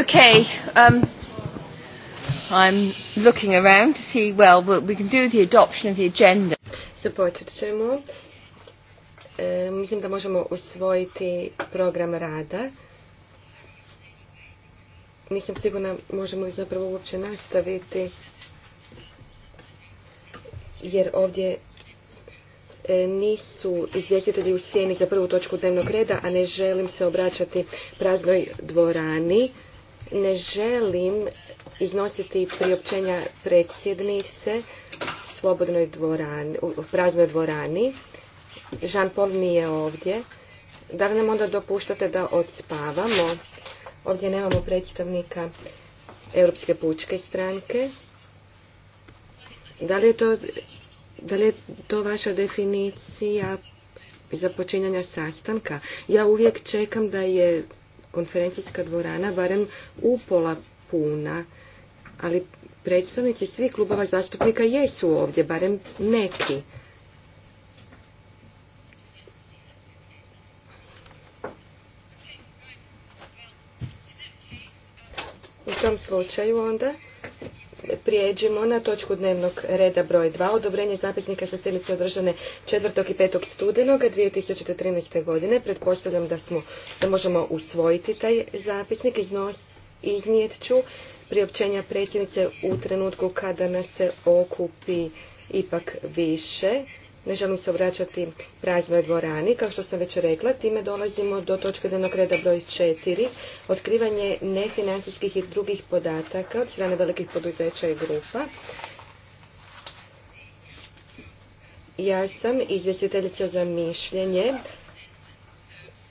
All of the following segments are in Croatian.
Okay, um, I'm looking around to see, well, we can do the adoption of agenda. Započet ćemo. E, mislim da možemo usvojiti program rada. Nisam sigurna možemo li zapravo uopće nastaviti, jer ovdje e, nisu izvjestitelji u sjeni za prvu točku dnevnog reda, a ne želim se obraćati praznoj dvorani. Ne želim iznositi priopćenja predsjednice slobodnoj dvorani, u praznoj dvorani. Jean Paul nije ovdje. Da li nam onda dopuštate da odspavamo? Ovdje nemamo predstavnika Europske pučke stranke. Da li je to, da li je to vaša definicija započinjanja sastanka? Ja uvijek čekam da je konferencijska dvorana barem upola puna, ali predstavnici svih klubova zastupnika jesu ovdje, barem neki. U tom slučaju onda prijeđimo na točku dnevnog reda broj 2, odobrenje zapisnika sa sjednice održane 4. i 5. studenoga 2013. godine. Pretpostavljam da, smo, da možemo usvojiti taj zapisnik. Iznos, iznijet ću priopćenja predsjednice u trenutku kada nas se okupi ipak više. Ne želim se obraćati praznoj dvorani. Kao što sam već rekla, time dolazimo do točke dnevnog reda broj 4. Otkrivanje nefinancijskih i drugih podataka od strane velikih poduzeća i grupa. Ja sam izvjestiteljica za mišljenje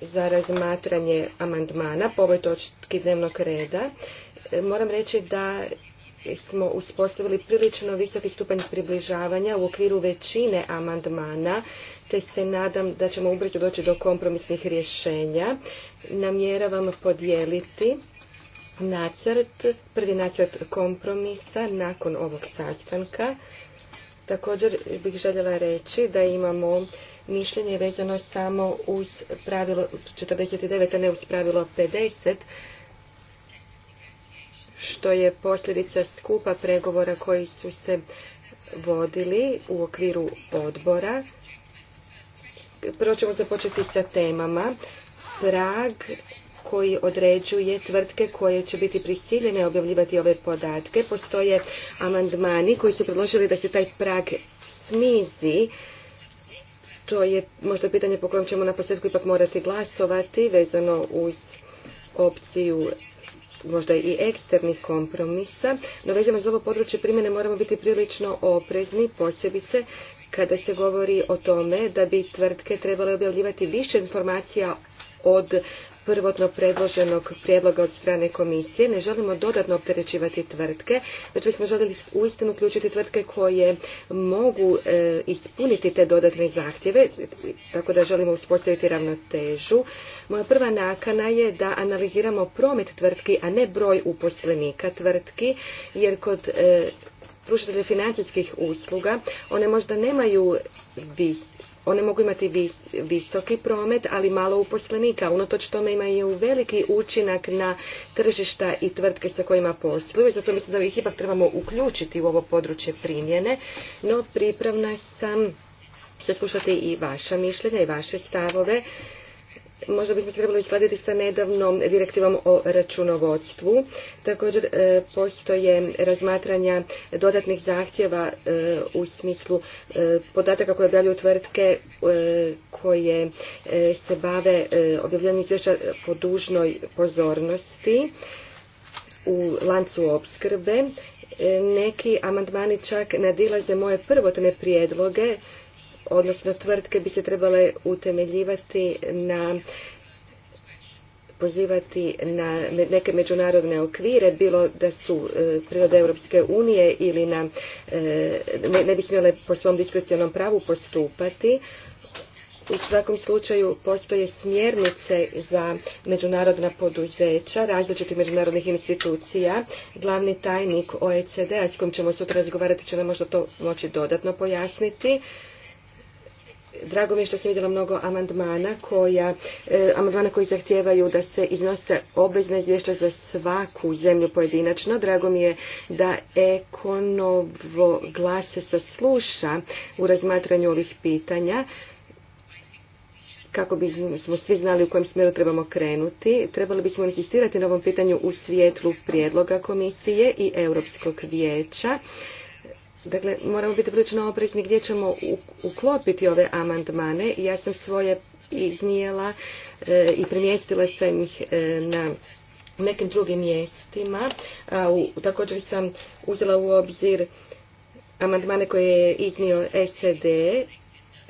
za razmatranje amandmana po ovoj točki dnevnog reda. Moram reći da smo uspostavili prilično visoki stupanj približavanja u okviru većine amandmana, te se nadam da ćemo ubrzo doći do kompromisnih rješenja. Namjeravam podijeliti nacrt, prvi nacrt kompromisa nakon ovog sastanka. Također bih željela reći da imamo mišljenje vezano samo uz pravilo 49, a ne uz pravilo 50, što je posljedica skupa pregovora koji su se vodili u okviru odbora. Prvo ćemo započeti sa temama. Prag koji određuje tvrtke koje će biti prisiljene objavljivati ove podatke. Postoje amandmani koji su predložili da se taj prag smizi. To je možda pitanje po kojem ćemo na posljedku ipak morati glasovati vezano uz opciju možda i eksternih kompromisa, no vezano za ovo područje primjene moramo biti prilično oprezni, posebice kada se govori o tome da bi tvrtke trebale objavljivati više informacija od prvotno predloženog prijedloga od strane komisije. Ne želimo dodatno opterećivati tvrtke, već bismo željeli uistinu uključiti tvrtke koje mogu e, ispuniti te dodatne zahtjeve, tako da želimo uspostaviti ravnotežu. Moja prva nakana je da analiziramo promet tvrtki, a ne broj uposlenika tvrtki, jer kod e, pružatelja financijskih usluga one možda nemaju one mogu imati visoki promet, ali malo uposlenika. Unatoč tome imaju veliki učinak na tržišta i tvrtke sa kojima posluju zato mislim da ih ipak trebamo uključiti u ovo područje primjene, no pripravna sam saslušati i vaša mišljenja i vaše stavove možda bismo trebali uskladiti sa nedavnom direktivom o računovodstvu. Također e, postoje razmatranja dodatnih zahtjeva e, u smislu e, podataka koje objavljuju tvrtke koje se bave objavljanjem izvješća po dužnoj pozornosti u lancu opskrbe. Neki amandmani čak nadilaze moje prvotne prijedloge odnosno tvrtke bi se trebale utemeljivati na pozivati na neke međunarodne okvire, bilo da su e, prirode Europske unije ili na, e, ne, bi smjele po svom diskrecionom pravu postupati. U svakom slučaju postoje smjernice za međunarodna poduzeća, različitih međunarodnih institucija. Glavni tajnik OECD-a s kojim ćemo sutra razgovarati će nam možda to moći dodatno pojasniti. Drago mi je što sam vidjela mnogo amandmana koja, e, amandmana koji zahtijevaju da se iznose obvezna izvješća za svaku zemlju pojedinačno. Drago mi je da ekonovo glase sasluša u razmatranju ovih pitanja kako bismo svi znali u kojem smjeru trebamo krenuti, trebali bismo insistirati na ovom pitanju u svijetlu prijedloga komisije i Europskog vijeća Dakle, moramo biti prilično oprezni gdje ćemo uklopiti ove amandmane. Ja sam svoje iznijela e, i primjestila sam ih e, na nekim drugim mjestima. A, također sam uzela u obzir amandmane koje je iznio SED.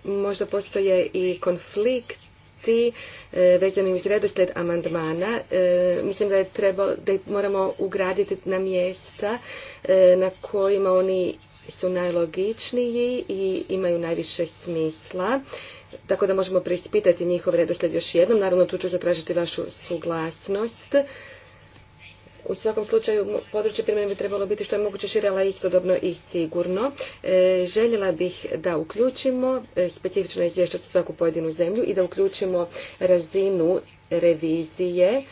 Možda postoje i konflikti e, vezani uz redoslijed amandmana. mislim da je da moramo ugraditi na mjesta na kojima oni su najlogičniji i imaju najviše smisla. Tako da možemo preispitati njihov redoslijed još jednom. Naravno, tu ću zatražiti vašu suglasnost. U svakom slučaju područje primjene bi trebalo biti što je moguće širela istodobno i sigurno. E, željela bih da uključimo e, specifično izvješća za svaku pojedinu zemlju i da uključimo razinu revizije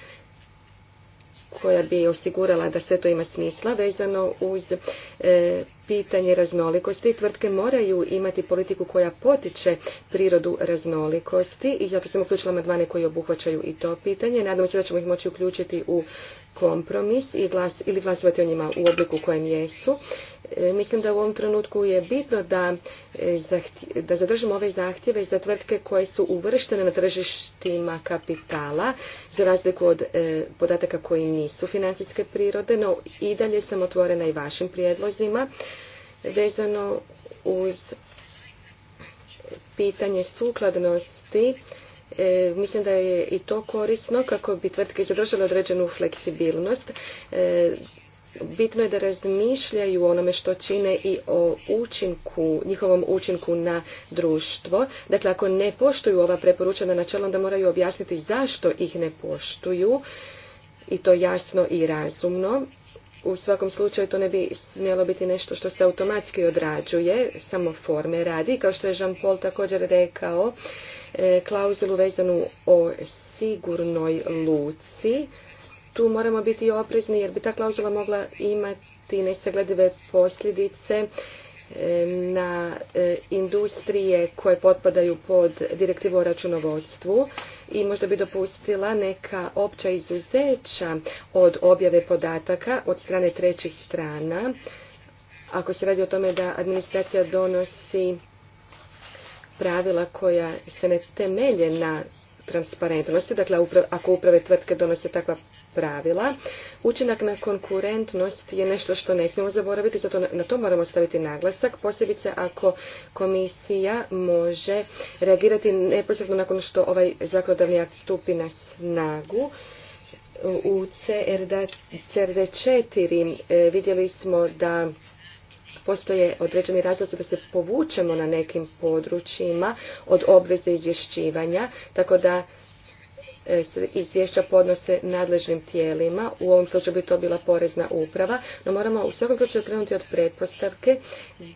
koja bi osigurala da sve to ima smisla vezano uz e, pitanje raznolikosti. Tvrtke moraju imati politiku koja potiče prirodu raznolikosti i zato sam uključila amandmane koji obuhvaćaju i to pitanje. Nadamo se da ćemo ih moći uključiti u kompromis ili glasovati o njima u obliku u kojem jesu. E, mislim da u ovom trenutku je bitno e, da, zadržimo ove zahtjeve za tvrtke koje su uvrštene na tržištima kapitala, za razliku od e, podataka koji nisu financijske prirode, no i dalje sam otvorena i vašim prijedlozima vezano uz pitanje sukladnosti E, mislim da je i to korisno kako bi tvrtke zadržale određenu fleksibilnost. E, bitno je da razmišljaju o onome što čine i o učinku, njihovom učinku na društvo. Dakle, ako ne poštuju ova preporučena načela, onda moraju objasniti zašto ih ne poštuju i to jasno i razumno. U svakom slučaju to ne bi smjelo biti nešto što se automatski odrađuje, samo forme radi. Kao što je Jean Paul također rekao, E, klauzulu vezanu o sigurnoj luci. Tu moramo biti oprezni jer bi ta klauzula mogla imati nesagledive posljedice e, na e, industrije koje potpadaju pod direktivu o računovodstvu i možda bi dopustila neka opća izuzeća od objave podataka od strane trećih strana. Ako se radi o tome da administracija donosi pravila koja se ne temelje na transparentnosti, dakle ako uprave tvrtke donose takva pravila, učinak na konkurentnost je nešto što ne smijemo zaboraviti, zato na to moramo staviti naglasak, posebice ako komisija može reagirati neposredno nakon što ovaj zakonodavni akt stupi na snagu. U CRD4 e, vidjeli smo da postoje određeni razlozi da se povučemo na nekim područjima od obveze izvješćivanja, tako da e, izvješća podnose nadležnim tijelima, u ovom slučaju bi to bila porezna uprava, no moramo u svakom slučaju krenuti od pretpostavke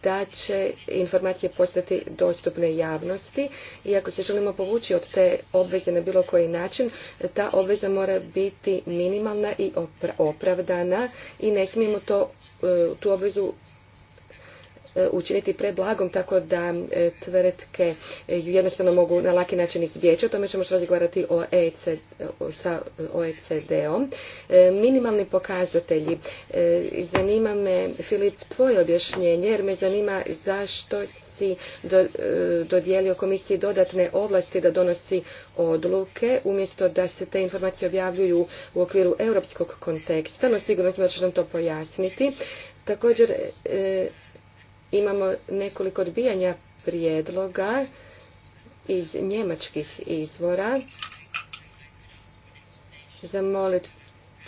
da će informacije postati dostupne javnosti i ako se želimo povući od te obveze na bilo koji način, ta obveza mora biti minimalna i opravdana i ne smijemo to, e, tu obvezu E, učiniti preblagom tako da e, tvrtke e, jednostavno mogu na laki način izbjeći. O tome ćemo što razgovarati o sa OECD-om. Minimalni pokazatelji. Zanima me, Filip, tvoje objašnjenje jer me zanima zašto si dodijelio komisiji dodatne ovlasti da donosi odluke umjesto da se te informacije objavljuju u okviru europskog konteksta, no sigurno sam da će nam to pojasniti. Također, Imamo nekoliko odbijanja prijedloga iz njemačkih izvora. Zamolit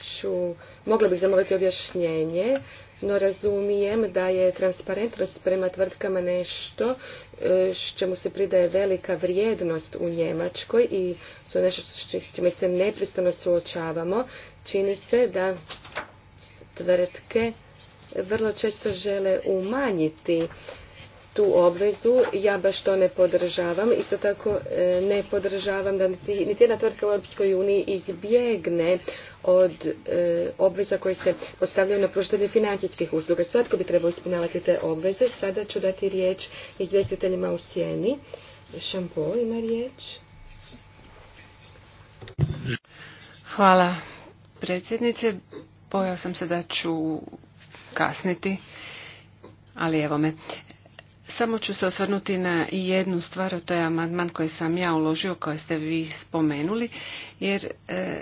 ću, mogla bih zamoliti objašnjenje, no razumijem da je transparentnost prema tvrtkama nešto e, s čemu se pridaje velika vrijednost u Njemačkoj i to je nešto s čime se nepristano suočavamo. Čini se da tvrtke vrlo često žele umanjiti tu obvezu, ja baš to ne podržavam. Isto tako e, ne podržavam da niti jedna tvrtka u Europskoj uniji izbjegne od e, obveza koje se postavljaju na pružatelje financijskih usluga. Svatko bi trebao ispunjavati te obveze. Sada ću dati riječ izvjestiteljima u sjeni. Šampo ima riječ. Hvala predsjednice. Bojao sam se da ću kasniti, ali evo me. Samo ću se osvrnuti na jednu stvar, to je amandman koji sam ja uložio, koje ste vi spomenuli, jer e,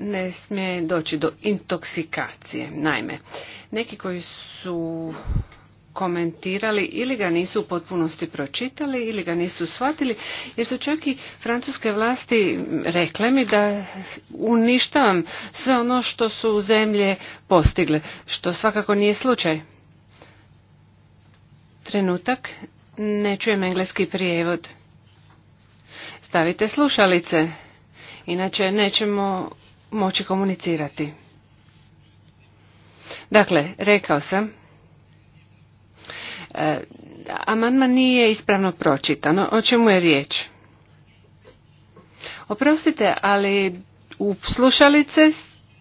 ne smije doći do intoksikacije. Naime, neki koji su komentirali ili ga nisu u potpunosti pročitali ili ga nisu shvatili jer su čak i francuske vlasti rekle mi da uništavam sve ono što su zemlje postigle što svakako nije slučaj. Trenutak, ne čujem engleski prijevod. Stavite slušalice, inače nećemo moći komunicirati. Dakle, rekao sam E, amandman nije ispravno pročitano. O čemu je riječ? Oprostite, ali u slušalice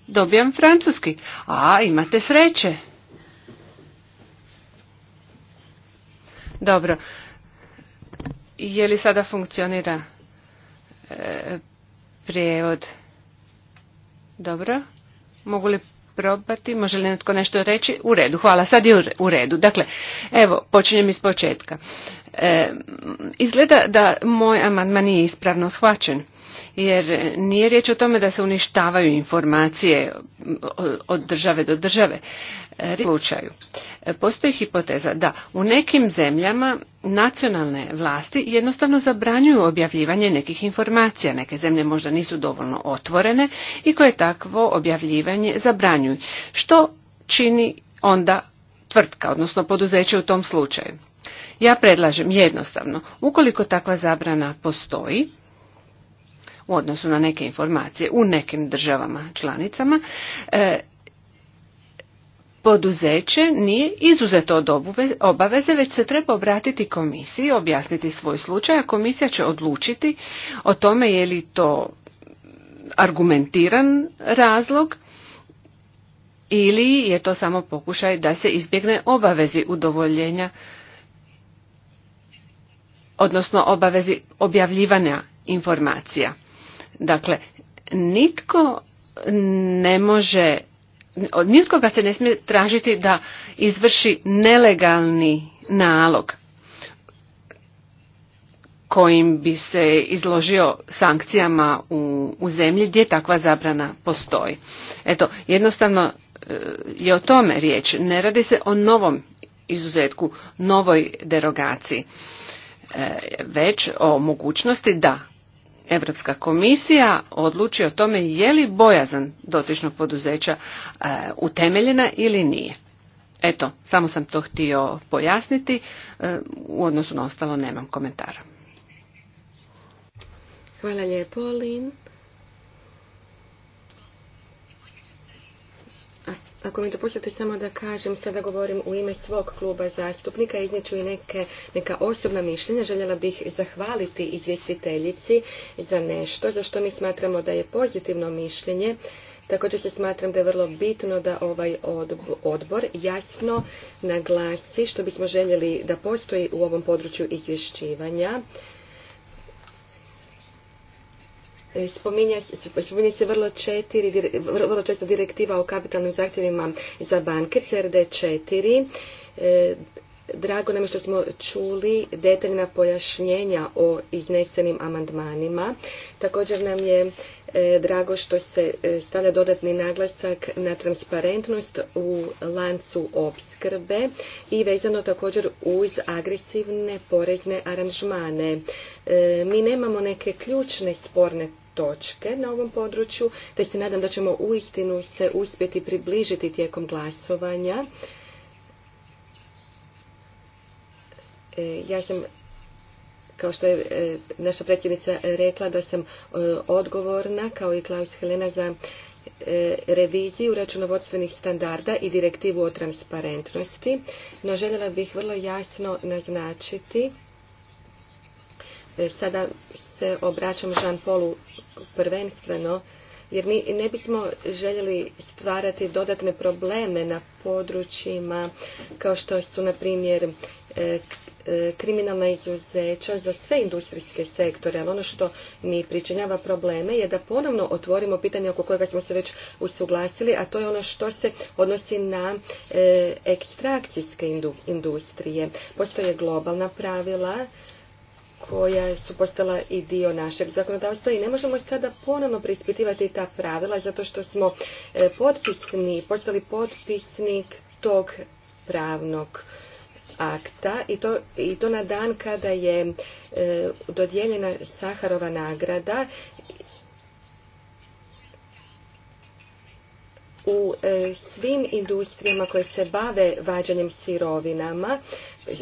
dobijam francuski. A, imate sreće. Dobro. Je li sada funkcionira e, prijevod? Dobro. Mogu li probati. Može li netko nešto reći? U redu, hvala, sad je u redu. Dakle, evo, počinjem iz početka. E, izgleda da moj amandman nije ispravno shvaćen jer nije riječ o tome da se uništavaju informacije od države do države e, slučaju. E, postoji hipoteza da u nekim zemljama nacionalne vlasti jednostavno zabranjuju objavljivanje nekih informacija. Neke zemlje možda nisu dovoljno otvorene i koje takvo objavljivanje zabranjuju. Što čini onda tvrtka, odnosno poduzeće u tom slučaju? Ja predlažem jednostavno, ukoliko takva zabrana postoji, u odnosu na neke informacije u nekim državama članicama e, poduzeće nije izuzeto od obaveze, već se treba obratiti komisiji, objasniti svoj slučaj, a komisija će odlučiti o tome je li to argumentiran razlog ili je to samo pokušaj da se izbjegne obavezi udovoljenja, odnosno obavezi objavljivanja informacija. Dakle, nitko ne može, od nitkoga se ne smije tražiti da izvrši nelegalni nalog kojim bi se izložio sankcijama u, u zemlji gdje takva zabrana postoji. Eto, jednostavno e, je o tome riječ. Ne radi se o novom izuzetku, novoj derogaciji, e, već o mogućnosti da Europska komisija odluči o tome je li bojazan dotičnog poduzeća e, utemeljena ili nije. Eto, samo sam to htio pojasniti, e, u odnosu na ostalo nemam komentara. Hvala lijepo, Lin. Ako mi dopustite samo da kažem, sada govorim u ime svog kluba zastupnika, izniču i neke, neka osobna mišljenja. Željela bih zahvaliti izvjestiteljici za nešto, za što mi smatramo da je pozitivno mišljenje. Također se smatram da je vrlo bitno da ovaj odbor jasno naglasi što bismo željeli da postoji u ovom području izvješćivanja spominje, se vrlo, vrlo često direktiva o kapitalnim zahtjevima za banke, CRD4. E, drago nam je što smo čuli detaljna pojašnjenja o iznesenim amandmanima. Također nam je e, drago što se e, stavlja dodatni naglasak na transparentnost u lancu opskrbe i vezano također uz agresivne porezne aranžmane. Mi nemamo neke ključne sporne točke na ovom području, te se nadam da ćemo uistinu se uspjeti približiti tijekom glasovanja. E, ja sam kao što je e, naša predsjednica rekla da sam e, odgovorna kao i Klaus Helena za reviziju računovodstvenih standarda i direktivu o transparentnosti, no željela bih vrlo jasno naznačiti E, sada se obraćam Jean Paulu prvenstveno, jer mi ne bismo željeli stvarati dodatne probleme na područjima kao što su, na primjer, e, e, kriminalna izuzeća za sve industrijske sektore, ali ono što mi pričinjava probleme je da ponovno otvorimo pitanje oko kojega smo se već usuglasili, a to je ono što se odnosi na ekstrakcijske industrije. Postoje globalna pravila koja su postala i dio našeg zakonodavstva i ne možemo sada ponovno preispitivati ta pravila zato što smo e, potpisni, postali potpisnik tog pravnog akta i to, i to na dan kada je e, dodijeljena Saharova nagrada u e, svim industrijama koje se bave vađanjem sirovinama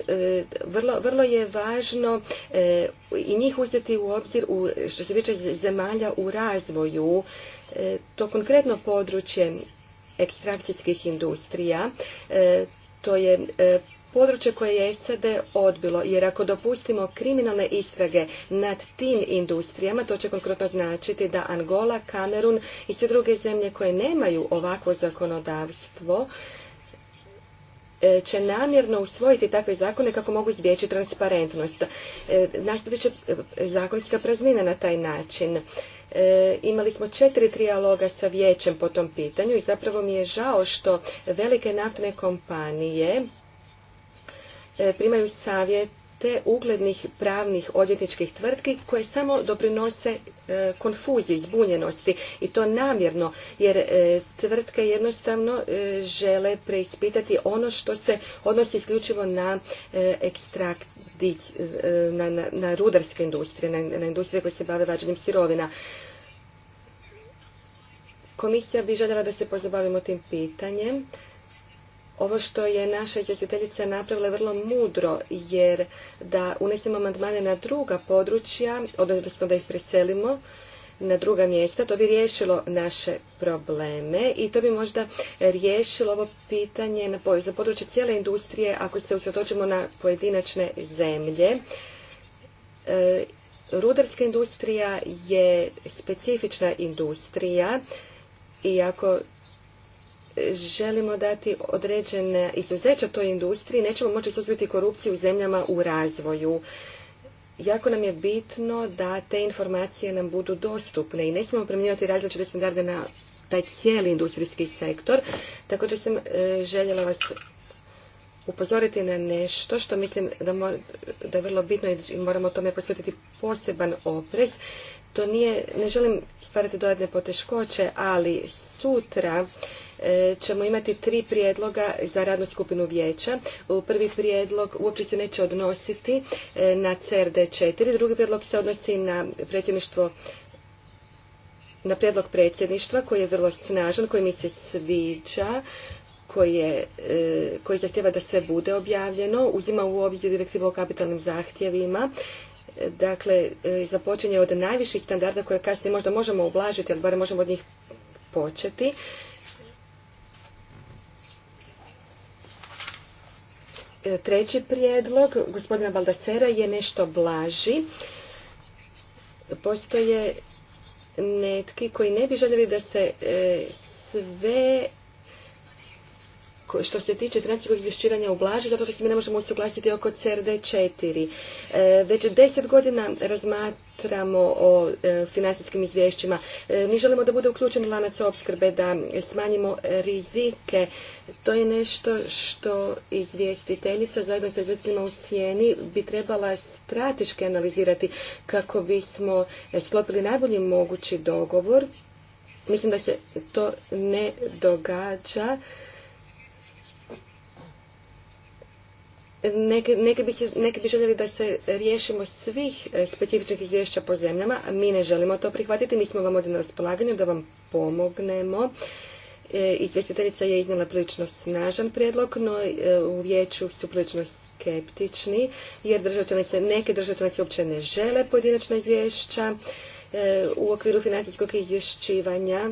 E, vrlo, vrlo je važno e, i njih uzeti u obzir što se tiče zemalja u razvoju. E, to konkretno područje ekstrakcijskih industrija, to je područje koje je SAD odbilo, jer ako dopustimo kriminalne istrage nad tim industrijama, to će konkretno značiti da Angola, Kamerun i sve druge zemlje koje nemaju ovakvo zakonodavstvo, E, će namjerno usvojiti takve zakone kako mogu izbjeći transparentnost. E, Nastavit će e, zakonska praznina na taj način. imali smo četiri trijaloga sa vijećem po tom pitanju i zapravo mi je žao što velike naftne kompanije primaju savjet te uglednih pravnih odvjetničkih tvrtki koje samo doprinose e, konfuziji, zbunjenosti i to namjerno jer e, tvrtke jednostavno e, žele preispitati ono što se odnosi isključivo na ekstrakt na, rudarske industrije, na, na industrije koje se bave vađenjem sirovina. Komisija bi željela da se pozabavimo tim pitanjem ovo što je naša izvjestiteljica napravila je vrlo mudro, jer da unesemo amandmane na druga područja, odnosno da ih preselimo na druga mjesta, to bi riješilo naše probleme i to bi možda riješilo ovo pitanje za područje cijele industrije ako se usredotočimo na pojedinačne zemlje. E, rudarska industrija je specifična industrija i ako želimo dati određene izuzeća toj industriji, nećemo moći suzbiti korupciju u zemljama u razvoju. Jako nam je bitno da te informacije nam budu dostupne i ne smijemo primjenjivati različite standarde na taj cijeli industrijski sektor. Također sam e, željela vas upozoriti na nešto što mislim da, da je vrlo bitno i moramo tome posvetiti poseban oprez. To nije, ne želim stvarati dodatne poteškoće, ali sutra ćemo imati tri prijedloga za radnu skupinu vijeća. Prvi prijedlog uopće se neće odnositi e, na CRD4, drugi prijedlog se odnosi na predsjedništvo na prijedlog predsjedništva koji je vrlo snažan, koji mi se sviđa, koji, je, e, zahtjeva da sve bude objavljeno, uzima u obzir direktivu o kapitalnim zahtjevima, dakle e, započinje od najviših standarda koje kasnije možda možemo ublažiti, ali barem možemo od njih početi. Treći prijedlog gospodina Baldasera je nešto blaži. Postoje netki koji ne bi željeli da se e, sve što se tiče financijskog izvješćivanja Blaži, zato što se mi ne možemo usuglasiti oko CRD4. E, već deset godina razmatramo o e, financijskim izvješćima. E, mi želimo da bude uključen lanac opskrbe, da smanjimo rizike. To je nešto što izvjestiteljica zajedno sa izvjestiteljima u sjeni bi trebala strateški analizirati kako bismo sklopili najbolji mogući dogovor. Mislim da se to ne događa. Neki, bi, željeli da se riješimo svih e, specifičnih izvješća po zemljama. Mi ne želimo to prihvatiti. Mi smo vam ovdje na raspolaganju da vam pomognemo. E, izvjestiteljica je iznijela prilično snažan prijedlog, no e, u vijeću su prilično skeptični, jer neke države članice uopće ne žele pojedinačna izvješća. U okviru financijskog izvješćivanja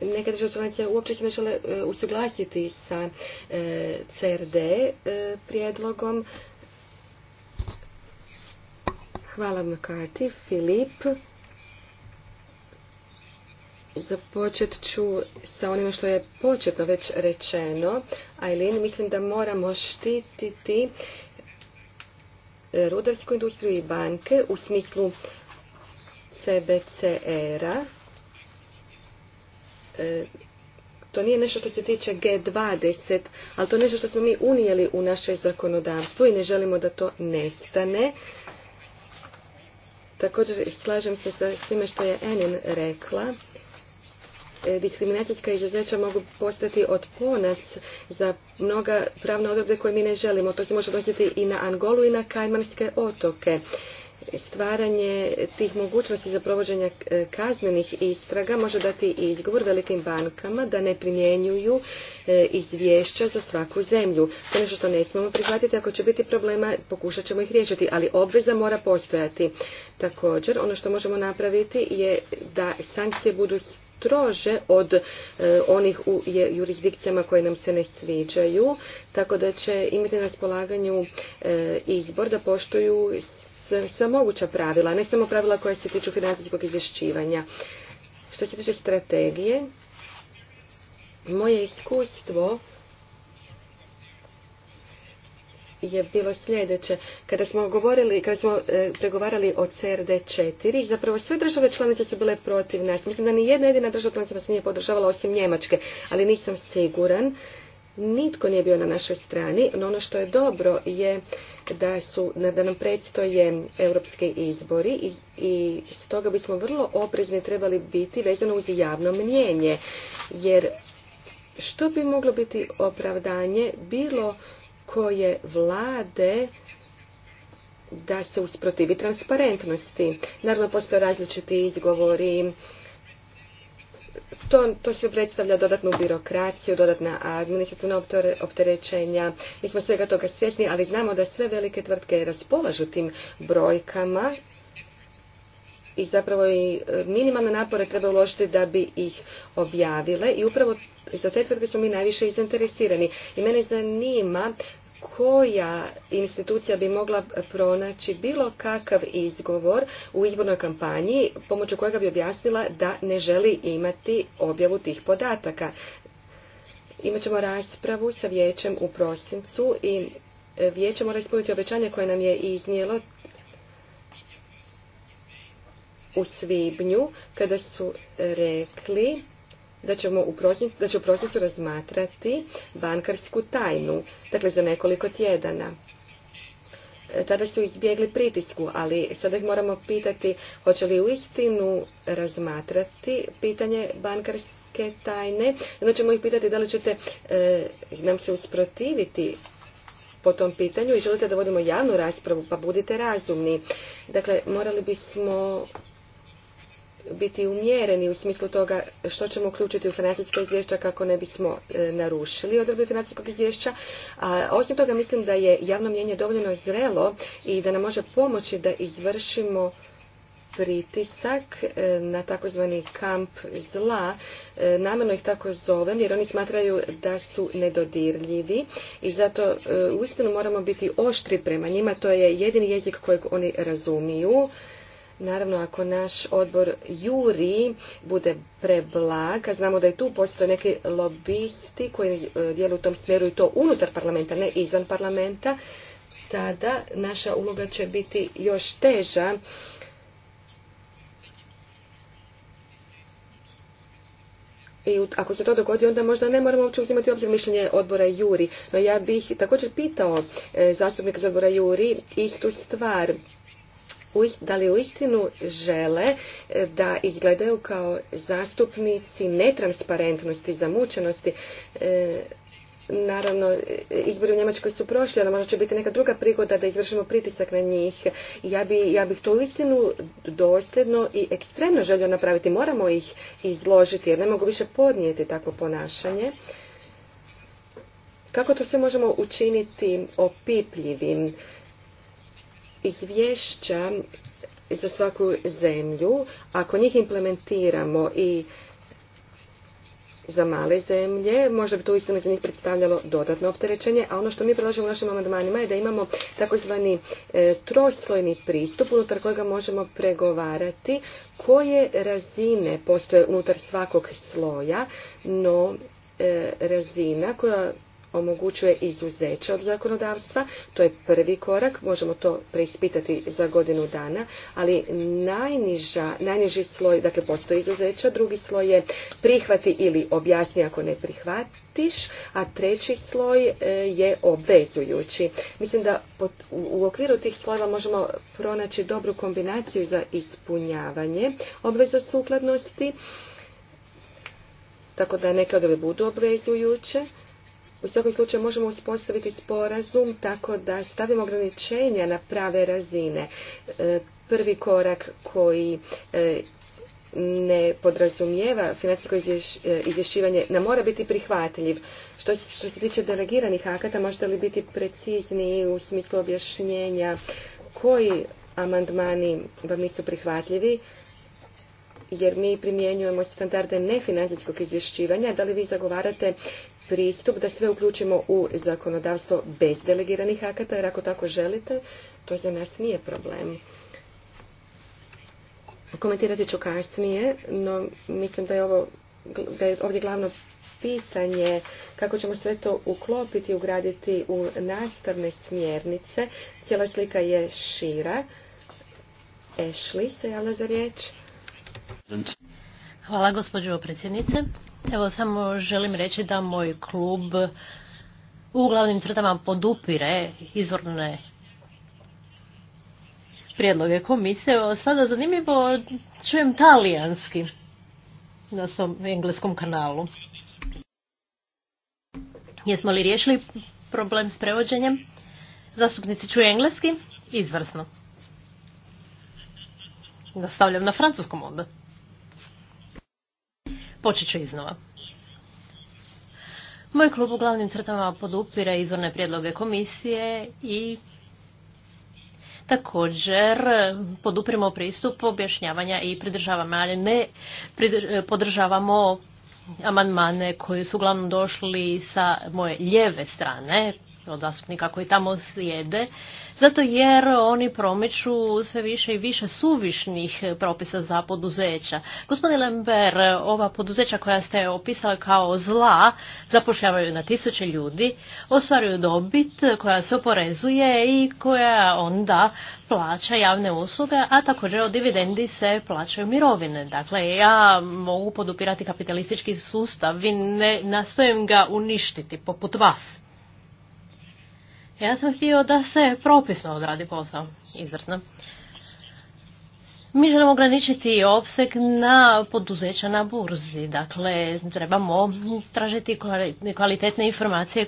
neke države članice uopće se ne žele e, usuglasiti sa e, CRD e, prijedlogom. Hvala McCarthy. Filip. Započet ću sa onim što je početno već rečeno. Aileen, mislim da moramo štititi rudarsku industriju i banke u smislu CBCR-a. E, to nije nešto što se tiče G20, ali to je nešto što smo mi unijeli u naše zakonodavstvo i ne želimo da to nestane. Također slažem se sa svime što je Enin rekla. E, diskriminacijska izuzeća mogu postati od ponac za mnoga pravne odredbe koje mi ne želimo. To se može odnositi i na Angolu i na Kajmanske otoke stvaranje tih mogućnosti za provođenje e, kaznenih istraga može dati izgovor velikim bankama da ne primjenjuju e, izvješća za svaku zemlju. To nešto što ne smemo prihvatiti. Ako će biti problema, pokušat ćemo ih riješiti, ali obveza mora postojati. Također, ono što možemo napraviti je da sankcije budu strože od e, onih u jurisdikcijama koje nam se ne sviđaju, tako da će imati na raspolaganju izbor da poštuju sva moguća pravila, ne samo pravila koja se tiču financijskog izvješćivanja. Što se tiče strategije, moje iskustvo je bilo sljedeće. Kada smo govorili, kada smo e, pregovarali o CRD4, zapravo sve države članice su bile protiv nas. Mislim da ni jedna jedina država članica nas nije podržavala osim Njemačke, ali nisam siguran nitko nije bio na našoj strani, no ono što je dobro je da, su, da nam predstoje europske izbori i, i stoga bismo vrlo oprezni trebali biti vezano uz javno mnjenje, jer što bi moglo biti opravdanje bilo koje vlade da se usprotivi transparentnosti. Naravno, postoje različiti izgovori, to, to se predstavlja dodatnu birokraciju, dodatna administrativna opterećenja. Mi smo svega toga svjesni, ali znamo da sve velike tvrtke raspolažu tim brojkama i zapravo i e, minimalne napore treba uložiti da bi ih objavile i upravo za te tvrtke smo mi najviše izinteresirani. I mene zanima koja institucija bi mogla pronaći bilo kakav izgovor u izbornoj kampanji pomoću kojega bi objasnila da ne želi imati objavu tih podataka. ćemo raspravu sa vijećem u prosincu i e, vijeće mora ispuniti obećanje koje nam je iznijelo u svibnju kada su rekli da, ćemo u prosincu, da će u prosincu razmatrati bankarsku tajnu, dakle za nekoliko tjedana. E, tada su izbjegli pritisku, ali sada ih moramo pitati hoće li u istinu razmatrati pitanje bankarske tajne. Onda ćemo ih pitati da li ćete e, nam se usprotiviti po tom pitanju i želite da vodimo javnu raspravu, pa budite razumni. Dakle, morali bismo biti umjereni u smislu toga što ćemo uključiti u financijska izvješća kako ne bismo e, narušili odredbe financijskog izvješća. A osim toga mislim da je javno mjenje dovoljno zrelo i da nam može pomoći da izvršimo pritisak e, na takozvani kamp zla. E, namjerno ih tako zovem jer oni smatraju da su nedodirljivi i zato uistinu moramo biti oštri prema njima. To je jedini jezik kojeg oni razumiju Naravno, ako naš odbor juri bude preblag, a znamo da je tu postoje neki lobisti koji e, djeluju u tom smjeru i to unutar parlamenta, ne izvan parlamenta, tada naša uloga će biti još teža. I ako se to dogodi, onda možda ne moramo uopće uzimati obzir mišljenje odbora Juri. No ja bih također pitao e, zastupnika iz odbora Juri istu stvar da li uistinu žele e, da izgledaju kao zastupnici netransparentnosti, zamučenosti. E, naravno, izbori u Njemačkoj su prošli, ali možda će biti neka druga prigoda da izvršimo pritisak na njih. Ja, bih to uistinu dosljedno i ekstremno želio napraviti. Moramo ih izložiti jer ne mogu više podnijeti takvo ponašanje. Kako to sve možemo učiniti opipljivim? izvješća za svaku zemlju, ako njih implementiramo i za male zemlje, možda bi to istinu za njih predstavljalo dodatno opterećenje, a ono što mi predlažemo u našim amandmanima je da imamo takozvani e, troslojni pristup unutar kojega možemo pregovarati koje razine postoje unutar svakog sloja, no e, razina koja omogućuje izuzeće od zakonodavstva. To je prvi korak, možemo to preispitati za godinu dana, ali najniža, najniži sloj, dakle postoji izuzeća, drugi sloj je prihvati ili objasni ako ne prihvatiš, a treći sloj e, je obvezujući. Mislim da u okviru tih slojeva možemo pronaći dobru kombinaciju za ispunjavanje obveza sukladnosti, tako da neke odredbe budu obvezujuće, u svakom slučaju možemo uspostaviti sporazum tako da stavimo ograničenja na prave razine. E, prvi korak koji e, ne podrazumijeva financijsko e, izvješćivanje nam mora biti prihvatljiv. Što, se tiče delegiranih akata, možete li biti precizni u smislu objašnjenja koji amandmani vam nisu prihvatljivi, jer mi primjenjujemo standarde nefinancijskog izvješćivanja. Da li vi zagovarate pristup da sve uključimo u zakonodavstvo bez delegiranih akata, jer ako tako želite, to za nas nije problem. Komentirati ću kasnije, no mislim da je ovo da je ovdje glavno pitanje kako ćemo sve to uklopiti i ugraditi u nastavne smjernice. Cijela slika je šira. Ashley se javlja za riječ. Hvala gospođo predsjednice. Evo samo želim reći da moj klub u glavnim crtama podupire izvorne prijedloge komisije. Sada zanimljivo čujem talijanski na svom engleskom kanalu. Jesmo li riješili problem s prevođenjem? Zastupnici čuju engleski? Izvrsno. Nastavljam na francuskom onda. Počet ću iznova. Moj klub u glavnim crtama podupire izvorne prijedloge komisije i također podupiramo pristup objašnjavanja i pridržavamo, ali ne podržavamo amandmane koji su uglavnom došli sa moje lijeve strane od zastupnika koji tamo sjede zato jer oni promiču sve više i više suvišnih propisa za poduzeća. Gospodin Lember, ova poduzeća koja ste opisali kao zla zapošljavaju na tisuće ljudi, ostvaruju dobit koja se oporezuje i koja onda plaća javne usluge, a također od dividendi se plaćaju mirovine. Dakle, ja mogu podupirati kapitalistički sustav, i ne nastojem ga uništiti poput vas. Ja sam htio da se propisno odradi posao. Izvrsno. Mi želimo ograničiti opseg na poduzeća na burzi. Dakle, trebamo tražiti kvalitetne informacije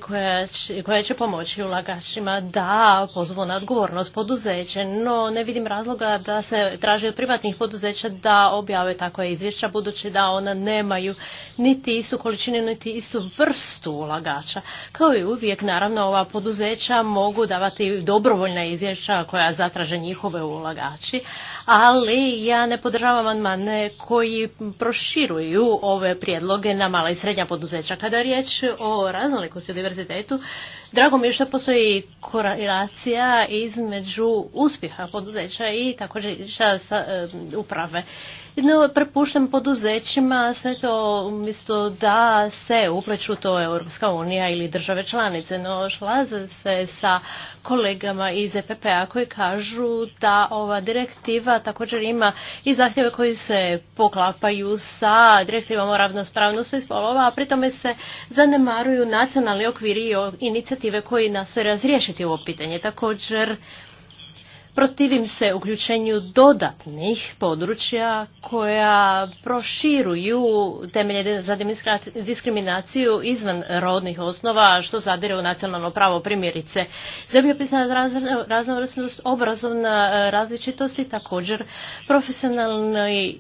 koje će, pomoći ulagačima da pozvu na odgovornost poduzeće, no ne vidim razloga da se traži od privatnih poduzeća da objave takva izvješća, budući da ona nemaju niti istu količinu, niti istu vrstu ulagača. Kao i uvijek, naravno, ova poduzeća mogu davati dobrovoljna izvješća koja zatraže njihove ulagači, ali ali ja ne podržavam amandmane koji proširuju ove prijedloge na mala i srednja poduzeća. Kada je riječ o raznolikosti i diverzitetu, drago mi je što postoji korelacija između uspjeha poduzeća i također uprave no, prepuštam poduzećima sve to umjesto da se upleću to Europska unija ili države članice, no šlaze se sa kolegama iz EPP-a koji kažu da ova direktiva također ima i zahtjeve koji se poklapaju sa direktivom o ravnospravnosti spolova, a pritome se zanemaruju nacionalni okviri i inicijative koji nas razriješiti ovo pitanje. Također, Protivim se uključenju dodatnih područja koja proširuju temelje za diskriminaciju izvan rodnih osnova što zadire u nacionalno pravo primjerice. Zemljopisna raznovrsnost, obrazovna e, različitost i također profesionalni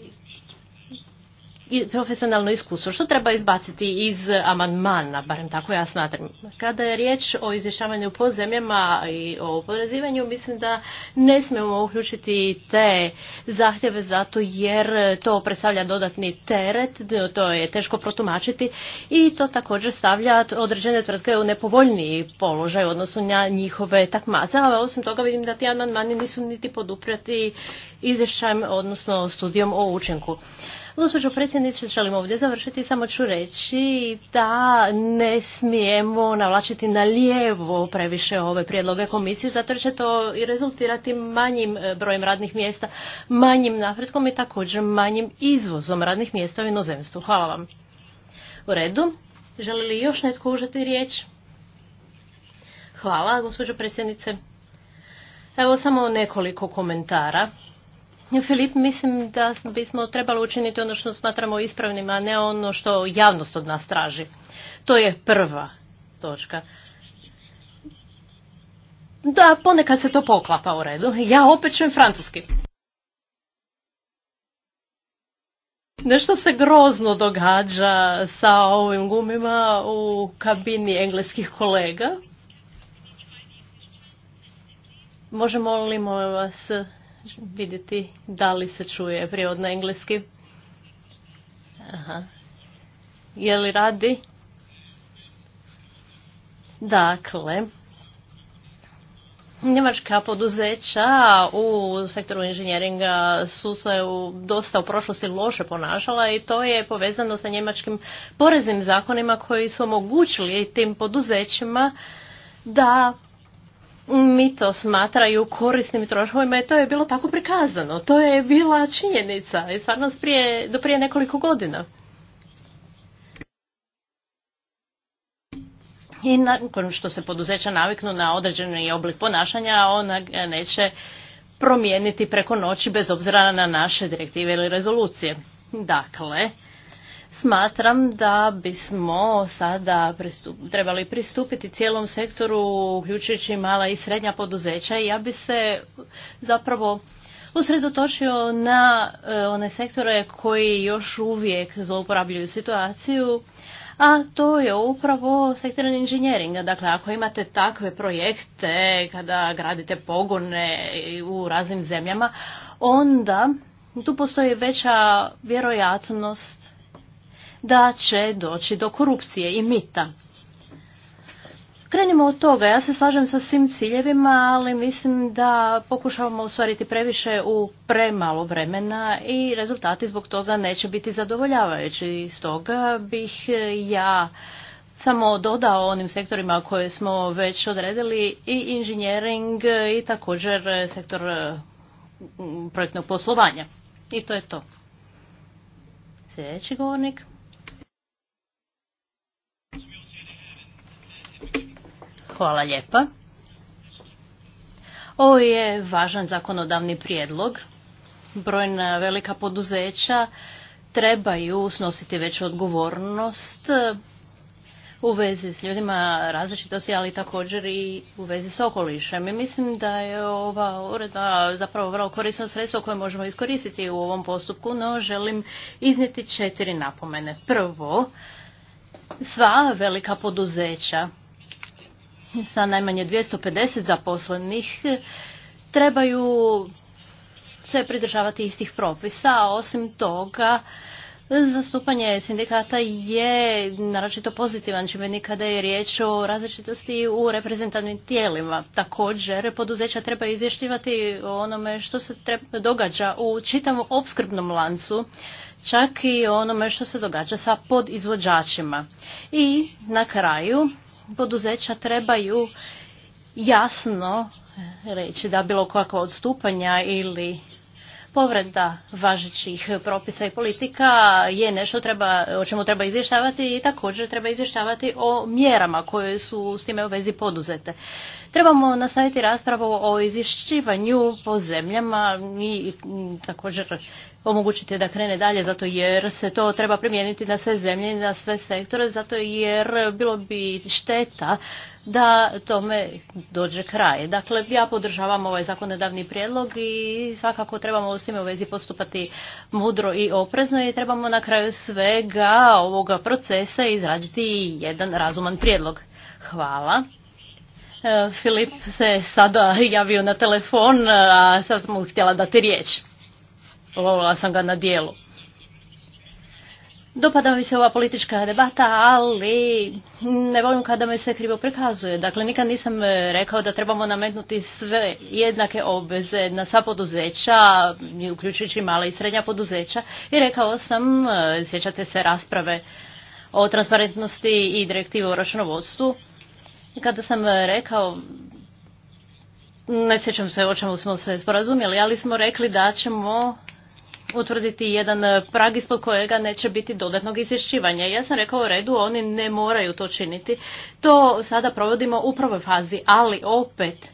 profesionalno iskustvo, što treba izbaciti iz amandmana, barem tako ja smatram. Kada je riječ o izvješavanju po zemljama i o porazivanju, mislim da ne smijemo uključiti te zahtjeve zato jer to predstavlja dodatni teret, to je teško protumačiti i to također stavlja određene tvrtke u nepovoljniji položaj odnosno na njihove takmaze, a osim toga vidim da ti amandmani nisu niti poduprati izvješćajem, odnosno studijom o učinku. Gospođo predsjednice, želim ovdje završiti. Samo ću reći da ne smijemo navlačiti na lijevo previše ove prijedloge komisije, zato će to i rezultirati manjim e, brojem radnih mjesta, manjim napretkom i također manjim izvozom radnih mjesta u inozemstvu. Hvala vam. U redu. Želi li još netko užeti riječ? Hvala, gospođo predsjednice. Evo samo nekoliko komentara. Filip, mislim da bismo trebali učiniti ono što smatramo ispravnim, a ne ono što javnost od nas traži. To je prva točka. Da, ponekad se to poklapa u redu. Ja opet čujem francuski. Nešto se grozno događa sa ovim gumima u kabini engleskih kolega. Možemo li vas vidjeti da li se čuje prijevod engleski. Aha. Je li radi? Dakle, Njemačka poduzeća u sektoru inženjeringa su se u, dosta u prošlosti loše ponašala i to je povezano sa njemačkim poreznim zakonima koji su omogućili tim poduzećima da mi to smatraju korisnim troškovima i to je bilo tako prikazano. To je bila činjenica i stvarno prije, do prije nekoliko godina. I nakon što se poduzeća naviknu na određeni oblik ponašanja, ona neće promijeniti preko noći bez obzira na naše direktive ili rezolucije. Dakle, Smatram da bismo sada trebali pristupiti cijelom sektoru, uključujući mala i srednja poduzeća i ja bi se zapravo usredotočio na e, one sektore koji još uvijek zlouporabljuju situaciju, a to je upravo sektor inženjeringa. Dakle, ako imate takve projekte kada gradite pogone u raznim zemljama, onda tu postoji veća vjerojatnost da će doći do korupcije i mita. Krenimo od toga. Ja se slažem sa svim ciljevima, ali mislim da pokušavamo ostvariti previše u premalo vremena i rezultati zbog toga neće biti zadovoljavajući. Stoga bih ja samo dodao onim sektorima koje smo već odredili i inženjering i također sektor mm, projektnog poslovanja. I to je to. Sljedeći govornik. Hvala lijepa. Ovo je važan zakonodavni prijedlog. Brojna velika poduzeća trebaju snositi već odgovornost u vezi s ljudima različitosti, ali također i u vezi s okolišem. I mislim da je ova uredba zapravo vrlo korisno sredstvo koje možemo iskoristiti u ovom postupku, no želim iznijeti četiri napomene. Prvo, sva velika poduzeća sa najmanje 250 zaposlenih trebaju se pridržavati istih propisa, a osim toga zastupanje sindikata je naročito pozitivan čime kada je riječ o različitosti u reprezentativnim tijelima. Također, poduzeća treba izvještivati o onome što se događa u čitavom opskrbnom lancu, čak i o onome što se događa sa podizvođačima. I na kraju, poduzeća trebaju jasno reći da bilo kakva odstupanja ili povreda važećih propisa i politika je nešto treba, o čemu treba izvještavati i također treba izvještavati o mjerama koje su s time u vezi poduzete. Trebamo nastaviti raspravu o izvješćivanju po zemljama i također omogućiti da krene dalje zato jer se to treba primijeniti na sve zemlje i na sve sektore zato jer bilo bi šteta da tome dođe kraj. Dakle, ja podržavam ovaj zakonodavni prijedlog i svakako trebamo u svime u vezi postupati mudro i oprezno i trebamo na kraju svega ovoga procesa izraditi jedan razuman prijedlog. Hvala. E, Filip se sada javio na telefon, a sad smo htjela dati riječ lovila sam ga na dijelu. Dopada mi se ova politička debata, ali ne volim kada me se krivo prikazuje. Dakle, nikad nisam e, rekao da trebamo nametnuti sve jednake obveze na sva poduzeća, uključujući mala i srednja poduzeća. I rekao sam, e, sjećate se rasprave o transparentnosti i direktivu o računovodstvu. Kada sam e, rekao, ne sjećam se o čemu smo se sporazumjeli, ali smo rekli da ćemo utvrditi jedan e, prag ispod kojega neće biti dodatnog izvješćivanja. Ja sam rekao u redu, oni ne moraju to činiti. To sada provodimo u prvoj fazi, ali opet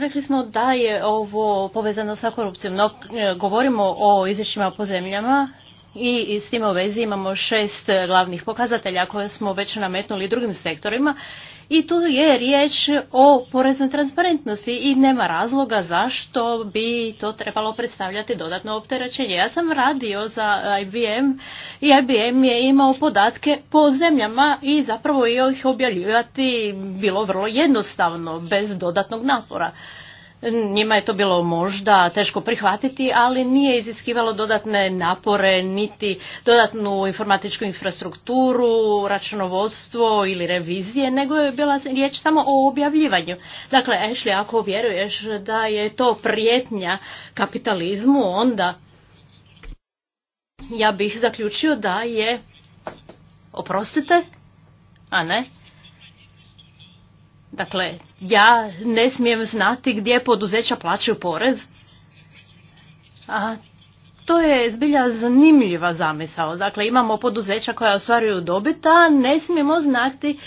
Rekli smo da je ovo povezano sa korupcijom, no e, govorimo o izvješćima po zemljama i s time u vezi imamo šest glavnih pokazatelja koje smo već nametnuli drugim sektorima i tu je riječ o poreznoj transparentnosti i nema razloga zašto bi to trebalo predstavljati dodatno opterećenje. Ja sam radio za IBM i IBM je imao podatke po zemljama i zapravo ih objavljivati bilo vrlo jednostavno, bez dodatnog napora. Njima je to bilo možda teško prihvatiti, ali nije iziskivalo dodatne napore, niti dodatnu informatičku infrastrukturu, računovodstvo ili revizije, nego je bila riječ samo o objavljivanju. Dakle, Ashley, ako vjeruješ da je to prijetnja kapitalizmu, onda ja bih zaključio da je... Oprostite? A ne? Dakle, ja ne smijem znati gdje poduzeća plaćaju porez. A to je zbilja zanimljiva zamisao. Dakle, imamo poduzeća koja ostvaruju dobit, a ne smijemo znati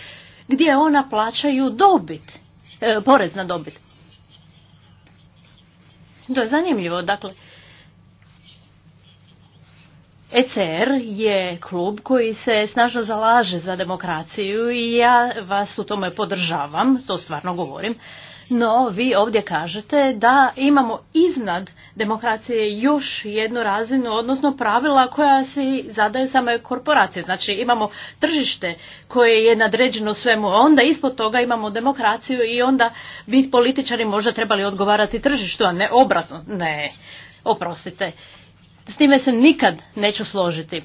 gdje ona plaćaju dobit, e, porez na dobit. To je zanimljivo. Dakle, ECR je klub koji se snažno zalaže za demokraciju i ja vas u tome podržavam, to stvarno govorim. No, vi ovdje kažete da imamo iznad demokracije još jednu razinu, odnosno pravila koja se zadaju same korporacije. Znači imamo tržište koje je nadređeno svemu, onda ispod toga imamo demokraciju i onda bi političari možda trebali odgovarati tržištu, a ne obratno. Ne, oprostite. S time se nikad neću složiti.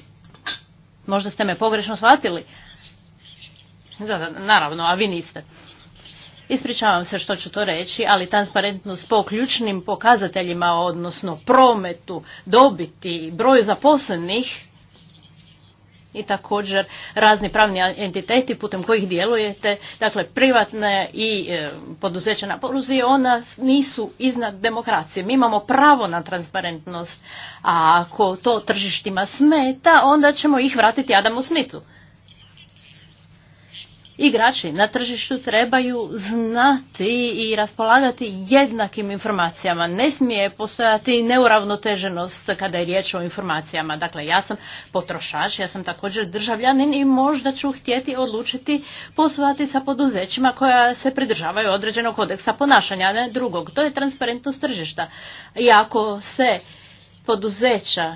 Možda ste me pogrešno shvatili. da, naravno, a vi niste. Ispričavam se što ću to reći, ali transparentnost po ključnim pokazateljima, odnosno prometu, dobiti, broju zaposlenih, i također razni pravni entiteti putem kojih djelujete, dakle privatne i e, poduzeća na poruzi, ona nisu iznad demokracije. Mi imamo pravo na transparentnost, a ako to tržištima smeta, onda ćemo ih vratiti Adamu Smitu igrači na tržištu trebaju znati i raspolagati jednakim informacijama. Ne smije postojati neuravnoteženost kada je riječ o informacijama. Dakle, ja sam potrošač, ja sam također državljanin i možda ću htjeti odlučiti poslovati sa poduzećima koja se pridržavaju određenog kodeksa ponašanja, ne drugog. To je transparentnost tržišta. I ako se poduzeća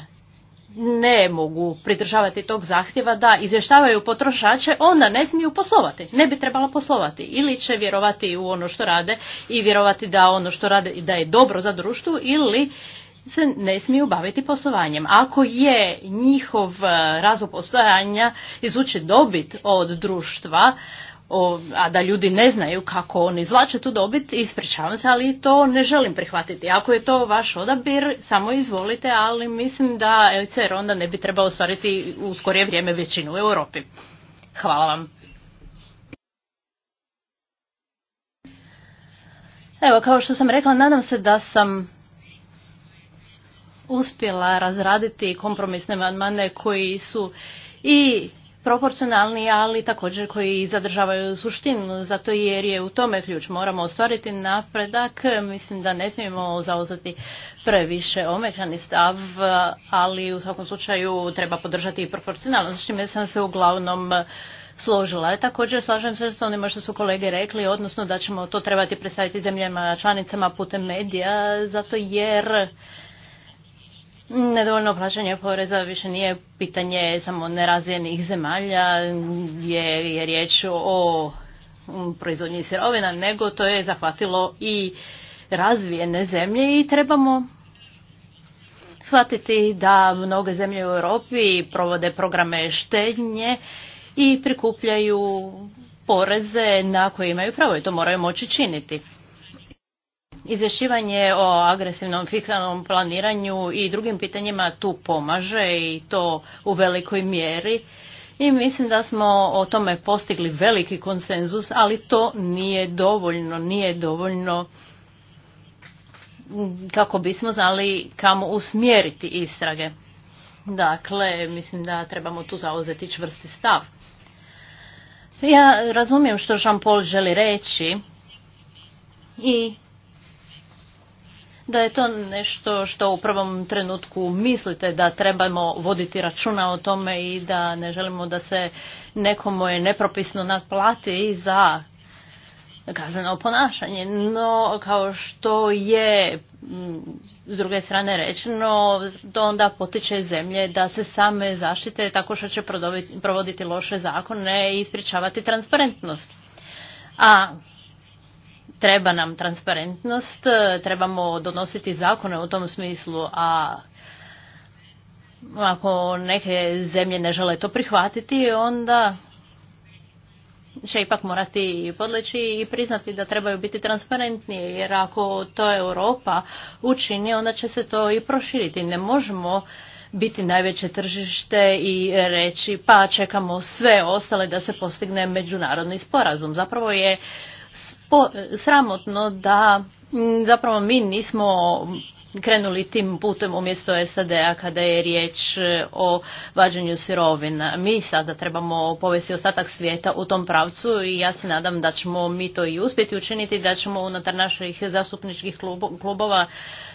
ne mogu pridržavati tog zahtjeva da izvještavaju potrošače, onda ne smiju poslovati. Ne bi trebalo poslovati. Ili će vjerovati u ono što rade i vjerovati da ono što rade da je dobro za društvo ili se ne smiju baviti poslovanjem. Ako je njihov eh, razlog postojanja izvući dobit od društva, o, a da ljudi ne znaju kako oni izvlače tu dobit, ispričavam se, ali to ne želim prihvatiti. Ako je to vaš odabir, samo izvolite, ali mislim da ECR onda ne bi trebao ostvariti u skorije vrijeme većinu u Europi. Hvala vam. Evo, kao što sam rekla, nadam se da sam uspjela razraditi kompromisne manmane koji su i proporcionalni, ali također koji zadržavaju suštinu, zato jer je u tome ključ. Moramo ostvariti napredak, mislim da ne smijemo zauzeti previše omećani stav, ali u svakom slučaju treba podržati i proporcionalnost, s čime sam se uglavnom složila. E, također slažem se s onima što su kolege rekli, odnosno da ćemo to trebati predstaviti zemljama članicama putem medija, zato jer Nedovoljno plaćanje poreza više nije pitanje samo nerazvijenih zemalja gdje je riječ o mm, proizvodnji sirovina, nego to je zahvatilo i razvijene zemlje i trebamo shvatiti da mnoge zemlje u Europi provode programe štednje i prikupljaju poreze na koje imaju pravo i to moraju moći činiti. Izvješivanje o agresivnom fiksanom planiranju i drugim pitanjima tu pomaže i to u velikoj mjeri. I mislim da smo o tome postigli veliki konsenzus, ali to nije dovoljno, nije dovoljno kako bismo znali kamo usmjeriti istrage. Dakle, mislim da trebamo tu zauzeti čvrsti stav. Ja razumijem što Jean Paul želi reći i da je to nešto što u prvom trenutku mislite da trebamo voditi računa o tome i da ne želimo da se nekomu je nepropisno naplati za kazneno ponašanje. No, kao što je s druge strane rečeno, to onda potiče zemlje da se same zaštite tako što će provoditi loše zakone i ispričavati transparentnost. A Treba nam transparentnost, e, trebamo donositi zakone u tom smislu, a ako neke zemlje ne žele to prihvatiti, onda će ipak morati podleći i priznati da trebaju biti transparentnije, jer ako to Europa učini, onda će se to i proširiti. Ne možemo biti najveće tržište i reći pa čekamo sve ostale da se postigne međunarodni sporazum. Zapravo je sramotno da mm, zapravo mi nismo krenuli tim putem umjesto SAD-a kada je riječ e, o vađenju sirovina. Mi sada trebamo povesti ostatak svijeta u tom pravcu i ja se nadam da ćemo mi to i uspjeti učiniti, da ćemo unutar naših zastupničkih klubova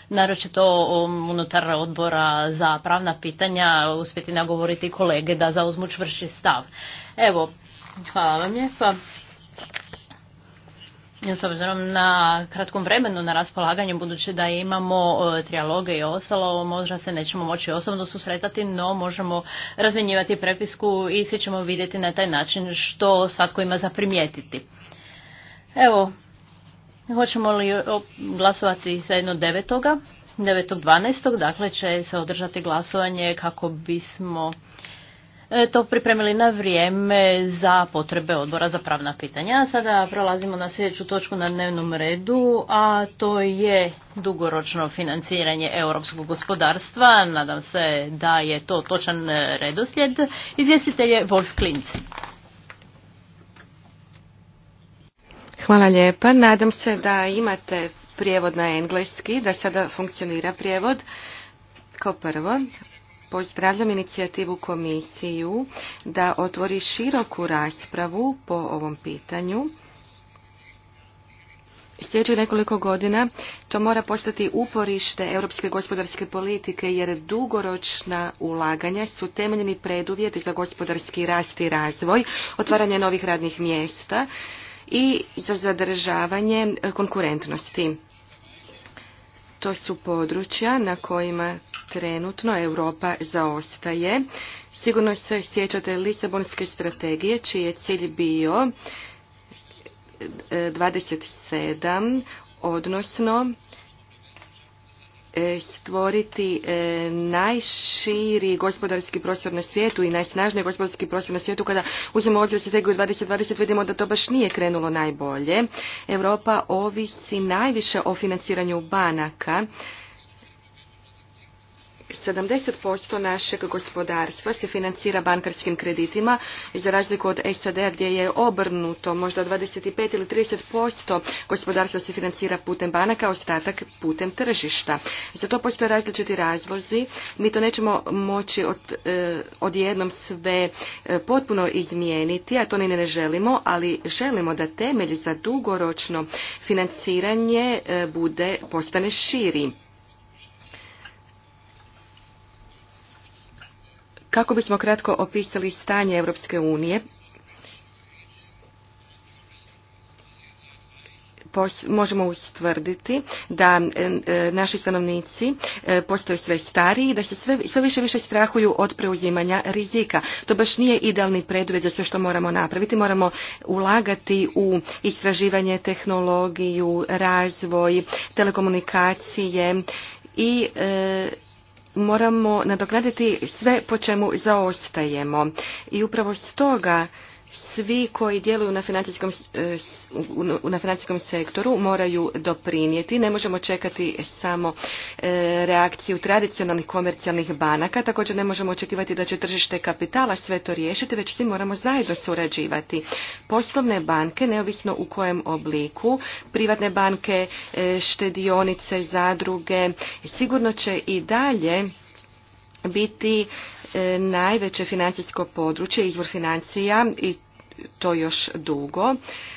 naročito um, unutar odbora za pravna pitanja uspjeti nagovoriti kolege da zauzmu čvrši stav. Evo, hvala vam lijepa s obzirom na kratkom vremenu na raspolaganju, budući da imamo e, trialoge i ostalo, možda se nećemo moći osobno susretati, no možemo razmjenjivati prepisku i svi ćemo vidjeti na taj način što svatko ima za primijetiti. Evo, hoćemo li glasovati zajedno devetog 9.12. dakle će se održati glasovanje kako bismo E, to pripremili na vrijeme za potrebe odbora za pravna pitanja. Sada prolazimo na sljedeću točku na dnevnom redu, a to je dugoročno financiranje europskog gospodarstva. Nadam se da je to točan redoslijed. Izvjestitelj je Wolf Klinc. Hvala lijepa. Nadam se da imate prijevod na engleski, da sada funkcionira prijevod. Kao prvo, Pozdravljam inicijativu komisiju da otvori široku raspravu po ovom pitanju. Sljedećih nekoliko godina to mora postati uporište europske gospodarske politike jer dugoročna ulaganja su temeljni preduvjeti za gospodarski rast i razvoj, otvaranje novih radnih mjesta i za zadržavanje konkurentnosti. To su područja na kojima trenutno Europa zaostaje. Sigurno se sjećate Lisabonske strategije, čiji je cilj bio 27, e, odnosno e, stvoriti e, najširi gospodarski prostor na svijetu i najsnažniji gospodarski prostor na svijetu. Kada uzmemo obzir strategiju 2020 vidimo da to baš nije krenulo najbolje. Europa ovisi najviše o financiranju banaka 70% našeg gospodarstva se financira bankarskim kreditima, za razliku od SAD-a gdje je obrnuto, možda 25 ili 30% gospodarstva se financira putem banaka, ostatak putem tržišta. Za to postoje različiti razlozi. Mi to nećemo moći od, e, odjednom sve e, potpuno izmijeniti, a to ni ne želimo, ali želimo da temelj za dugoročno financiranje e, bude postane širi. Kako bismo kratko opisali stanje Europske unije, možemo ustvrditi da naši stanovnici e, postaju sve stariji i da se sve, sve više više strahuju od preuzimanja rizika. To baš nije idealni preduvjet za sve što moramo napraviti. Moramo ulagati u istraživanje, tehnologiju, razvoj, telekomunikacije i e, moramo nadoknaditi sve po čemu zaostajemo. I upravo stoga svi koji djeluju na financijskom, eh, na financijskom sektoru moraju doprinijeti. Ne možemo čekati samo eh, reakciju tradicionalnih komercijalnih banaka, također ne možemo očekivati da će tržište kapitala sve to riješiti, već svi moramo zajedno surađivati. Poslovne banke, neovisno u kojem obliku, privatne banke, eh, štedionice, zadruge, sigurno će i dalje biti najveće financijsko područje, izvor financija i to još dugo.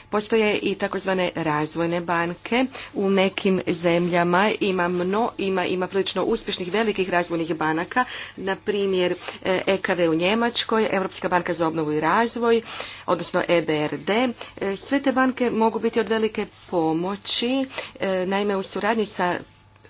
Postoje i takozvane razvojne banke. U nekim zemljama ima, mno, ima, ima prilično uspješnih velikih razvojnih banaka, na primjer EKV e u Njemačkoj, Europska banka za obnovu i razvoj, odnosno EBRD. E, sve te banke mogu biti od velike pomoći, e, naime u suradnji sa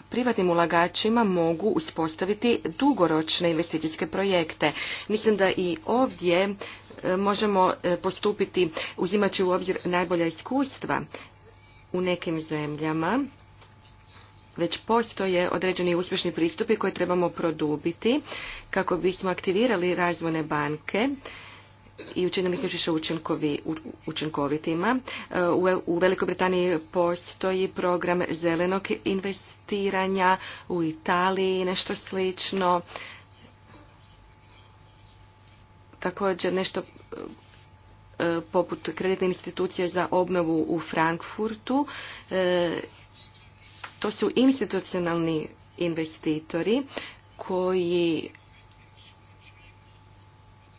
privatnim ulagačima mogu uspostaviti dugoročne investicijske projekte. Mislim da i ovdje E, možemo e, postupiti uzimajući u obzir najbolja iskustva u nekim zemljama već postoje određeni uspješni pristupi koje trebamo produbiti kako bismo aktivirali razvojne banke i učinili ih više učinkovitima. E, u Velikoj Britaniji postoji program zelenog investiranja, u Italiji nešto slično također nešto e, poput kreditne institucije za obnovu u Frankfurtu. E, to su institucionalni investitori koji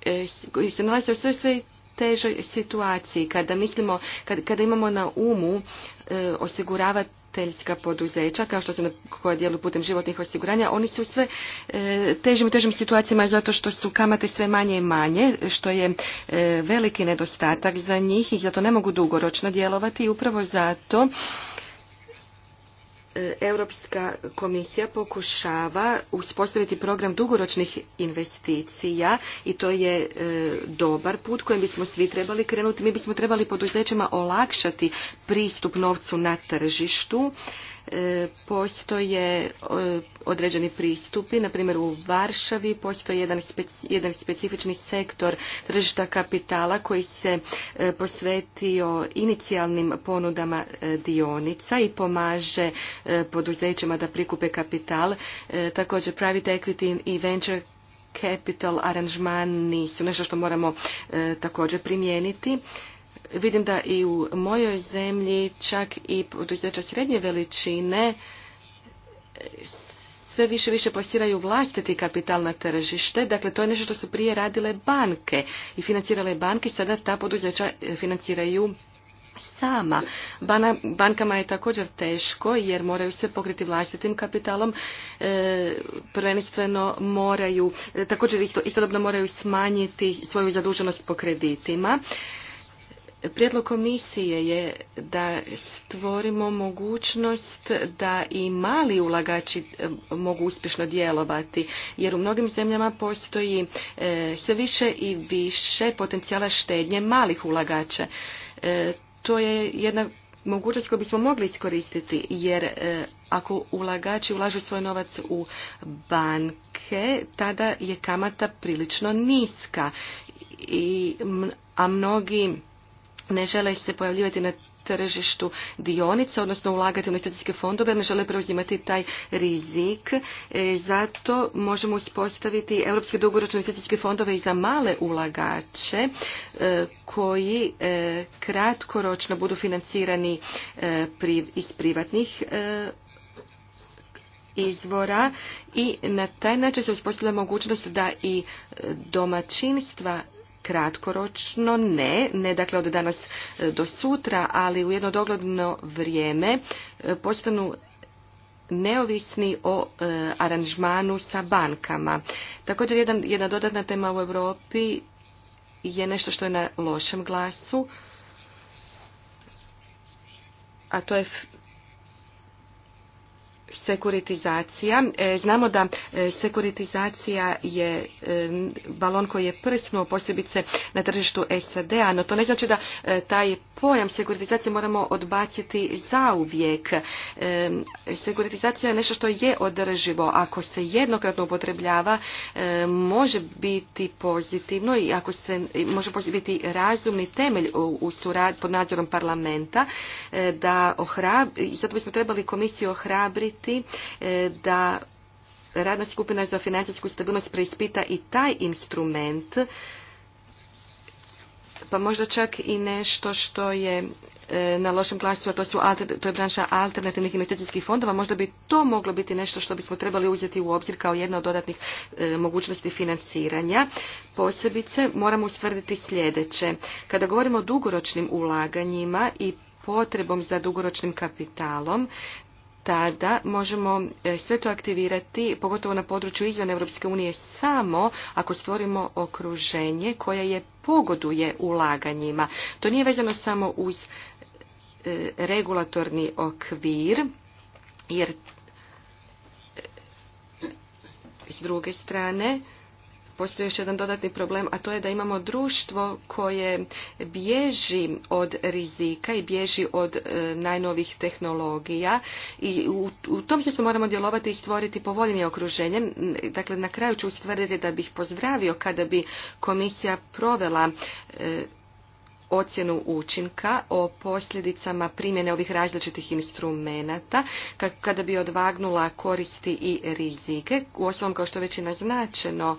e, koji se nalaze u sve, težoj situaciji. Kada mislimo, kada, imamo na umu osiguravati teljska poduzeća, kao što se na koja dijelu putem životnih osiguranja, oni su sve e, težim i težim situacijama zato što su kamate sve manje i manje, što je e, veliki nedostatak za njih i zato ne mogu dugoročno djelovati i upravo zato E, Europska komisija pokušava uspostaviti program dugoročnih investicija i to je e, dobar put kojim bismo svi trebali krenuti. Mi bismo trebali poduzećima olakšati pristup novcu na tržištu E, postoje određeni pristupi. Na primjer u Varšavi postoji jedan, specifični sektor tržišta kapitala koji se e, posvetio inicijalnim ponudama e, dionica i pomaže poduzećima da prikupe kapital. Također private equity i venture capital aranžmani su nešto što moramo također primijeniti. Vidim da i u mojoj zemlji čak i poduzeća srednje veličine e, sve više više plasiraju vlastiti kapital na tržište. Dakle, to je nešto što su prije radile banke i financirale banke, sada ta poduzeća e, financiraju sama. bankama je također teško jer moraju se pokriti vlastitim kapitalom, e, prvenstveno moraju, također istodobno moraju smanjiti svoju zaduženost po kreditima. Prijedlog komisije je da stvorimo mogućnost da i mali ulagači e, mogu uspješno djelovati, jer u mnogim zemljama postoji e, sve više i više potencijala štednje malih ulagača. E, to je jedna mogućnost koju bismo mogli iskoristiti, jer ako ulagači ulažu svoj novac u banke, tada je kamata prilično niska, i, a mnogi ne žele se pojavljivati na tržištu dionica, odnosno ulagati u investicijske fondove, ne žele preuzimati taj rizik. E, zato možemo uspostaviti europske dugoročne investicijske fondove i za male ulagače e, koji e, kratkoročno budu financirani iz privatnih izvora i na taj način se uspostavlja mogućnost da i domaćinstva kratkoročno ne, ne dakle od danas e, do sutra, ali u jedno dogledno vrijeme e, postanu neovisni o e, aranžmanu sa bankama. Također jedna dodatna tema u Europi je nešto što je na lošem glasu, a to je sekuritizacija. E, znamo da e, sekuritizacija je e, balon koji je prsnuo posebice na tržištu SAD-a, no to ne znači da taj pojam sekuritizacije moramo odbaciti zauvijek. Sekuritizacija je nešto što je održivo. Ako se jednokratno upotrebljava, može biti pozitivno i ako se može biti razumni temelj u surad pod nadzorom parlamenta da ohrab, zato bismo trebali komisiju ohrabriti E, da radna skupina za financijsku stabilnost preispita i taj instrument, pa možda čak i nešto što je e, na lošem glasu, a to, su, to je branša alternativnih investicijskih fondova, možda bi to moglo biti nešto što bismo trebali uzeti u obzir kao jedna od dodatnih e, mogućnosti financiranja. Posebice moramo usvrditi sljedeće. Kada govorimo o dugoročnim ulaganjima i potrebom za dugoročnim kapitalom, tada možemo e, sve to aktivirati, pogotovo na području izvan Europske unije, samo ako stvorimo okruženje koje je pogoduje ulaganjima. To nije vezano samo uz e, regulatorni okvir, jer e, s druge strane postoji još jedan dodatni problem, a to je da imamo društvo koje bježi od rizika i bježi od e, najnovih tehnologija i u, tom smislu moramo djelovati i stvoriti povoljnije okruženje. Dakle, na kraju ću ustvrditi da bih pozdravio kada bi komisija provela e, ocjenu učinka o posljedicama primjene ovih različitih instrumenata kada bi odvagnula koristi i rizike. U osnovom, kao što je već je naznačeno,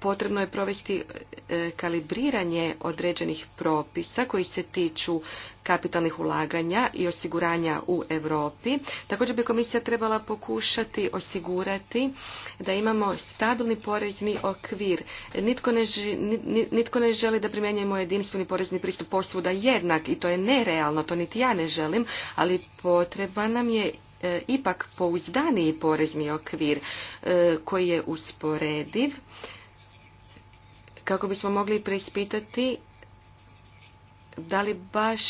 potrebno je provesti e, kalibriranje određenih propisa koji se tiču kapitalnih ulaganja i osiguranja u Europi. Također bi komisija trebala pokušati osigurati da imamo stabilni porezni okvir. Nitko ne, nitko ne želi da primjenjujemo jedinstveni porezni pristup posvuda jednak i to je nerealno, to niti ja ne želim, ali potreba nam je e, ipak pouzdaniji porezni okvir e, koji je usporediv kako bismo mogli preispitati da li baš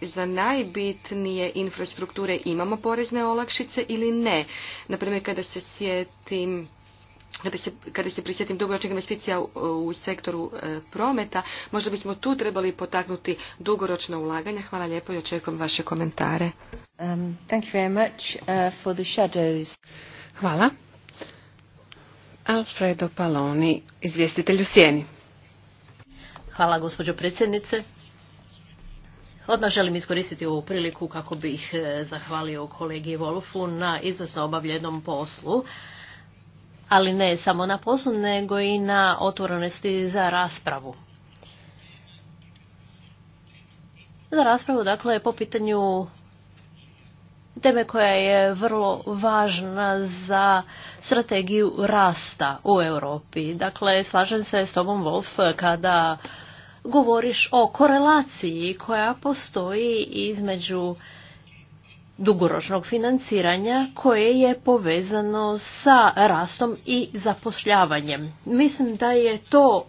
za najbitnije infrastrukture imamo porezne olakšice ili ne. Naprimjer, kada se sjetim kada se, kada se prisjetim dugoročnih investicija u, sektoru e, prometa, možda bismo tu trebali potaknuti dugoročna ulaganja. Hvala lijepo i očekujem vaše komentare. Um, thank uh, Hvala. Alfredo Paloni, izvjestitelj u Sjeni. Hvala gospođo predsjednice. Odmah želim iskoristiti ovu priliku kako bih e, zahvalio kolegi Wolfu na izvrsno obavljenom poslu, ali ne samo na poslu, nego i na otvorenosti za raspravu. Za raspravu, dakle, po pitanju teme koja je vrlo važna za strategiju rasta u Europi. Dakle, slažem se s tobom, Wolf, kada govoriš o korelaciji koja postoji između dugoročnog financiranja koje je povezano sa rastom i zapošljavanjem. Mislim da je to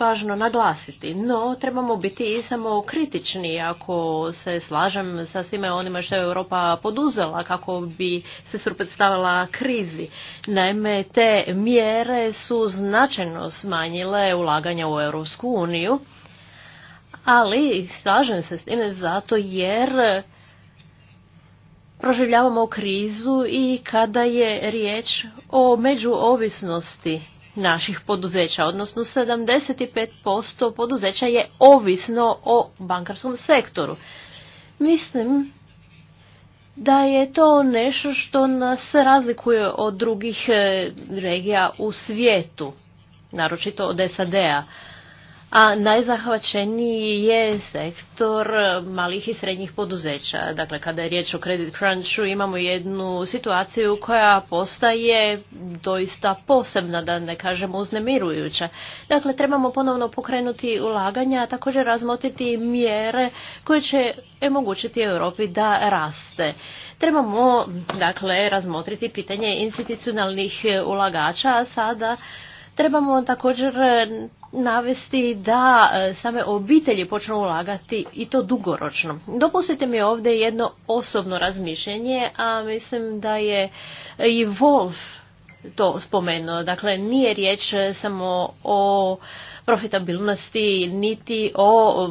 važno naglasiti, no trebamo biti i samo kritični ako se slažem sa svime onima što je Europa poduzela kako bi se suprotstavila krizi. Naime, te mjere su značajno smanjile ulaganja u Europsku uniju, ali slažem se s time zato jer proživljavamo krizu i kada je riječ o međuovisnosti naših poduzeća, odnosno 75% poduzeća je ovisno o bankarskom sektoru. Mislim da je to nešto što nas razlikuje od drugih eh, regija u svijetu, naročito od SAD-a a najzahvaćeniji je sektor malih i srednjih poduzeća. Dakle, kada je riječ o credit crunchu, imamo jednu situaciju koja postaje doista posebna, da ne kažemo uznemirujuća. Dakle, trebamo ponovno pokrenuti ulaganja, a također razmotiti mjere koje će omogućiti Europi da raste. Trebamo, dakle, razmotriti pitanje institucionalnih ulagača, a sada Trebamo također e, navesti da e, same obitelji počnu ulagati i to dugoročno. Dopustite mi ovdje jedno osobno razmišljenje, a mislim da je e, i Wolf to spomenuo. Dakle, nije riječ samo o profitabilnosti niti o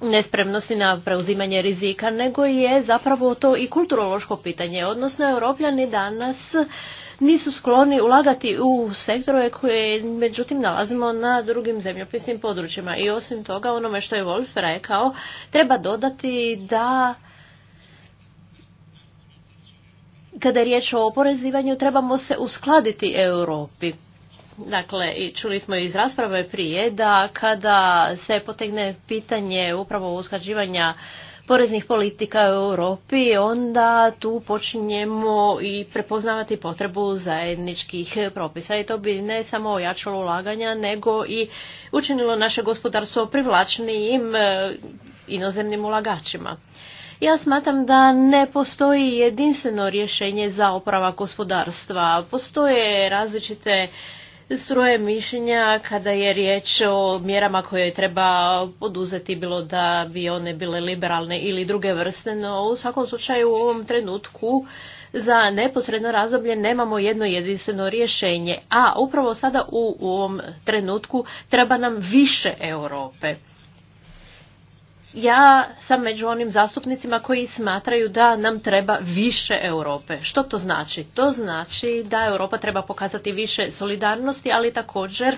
nespremnosti na preuzimanje rizika, nego je zapravo to i kulturološko pitanje. Odnosno, europljani danas nisu skloni ulagati u sektore koje međutim nalazimo na drugim zemljopisnim područjima. I osim toga onome što je Wolf rekao treba dodati da kada je riječ o oporezivanju trebamo se uskladiti Europi. Dakle, i čuli smo iz rasprave prije da kada se potegne pitanje upravo usklađivanja poreznih politika u Europi, onda tu počinjemo i prepoznavati potrebu zajedničkih propisa i to bi ne samo ojačalo ulaganja, nego i učinilo naše gospodarstvo privlačnijim e, inozemnim ulagačima. Ja smatram da ne postoji jedinstveno rješenje za oprava gospodarstva. Postoje različite stroje mišljenja kada je riječ o mjerama koje treba poduzeti, bilo da bi one bile liberalne ili druge vrste, no u svakom slučaju u ovom trenutku za neposredno razdoblje nemamo jedno jedinstveno rješenje, a upravo sada u, u ovom trenutku treba nam više Europe ja sam među onim zastupnicima koji smatraju da nam treba više Europe. Što to znači? To znači da Europa treba pokazati više solidarnosti, ali također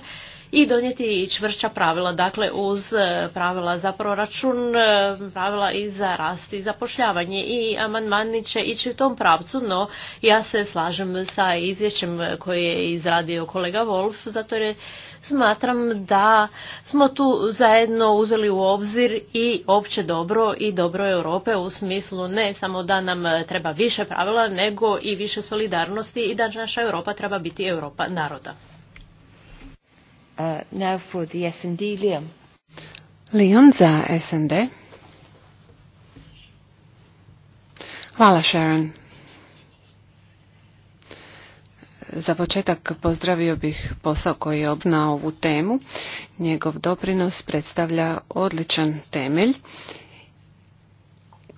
i donijeti čvršća pravila, dakle uz e, pravila za proračun, e, pravila i za rast i zapošljavanje i amandmani će ići u tom pravcu, no ja se slažem sa izvješćem koje je izradio kolega Wolf, zato jer je smatram da smo tu zajedno uzeli u obzir i opće dobro i dobro Europe u smislu ne samo da nam treba više pravila nego i više solidarnosti i da naša Europa treba biti Europa naroda. Uh, Hvala Sharon. Za početak pozdravio bih posao koji je obnao ovu temu. Njegov doprinos predstavlja odličan temelj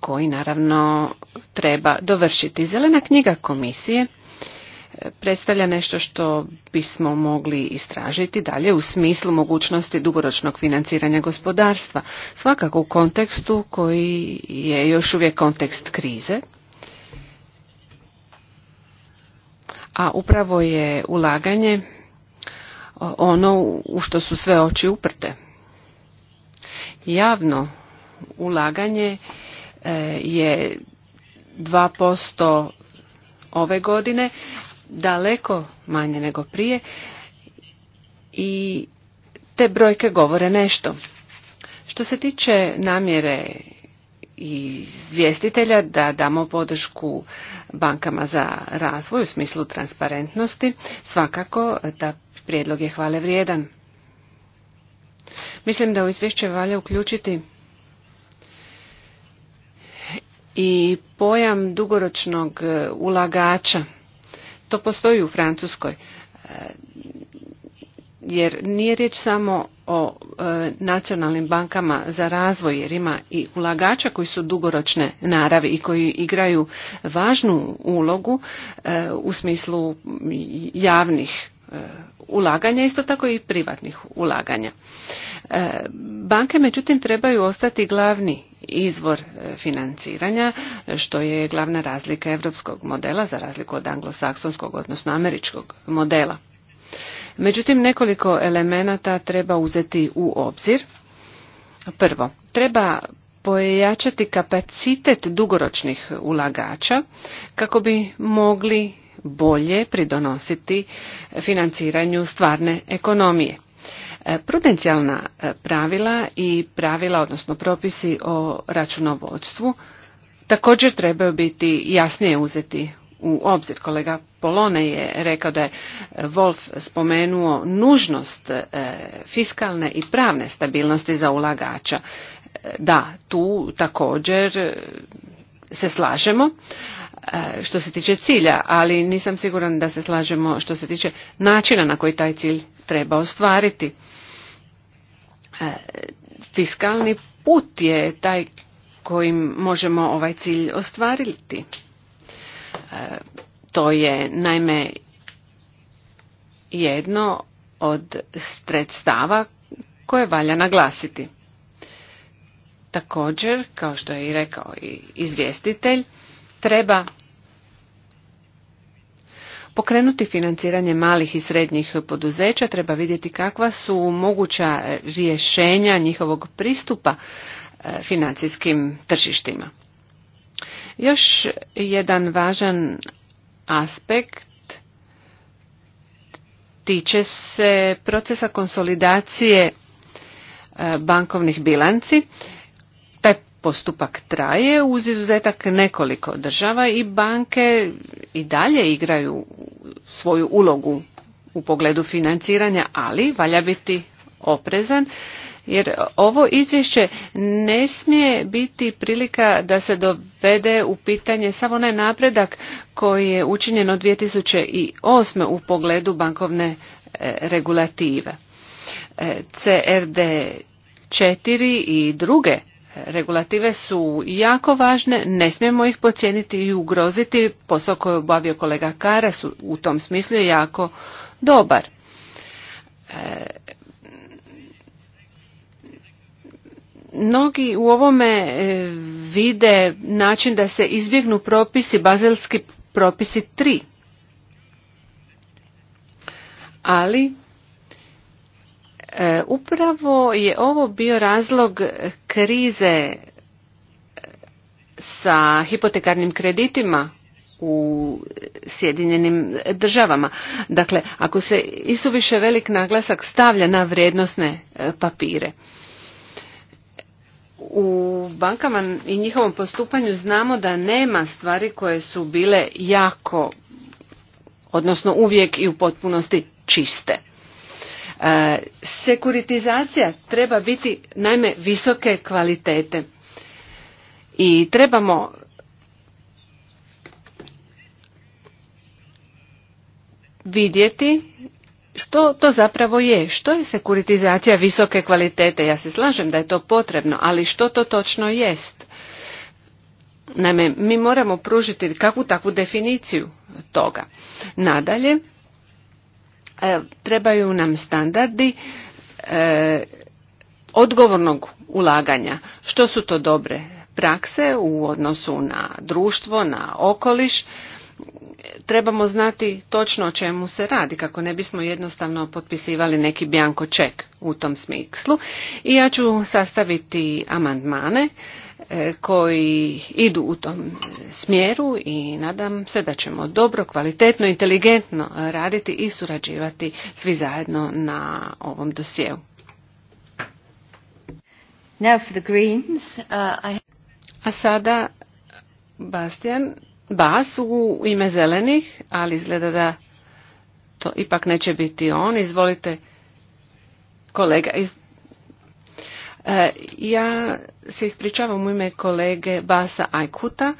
koji naravno treba dovršiti. Zelena knjiga komisije e, predstavlja nešto što bismo mogli istražiti dalje u smislu mogućnosti dugoročnog financiranja gospodarstva, svakako u kontekstu koji je još uvijek kontekst krize a upravo je ulaganje e, ono u što su sve oči uprte. Javno ulaganje e, je 2% ove godine, daleko manje nego prije i te brojke govore nešto. Što se tiče namjere i izvjestitelja da damo podršku bankama za razvoj u smislu transparentnosti. Svakako da prijedlog je hvale vrijedan. Mislim da u izvješće valja uključiti i pojam dugoročnog ulagača. To postoji u Francuskoj jer nije riječ samo o e, nacionalnim bankama za razvoj jer ima i ulagača koji su dugoročne naravi i koji igraju važnu ulogu e, u smislu javnih e, ulaganja, isto tako i privatnih ulaganja. Banke međutim trebaju ostati glavni izvor financiranja, što je glavna razlika evropskog modela za razliku od anglosaksonskog, odnosno američkog modela. Međutim, nekoliko elemenata treba uzeti u obzir. Prvo, treba pojačati kapacitet dugoročnih ulagača kako bi mogli bolje pridonositi financiranju stvarne ekonomije. E, prudencijalna e, pravila i pravila, odnosno propisi o računovodstvu, također trebaju biti jasnije uzeti u obzir. Kolega Polone je rekao da je Wolf spomenuo nužnost e, fiskalne i pravne stabilnosti za ulagača. E, da, tu također e, se slažemo što se tiče cilja, ali nisam siguran da se slažemo što se tiče načina na koji taj cilj treba ostvariti. Fiskalni put je taj kojim možemo ovaj cilj ostvariti. To je naime jedno od sredstava koje valja naglasiti. Također, kao što je i rekao i izvjestitelj, treba pokrenuti financiranje malih i srednjih poduzeća, treba vidjeti kakva su moguća rješenja njihovog pristupa e, financijskim tržištima. Još jedan važan aspekt tiče se procesa konsolidacije e, bankovnih bilanci. Taj postupak traje uz izuzetak nekoliko država i banke i dalje igraju svoju ulogu u pogledu financiranja, ali valja biti oprezan jer ovo izvješće ne smije biti prilika da se dovede u pitanje samo onaj napredak koji je učinjen od 2008. u pogledu bankovne e, regulative. E, CRD 4 i druge regulative su jako važne, ne smijemo ih pocijeniti i ugroziti. Posao koji je obavio kolega Karas u tom smislu je jako dobar. E, Mnogi u ovome e, vide način da se izbjegnu propisi, bazelski propisi 3. Ali e, upravo je ovo bio razlog krize e, sa hipotekarnim kreditima u Sjedinjenim državama. Dakle, ako se isuviše velik naglasak stavlja na vrijednosne papire u bankama i njihovom postupanju znamo da nema stvari koje su bile jako, odnosno uvijek i u potpunosti čiste. E, sekuritizacija treba biti najme visoke kvalitete i trebamo vidjeti što to zapravo je? Što je sekuritizacija visoke kvalitete? Ja se slažem da je to potrebno, ali što to točno jest? Naime, mi moramo pružiti kakvu takvu definiciju toga. Nadalje, e, trebaju nam standardi e, odgovornog ulaganja. Što su to dobre prakse u odnosu na društvo, na okoliš? trebamo znati točno o čemu se radi, kako ne bismo jednostavno potpisivali neki bjanko ček u tom smislu. I ja ću sastaviti amandmane e, koji idu u tom smjeru i nadam se da ćemo dobro, kvalitetno, inteligentno raditi i surađivati svi zajedno na ovom dosjeu. Uh, A sada, Bastian, Bas u ime zelenih, ali izgleda da to ipak neće biti on. Izvolite, kolega. E, ja se ispričavam u ime kolege Basa Ajkuta,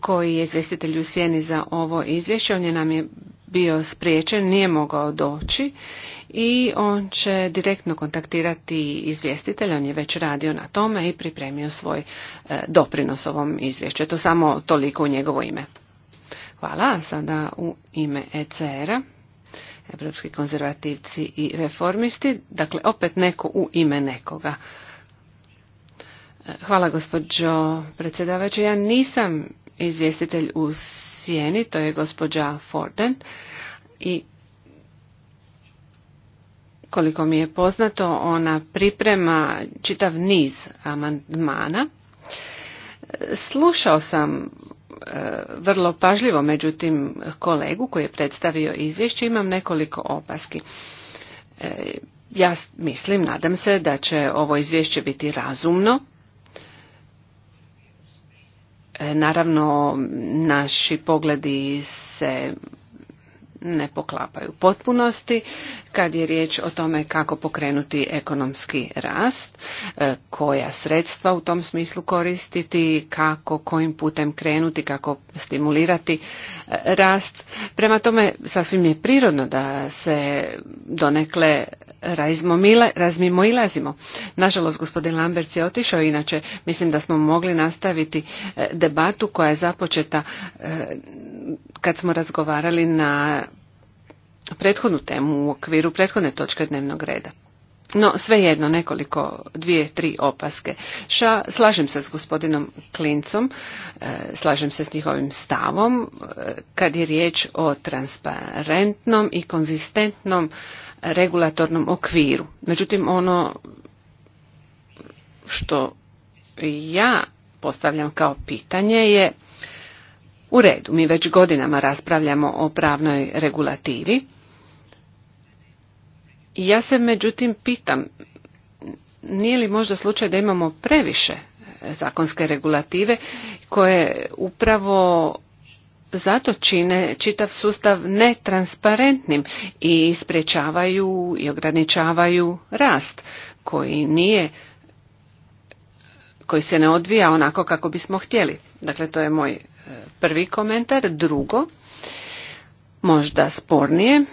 koji je izvjestitelj u sjeni za ovo izvješće. On je nam je bio spriječen, nije mogao doći i on će direktno kontaktirati izvjestitelja, on je već radio na tome i pripremio svoj e, doprinos ovom izvješću. To samo toliko u njegovo ime. Hvala, sada u ime ECR-a, Evropski konzervativci i reformisti, dakle opet neko u ime nekoga. E, hvala gospođo predsjedavače, Ja nisam izvjestitelj u Sijeni, to je gospođa Forden i koliko mi je poznato, ona priprema čitav niz amandmana. Slušao sam e, vrlo pažljivo, međutim, kolegu koji je predstavio izvješće, imam nekoliko opaski. E, ja mislim, nadam se da će ovo izvješće biti razumno. E, naravno, naši pogledi se ne poklapaju potpunosti kad je riječ o tome kako pokrenuti ekonomski rast, e, koja sredstva u tom smislu koristiti, kako kojim putem krenuti, kako stimulirati e, rast. Prema tome sasvim je prirodno da se donekle razmimoilazimo. Nažalost, gospodin Lamberts je otišao, inače mislim da smo mogli nastaviti e, debatu koja je započeta e, kad smo razgovarali na prethodnu temu u okviru prethodne točke dnevnog reda. No, svejedno, nekoliko, dvije, tri opaske. slažem se s gospodinom Klincom, e, slažem se s njihovim stavom e, kad je riječ o transparentnom i konzistentnom regulatornom okviru. Međutim, ono što ja postavljam kao pitanje je u redu. Mi već godinama raspravljamo o pravnoj regulativi ja se međutim pitam, nije li možda slučaj da imamo previše e, zakonske regulative koje upravo zato čine čitav sustav netransparentnim i sprečavaju i ograničavaju rast koji nije koji se ne odvija onako kako bismo htjeli. Dakle, to je moj e, prvi komentar. Drugo, možda spornije,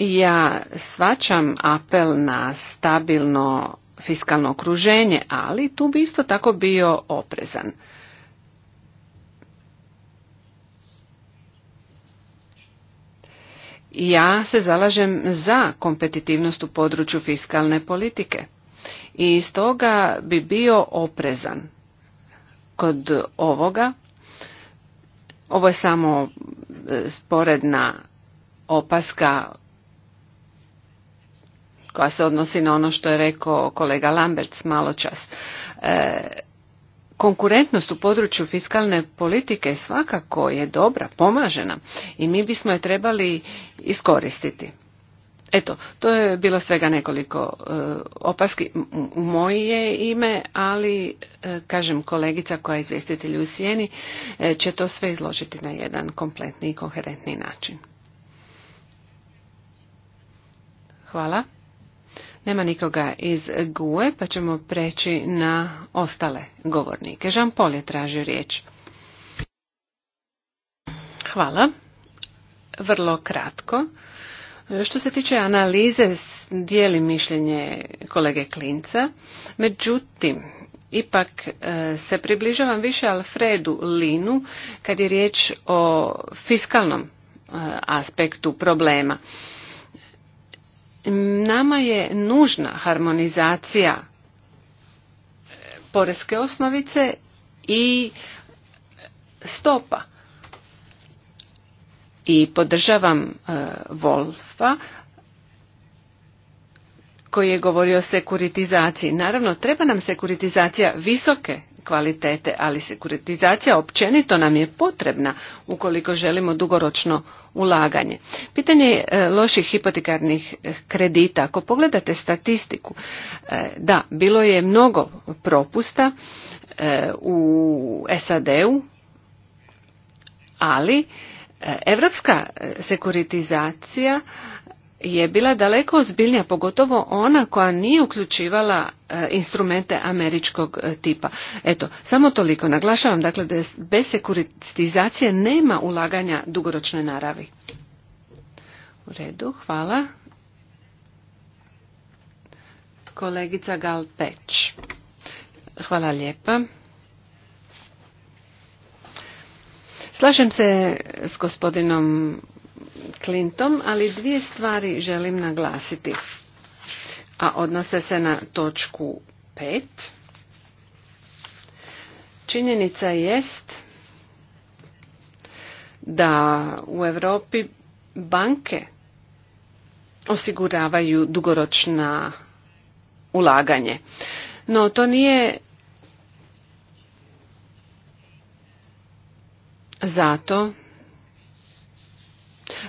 ja svačam apel na stabilno fiskalno okruženje, ali tu bi isto tako bio oprezan. Ja se zalažem za kompetitivnost u području fiskalne politike i stoga bi bio oprezan kod ovoga. Ovo je samo e, sporedna opaska koja se odnosi na ono što je rekao kolega Lamberts malo čas. E, konkurentnost u području fiskalne politike svakako je dobra, pomažena i mi bismo je trebali iskoristiti. Eto, to je bilo svega nekoliko e, opaski u moje ime, ali e, kažem kolegica koja je izvjestitelj u sjeni e, će to sve izložiti na jedan kompletni i koherentni način. Hvala. Nema nikoga iz GUE, pa ćemo preći na ostale govornike. Jean Paul je tražio riječ. Hvala. Vrlo kratko. Što se tiče analize, dijeli mišljenje kolege Klinca. Međutim, ipak e, se približavam više Alfredu Linu kad je riječ o fiskalnom e, aspektu problema. Nama je nužna harmonizacija poreske osnovice i stopa. I podržavam e, Wolfa koji je govorio o sekuritizaciji. Naravno, treba nam sekuritizacija visoke kvalitete, ali sekuritizacija općenito nam je potrebna ukoliko želimo dugoročno ulaganje. Pitanje e, loših hipotekarnih e, kredita. Ako pogledate statistiku, e, da, bilo je mnogo propusta u SAD-u, ali evropska sekuritizacija je bila daleko ozbiljnija, pogotovo ona koja nije uključivala e, instrumente američkog e, tipa. Eto, samo toliko. Naglašavam dakle da bez sekuritizacije nema ulaganja dugoročne naravi. U redu, hvala. Kolegica Gal Hvala lijepa. Slažem se s gospodinom Clinton, ali dvije stvari želim naglasiti, a odnose se na točku 5. Činjenica jest da u Europi banke osiguravaju dugoročna ulaganje. No to nije zato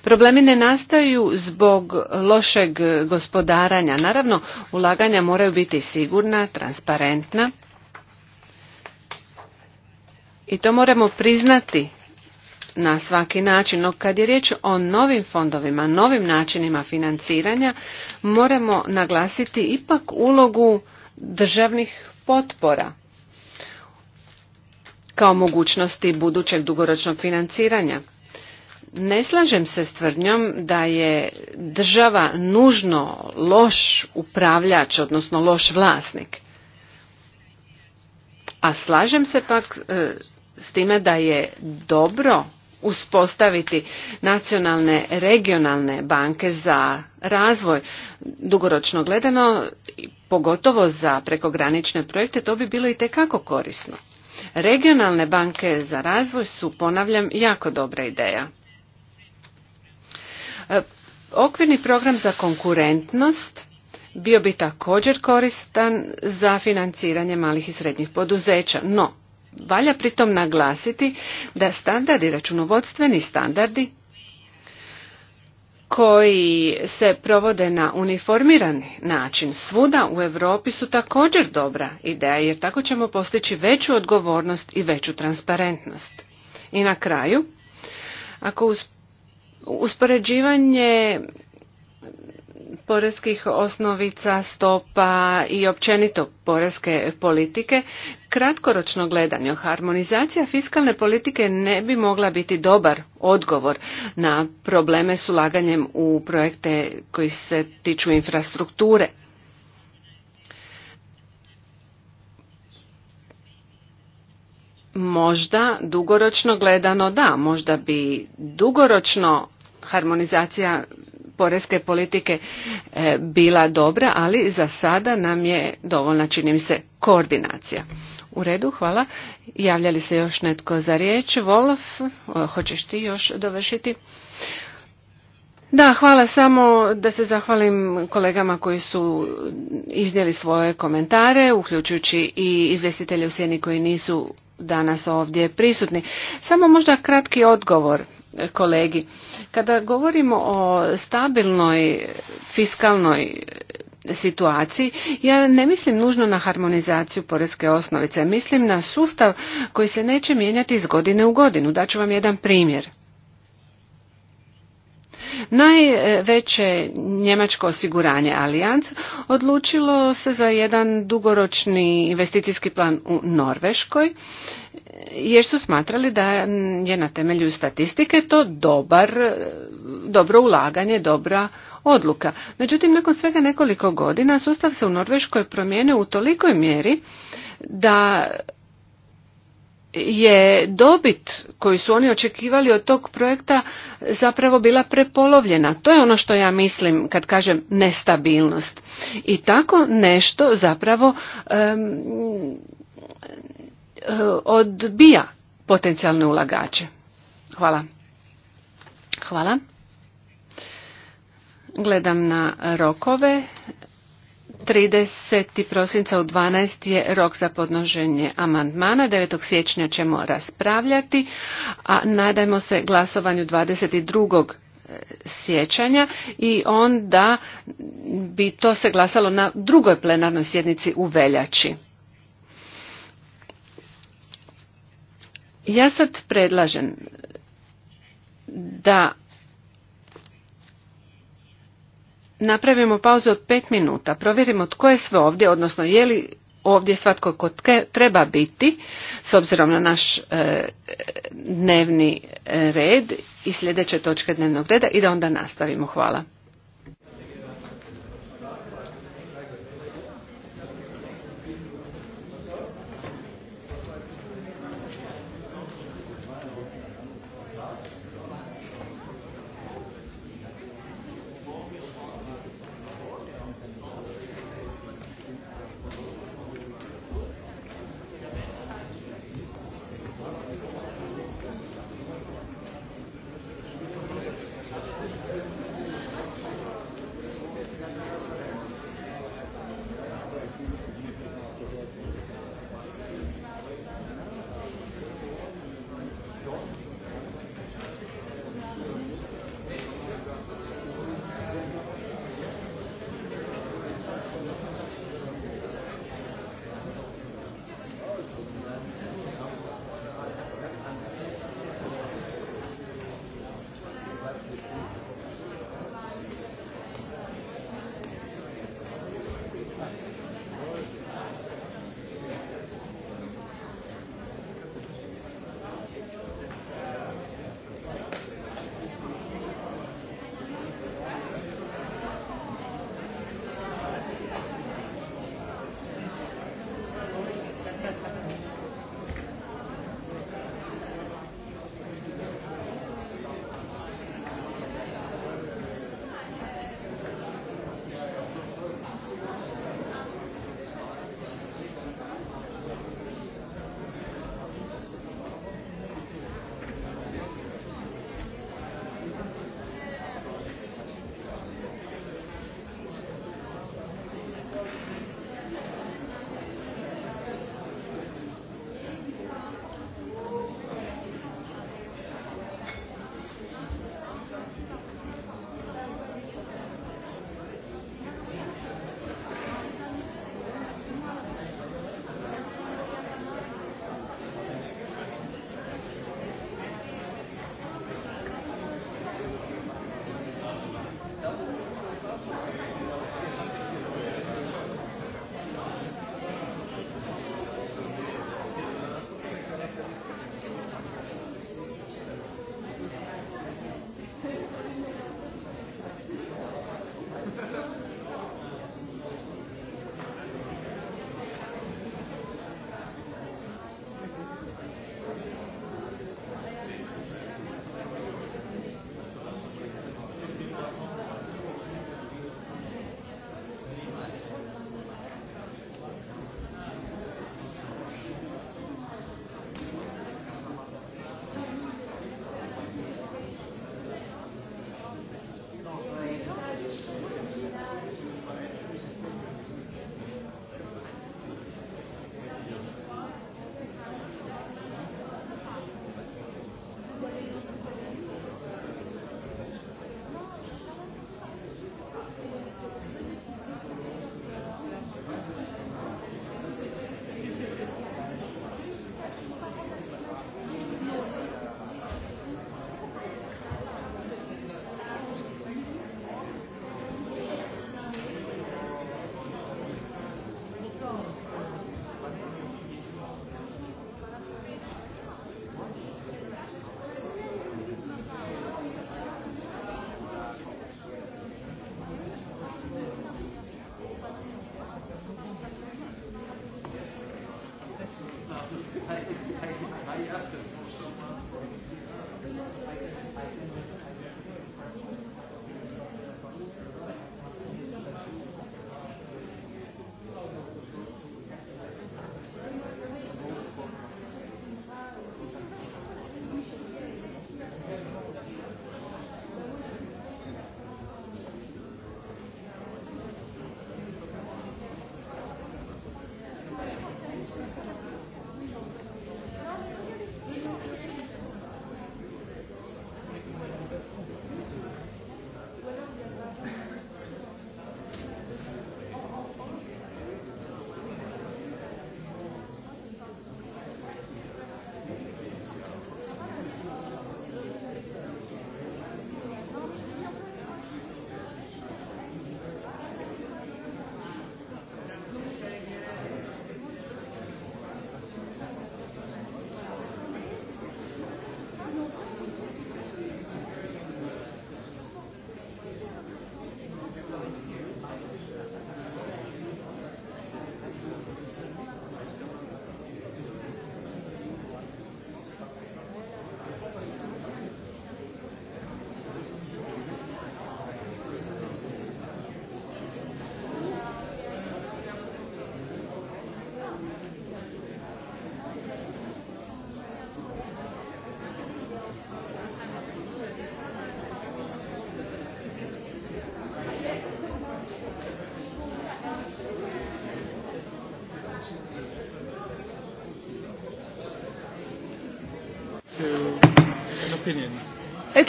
Problemi ne nastaju zbog lošeg gospodaranja. Naravno, ulaganja moraju biti sigurna, transparentna. I to moramo priznati na svaki način. No kad je riječ o novim fondovima, novim načinima financiranja, moramo naglasiti ipak ulogu državnih potpora kao mogućnosti budućeg dugoročnog financiranja. Ne slažem se s tvrdnjom da je država nužno loš upravljač, odnosno loš vlasnik. A slažem se pak e, s time da je dobro uspostaviti nacionalne regionalne banke za razvoj dugoročno gledano, pogotovo za prekogranične projekte, to bi bilo i tekako korisno. Regionalne banke za razvoj su, ponavljam, jako dobra ideja. Okvirni program za konkurentnost bio bi također koristan za financiranje malih i srednjih poduzeća, no valja pritom naglasiti da standardi, računovodstveni standardi koji se provode na uniformirani način svuda u Europi su također dobra ideja jer tako ćemo postići veću odgovornost i veću transparentnost. I na kraju, ako uz Uspoređivanje poreskih osnovica, stopa i općenito poreske politike, kratkoročno gledanje, harmonizacija fiskalne politike ne bi mogla biti dobar odgovor na probleme s ulaganjem u projekte koji se tiču infrastrukture. Možda dugoročno gledano da, možda bi dugoročno harmonizacija poreske politike e, bila dobra, ali za sada nam je dovoljna, čini mi se, koordinacija. U redu, hvala. Javlja li se još netko za riječ? Volof, e, hoćeš ti još dovršiti? Da, hvala samo da se zahvalim kolegama koji su iznijeli svoje komentare, uključujući i izvestitelje u sjeni koji nisu danas ovdje prisutni. Samo možda kratki odgovor kolegi. Kada govorimo o stabilnoj fiskalnoj situaciji, ja ne mislim nužno na harmonizaciju porezke osnovice, mislim na sustav koji se neće mijenjati iz godine u godinu. Daću vam jedan primjer. Najveće njemačko osiguranje Allianz odlučilo se za jedan dugoročni investicijski plan u Norveškoj jer su smatrali da je na temelju statistike to dobar, dobro ulaganje, dobra odluka. Međutim, nakon svega nekoliko godina sustav se u Norveškoj promijenio u tolikoj mjeri da je dobit koju su oni očekivali od tog projekta zapravo bila prepolovljena. To je ono što ja mislim kad kažem nestabilnost. I tako nešto zapravo eh, odbija potencijalne ulagače. Hvala. Hvala. Gledam na rokove. 30. prosinca u 12. je rok za podnoženje amandmana. 9. siječnja ćemo raspravljati, a nadajmo se glasovanju 22 e, sjećanja i onda bi to se glasalo na drugoj plenarnoj sjednici u veljači. Ja sad predlažem da napravimo pauzu od pet minuta, provjerimo tko je sve ovdje, odnosno je li ovdje svatko tko treba biti s obzirom na naš e, dnevni e, red i sljedeće točke dnevnog reda i da onda nastavimo. Hvala.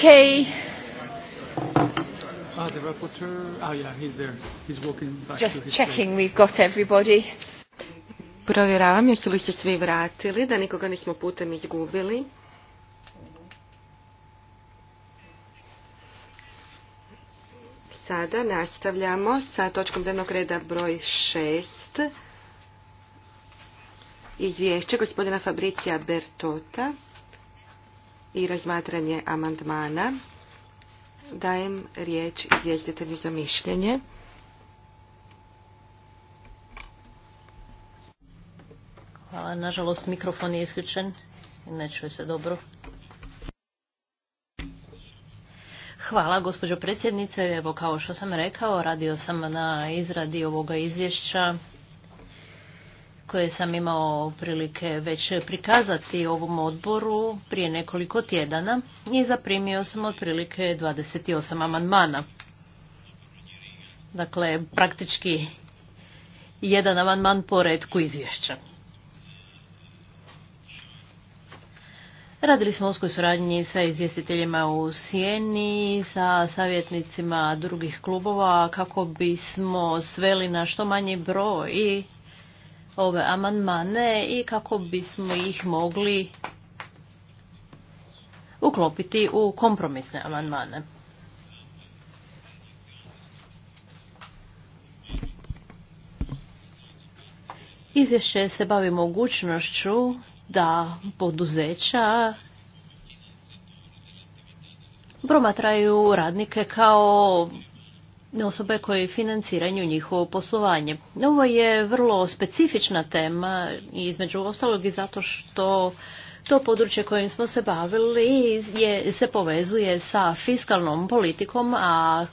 Okay. Uh, the rapporteur. Oh yeah, he's there. He's walking back Just to his checking place. we've got everybody. Provjeravam jesu li se svi vratili, da nikoga nismo putem izgubili. Sada nastavljamo sa točkom dnevnog reda broj 6. Izvješće gospodina Fabricija Bertota i razmatranje amandmana. Dajem riječ izvjestitelju za mišljenje. Hvala, nažalost mikrofon je isključen ne čuje se dobro. Hvala, gospođo predsjednice. Evo, kao što sam rekao, radio sam na izradi ovoga izvješća koje sam imao prilike već prikazati ovom odboru prije nekoliko tjedana i zaprimio sam otprilike 28 amandmana. Dakle, praktički jedan amandman po redku izvješća. Radili smo uskoj suradnji sa izvjestiteljima u Sijeni, sa savjetnicima drugih klubova kako bismo sveli na što manji broj i ove amandmane i kako bismo ih mogli uklopiti u kompromisne amandmane. Izvješće se bavi mogućnošću da poduzeća promatraju radnike kao osobe koje financiraju njihovo poslovanje. Ovo je vrlo specifična tema između ostalog i zato što to područje kojim smo se bavili je, se povezuje sa fiskalnom politikom, a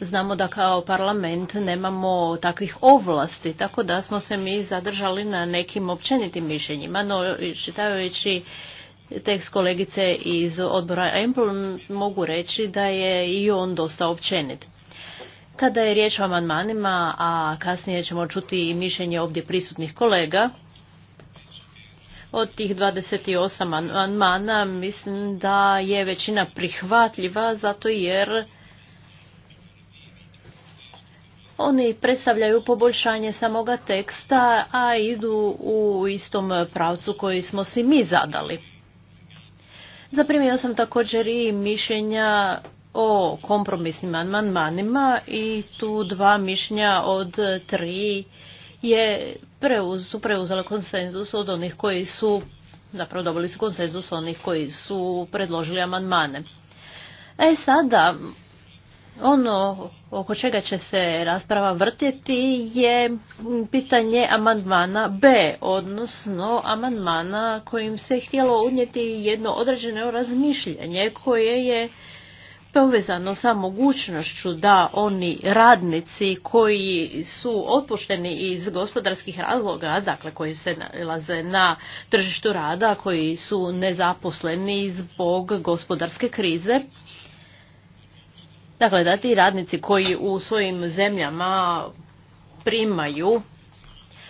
znamo da kao parlament nemamo takvih ovlasti, tako da smo se mi zadržali na nekim općenitim mišljenjima, no čitajući tekst kolegice iz odbora EMPL mogu reći da je i on dosta općenit. Kada je riječ o amandmanima, a kasnije ćemo čuti i mišljenje ovdje prisutnih kolega, od tih 28 amandmana mislim da je većina prihvatljiva zato jer oni predstavljaju poboljšanje samoga teksta, a idu u istom pravcu koji smo si mi zadali. Zaprimio sam također i mišljenja o kompromisnim amandmanima i tu dva mišljenja od tri je su preuzela konsenzus od onih koji su, zapravo dobili su konsenzus onih koji su predložili amandmane. E sada, ono oko čega će se rasprava vrtjeti je pitanje amandmana B, odnosno amandmana kojim se htjelo unijeti jedno određeno razmišljanje koje je povezano sa mogućnošću da oni radnici koji su otpušteni iz gospodarskih razloga, dakle koji se nalaze na tržištu rada, koji su nezaposleni zbog gospodarske krize, Dakle, da ti radnici koji u svojim zemljama primaju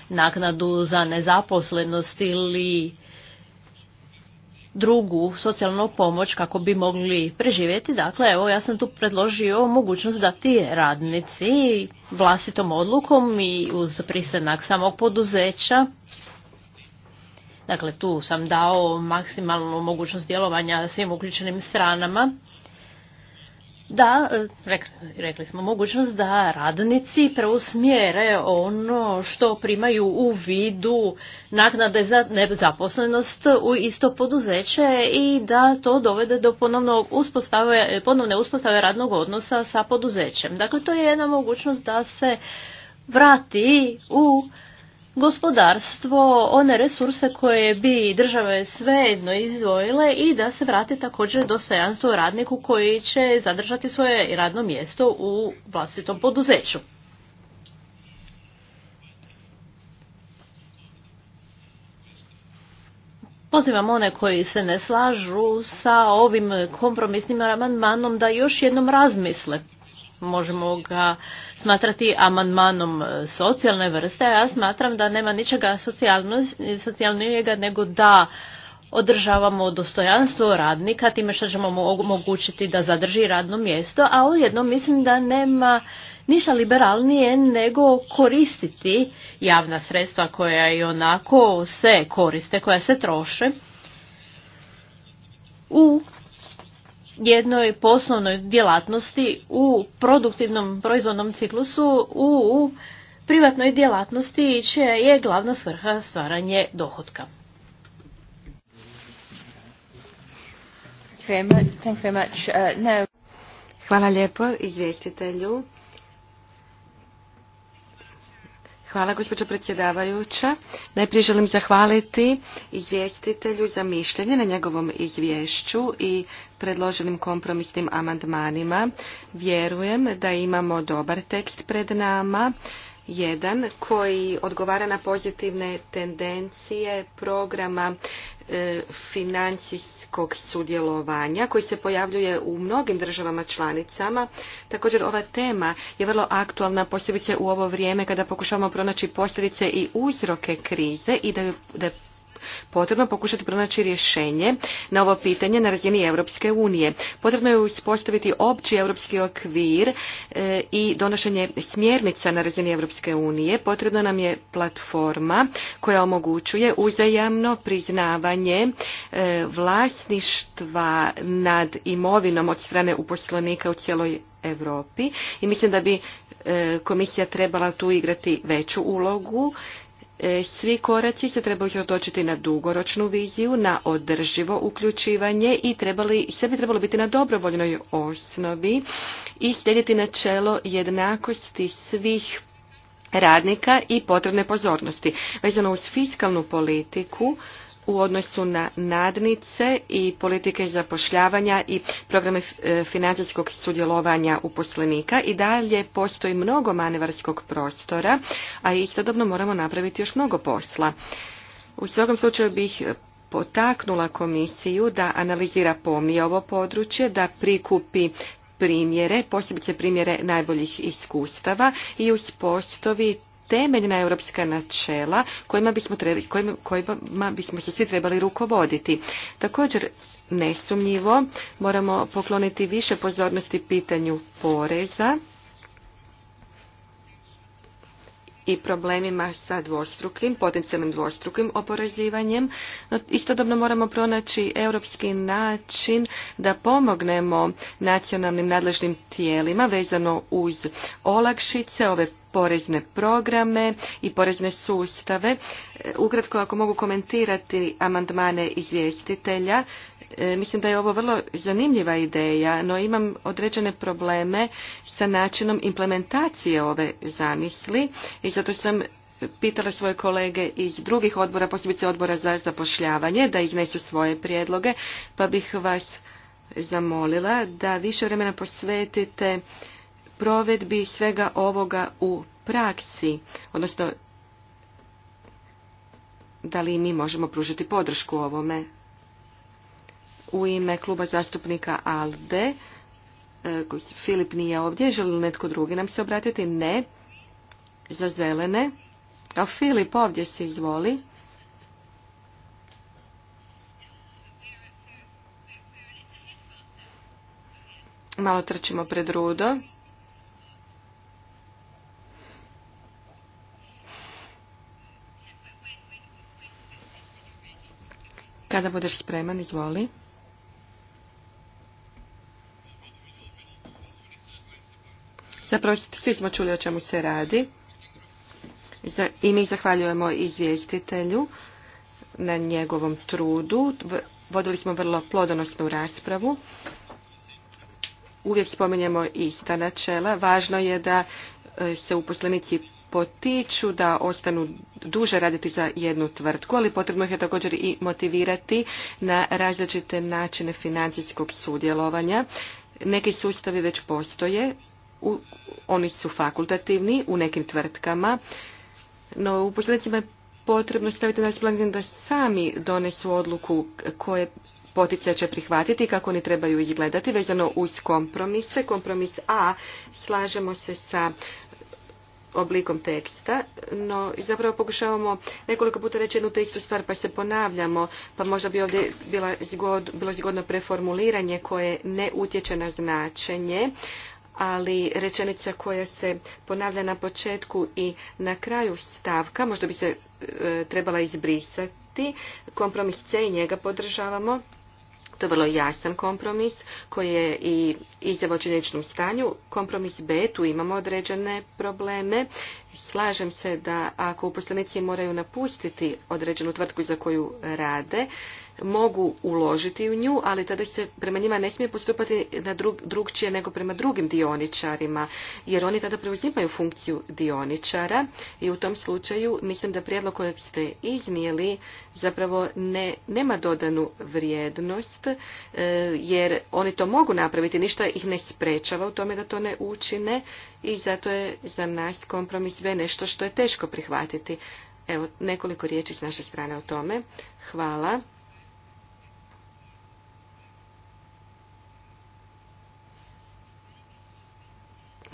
naknadu za nezaposlenost ili drugu socijalnu pomoć kako bi mogli preživjeti. Dakle, evo ja sam tu predložio mogućnost da ti radnici vlastitom odlukom i uz pristanak samog poduzeća Dakle, tu sam dao maksimalnu mogućnost djelovanja svim uključenim stranama da, e, rekli smo mogućnost da radnici preusmjere ono što primaju u vidu naknade za nezaposlenost u isto poduzeće i da to dovede do ponovnog uspostave, ponovne uspostave radnog odnosa sa poduzećem. Dakle, to je jedna mogućnost da se vrati u gospodarstvo one resurse koje bi države svejedno izdvojile i da se vrati također dostojanstvo radniku koji će zadržati svoje radno mjesto u vlastitom poduzeću. Pozivam one koji se ne slažu sa ovim kompromisnim amandmanom da još jednom razmisle možemo ga smatrati amandmanom e, socijalne vrste, a ja smatram da nema ničega socijalnijega nego da održavamo dostojanstvo radnika time što ćemo omogućiti da zadrži radno mjesto, a ujedno mislim da nema ništa liberalnije nego koristiti javna sredstva koja i onako se koriste, koja se troše u jednoj poslovnoj djelatnosti u produktivnom proizvodnom ciklusu u privatnoj djelatnosti čija je glavna svrha stvaranje dohotka. Hvala lijepo izvjestitelju. Hvala, gospođo predsjedavajuća. Najprije želim zahvaliti izvjestitelju za mišljenje na njegovom izvješću i predloženim kompromisnim amandmanima. Vjerujem da imamo dobar tekst pred nama jedan koji odgovara na pozitivne tendencije programa e, financijskog sudjelovanja koji se pojavljuje u mnogim državama članicama. Također ova tema je vrlo aktualna posebice u ovo vrijeme kada pokušavamo pronaći posljedice i uzroke krize i da da je potrebno pokušati pronaći rješenje na ovo pitanje na razini Europske unije. Potrebno je uspostaviti opći europski okvir e, i donošenje smjernica na razini Europske unije. Potrebna nam je platforma koja omogućuje uzajamno priznavanje e, vlasništva nad imovinom od strane uposlenika u cijeloj Europi i mislim da bi e, komisija trebala tu igrati veću ulogu E, svi koraci se trebaju usredotočiti na dugoročnu viziju, na održivo uključivanje i trebali, sve bi trebalo biti na dobrovoljnoj osnovi i slijediti načelo jednakosti svih radnika i potrebne pozornosti. Vezano uz fiskalnu politiku, u odnosu na nadnice i politike zapošljavanja i programe e, financijskog sudjelovanja uposlenika i dalje postoji mnogo manevarskog prostora, a istodobno moramo napraviti još mnogo posla. U svakom slučaju bih potaknula komisiju da analizira pomnije ovo područje, da prikupi primjere, posebice primjere najboljih iskustava i uspostavi temeljna europska načela kojima bismo, trebali, kojima, kojima bismo se svi trebali rukovoditi. Također, nesumnjivo, moramo pokloniti više pozornosti pitanju poreza i problemima sa dvostrukim, potencijalnim dvostrukim oporezivanjem. No, istodobno moramo pronaći europski način da pomognemo nacionalnim nadležnim tijelima vezano uz olakšice, ove porezne programe i porezne sustave. E, ukratko, ako mogu komentirati amandmane izvjestitelja, e, mislim da je ovo vrlo zanimljiva ideja, no imam određene probleme sa načinom implementacije ove zamisli i zato sam pitala svoje kolege iz drugih odbora, posebice odbora za zapošljavanje, da iznesu svoje prijedloge, pa bih vas zamolila da više vremena posvetite provedbi svega ovoga u praksi, odnosno da li mi možemo pružiti podršku ovome. U ime kluba zastupnika ALDE, e, Filip nije ovdje, želi li netko drugi nam se obratiti? Ne. Za zelene. A Filip ovdje se izvoli. Malo trčimo pred rudo. Kada budeš spreman, izvoli. Zapravo svi smo čuli o čemu se radi i mi zahvaljujemo izvjestitelju na njegovom trudu. Vodili smo vrlo plodonosnu raspravu. Uvijek spominjemo ista načela. Važno je da e, se uposlenici potiču da ostanu duže raditi za jednu tvrtku, ali potrebno ih je također i motivirati na različite načine financijskog sudjelovanja. Neki sustavi već postoje, oni su fakultativni u nekim tvrtkama, no u posljednicima je potrebno staviti na splanjen da sami donesu odluku koje potice će prihvatiti kako oni trebaju izgledati vezano uz kompromise. Kompromis A slažemo se sa oblikom teksta, no zapravo pokušavamo nekoliko puta reći jednu te istu stvar pa se ponavljamo, pa možda bi ovdje bila bilo zgodno preformuliranje koje ne utječe na značenje, ali rečenica koja se ponavlja na početku i na kraju stavka, možda bi se e, trebala izbrisati, kompromis C i njega podržavamo. To je vrlo jasan kompromis koji je i izjava o činjeničnom stanju. Kompromis B, tu imamo određene probleme. Slažem se da ako uposlenici moraju napustiti određenu tvrtku za koju rade, mogu uložiti u nju, ali tada se prema njima ne smije postupati na drug, drugčije nego prema drugim dioničarima, jer oni tada preuzimaju funkciju dioničara i u tom slučaju mislim da prijedlog kojeg ste iznijeli zapravo ne, nema dodanu vrijednost, e, jer oni to mogu napraviti, ništa ih ne sprečava u tome da to ne učine i zato je za nas kompromis B nešto što je teško prihvatiti. Evo, nekoliko riječi s naše strane o tome. Hvala.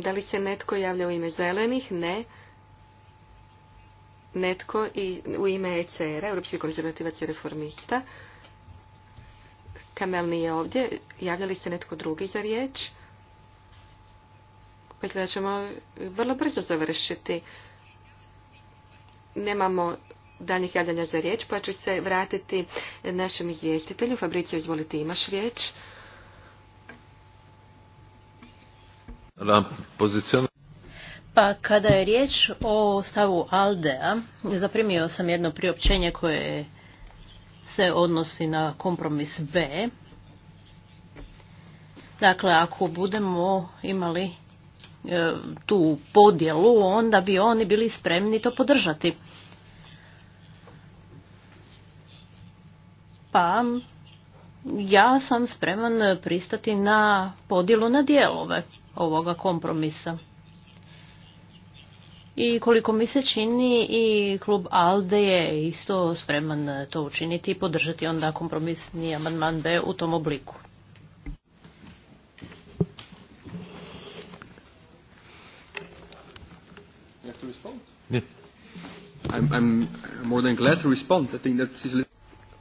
Da li se netko javlja u ime zelenih? Ne. Netko i, u ime ECR-a, Europski konzervativac i reformista. Kamel nije ovdje. Javlja li se netko drugi za riječ? Pa da ćemo vrlo brzo završiti. Nemamo daljnjih javljanja za riječ, pa ću se vratiti našem izvjestitelju. Fabricio, izvolite, imaš riječ. Pa kada je riječ o stavu Aldea, zaprimio sam jedno priopćenje koje se odnosi na kompromis B. Dakle, ako budemo imali e, tu podjelu, onda bi oni bili spremni to podržati. Pa ja sam spreman pristati na podjelu na dijelove ovoga kompromisa. I koliko mi se čini i klub ALDE je isto spreman to učiniti i podržati onda kompromisni amandman B u tom obliku. I'm, I'm more than glad to respond. I think that is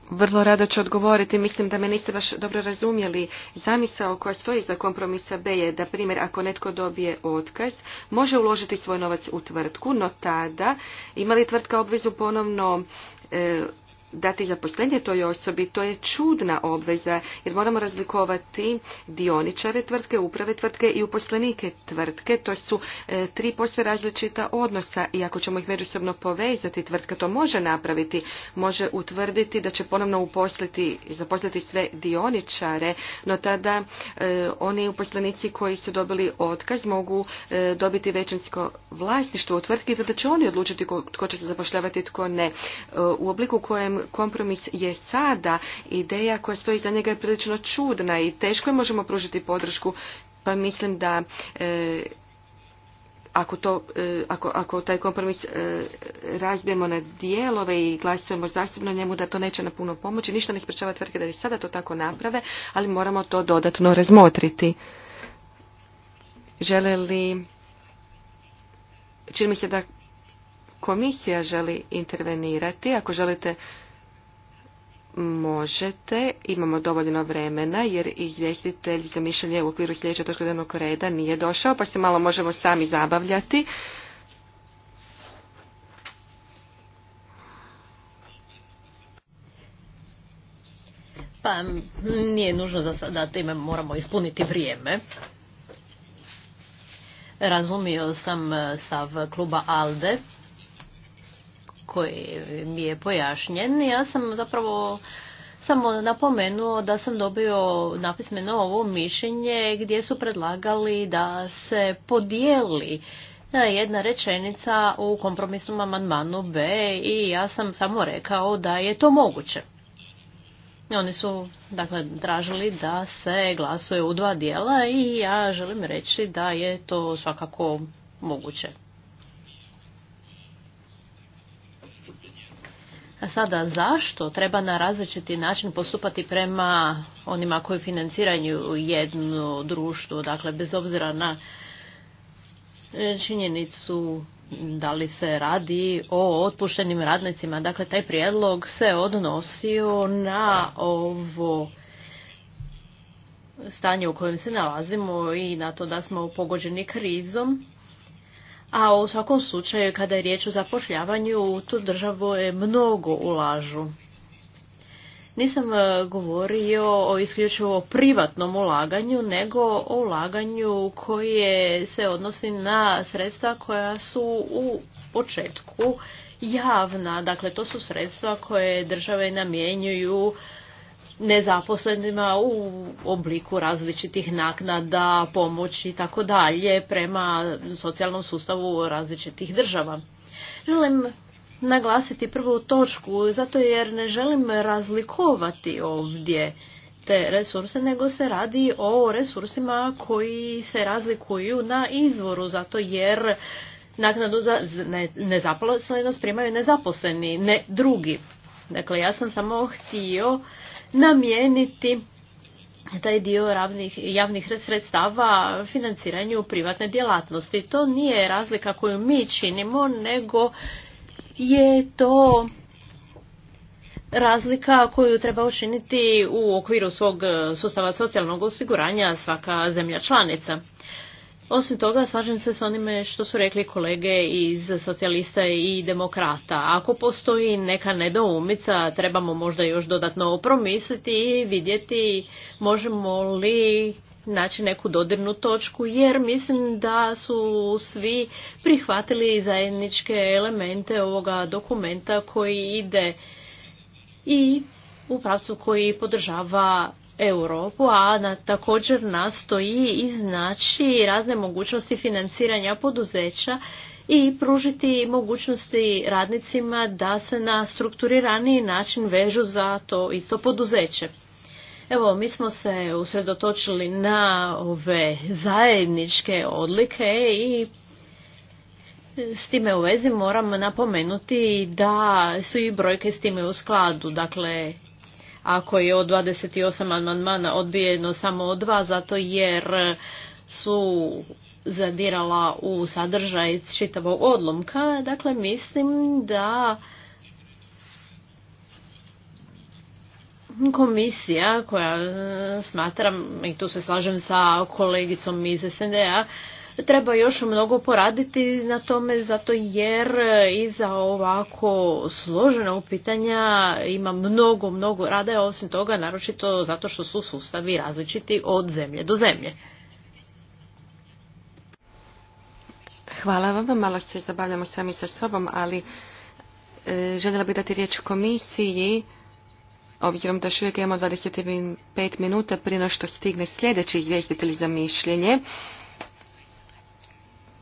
vrlo rado ću odgovoriti. Mislim da me niste baš dobro razumjeli. Zamisao koja stoji za kompromisa B je da, primjer, ako netko dobije otkaz, može uložiti svoj novac u tvrtku, no tada ima li tvrtka obvezu ponovno e, dati zaposlenje toj osobi, to je čudna obveza jer moramo razlikovati dioničare tvrtke, uprave tvrtke i uposlenike tvrtke. To su e, tri posve različita odnosa i ako ćemo ih međusobno povezati, tvrtka to može napraviti, može utvrditi da će ponovno uposliti, zaposliti sve dioničare, no tada e, oni uposlenici koji su dobili otkaz mogu e, dobiti većinsko vlasništvo u tvrtki, zato će oni odlučiti tko će se zapošljavati, tko ne. U obliku u kojem kompromis je sada ideja koja stoji za njega je prilično čudna i teško je možemo pružiti podršku, pa mislim da e, ako, to, e, ako, ako taj kompromis e, razbijemo na dijelove i glasujemo zasebno njemu da to neće na puno pomoći, ništa ne sprečava tvrtke da li sada to tako naprave, ali moramo to dodatno razmotriti. Žele li... Čini mi se da komisija želi intervenirati. Ako želite možete, imamo dovoljno vremena jer izvjestitelj za mišljenje u okviru sljedećeg točka dnevnog reda nije došao pa se malo možemo sami zabavljati. Pa nije nužno za sada time moramo ispuniti vrijeme. Razumio sam eh, sav kluba ALDE koji mi je pojašnjen. Ja sam zapravo samo napomenuo da sam dobio napismeno ovo mišljenje gdje su predlagali da se podijeli e, jedna rečenica u kompromisnom amandmanu B i ja sam samo rekao da je to moguće. Oni su dakle tražili da se glasuje u dva dijela i ja želim reći da je to svakako moguće. Sada zašto treba na različiti način postupati prema onima koji financiraju jedno društvo, dakle bez obzira na e, činjenicu da li se radi o otpuštenim radnicima. Dakle, taj prijedlog se odnosio na ovo stanje u kojem se nalazimo i na to da smo pogođeni krizom a u svakom slučaju kada je riječ o zapošljavanju u tu državu je mnogo ulažu. Nisam e, govorio o isključivo privatnom ulaganju, nego o ulaganju koje se odnosi na sredstva koja su u početku javna. Dakle, to su sredstva koje države namjenjuju nezaposlenima u obliku različitih naknada, pomoći i tako dalje prema socijalnom sustavu različitih država. Želim naglasiti prvu točku zato jer ne želim razlikovati ovdje te resurse, nego se radi o resursima koji se razlikuju na izvoru, zato jer naknadu za nezaposlenost primaju nezaposleni, ne drugi. Dakle, ja sam samo htio namijeniti taj dio javnih sredstava financiranju privatne djelatnosti. To nije razlika koju mi činimo, nego je to razlika koju treba učiniti u okviru svog sustava socijalnog osiguranja svaka zemlja članica. Osim toga, slažem se s onime što su rekli kolege iz socijalista i demokrata. Ako postoji neka nedoumica, trebamo možda još dodatno promisliti i vidjeti možemo li naći neku dodirnu točku, jer mislim da su svi prihvatili zajedničke elemente ovoga dokumenta koji ide i u pravcu koji podržava Europu, a na, također nastoji iznaći razne mogućnosti financiranja poduzeća i pružiti mogućnosti radnicima da se na strukturiraniji način vežu za to isto poduzeće. Evo, mi smo se usredotočili na ove zajedničke odlike i s time u vezi moram napomenuti da su i brojke s time u skladu. Dakle, ako je od 28 amandmana odbijeno samo od dva, zato jer su zadirala u sadržaj čitavog odlomka. Dakle, mislim da komisija koja e, smatram, i tu se slažem sa kolegicom iz SND-a, treba još mnogo poraditi na tome zato jer e, iza ovako složena pitanja ima mnogo, mnogo rada, osim toga naročito zato što su sustavi različiti od zemlje do zemlje. Hvala vam, malo se zabavljamo sami sa sobom, ali e, željela bih dati riječ komisiji, obzirom da još uvijek imamo 25 minuta prije što stigne sljedeći izvjestitelj za mišljenje.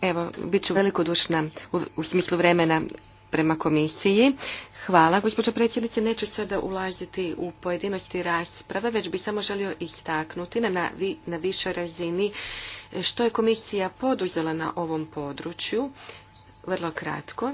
Evo, bit ću velikodušna u, smislu vremena prema komisiji. Hvala, gospođo predsjednice. Neću sada ulaziti u pojedinosti rasprave, već bi samo želio istaknuti na, na višoj razini što je komisija poduzela na ovom području. Vrlo kratko.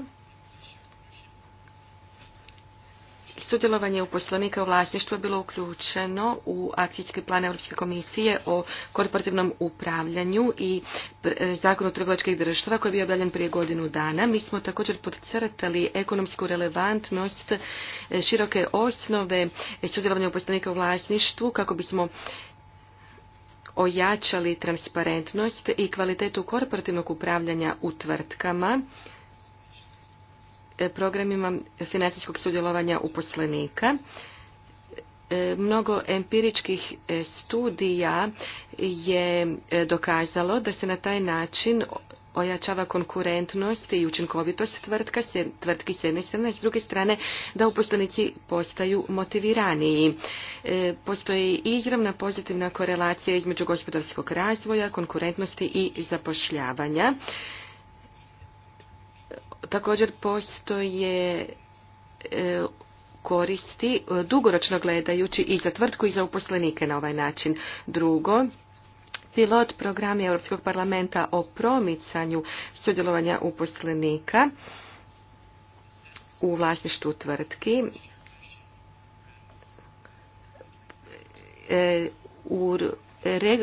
Sudjelovanje uposlenika u vlasništvu je bilo uključeno u akcijski plan Europske komisije o korporativnom upravljanju i e, zakonu trgovačkih društava koji je bio objavljen prije godinu dana. Mi smo također podcrtali ekonomsku relevantnost e, široke osnove sudjelovanja uposlenika u vlasništvu kako bismo ojačali transparentnost i kvalitetu korporativnog upravljanja u tvrtkama E, programima financijskog sudjelovanja uposlenika. E, mnogo empiričkih e, studija je dokazalo da se na taj način ojačava konkurentnost i učinkovitost tvrtka, tvrtki s jedne strane, s druge strane da uposlenici postaju motiviraniji. Postoji izravna pozitivna korelacija između gospodarskog razvoja, konkurentnosti i zapošljavanja također postoje e, koristi e, dugoročno gledajući i za tvrtku i za uposlenike na ovaj način. Drugo, pilot program Europskog parlamenta o promicanju sudjelovanja uposlenika u vlasništvu tvrtki e, u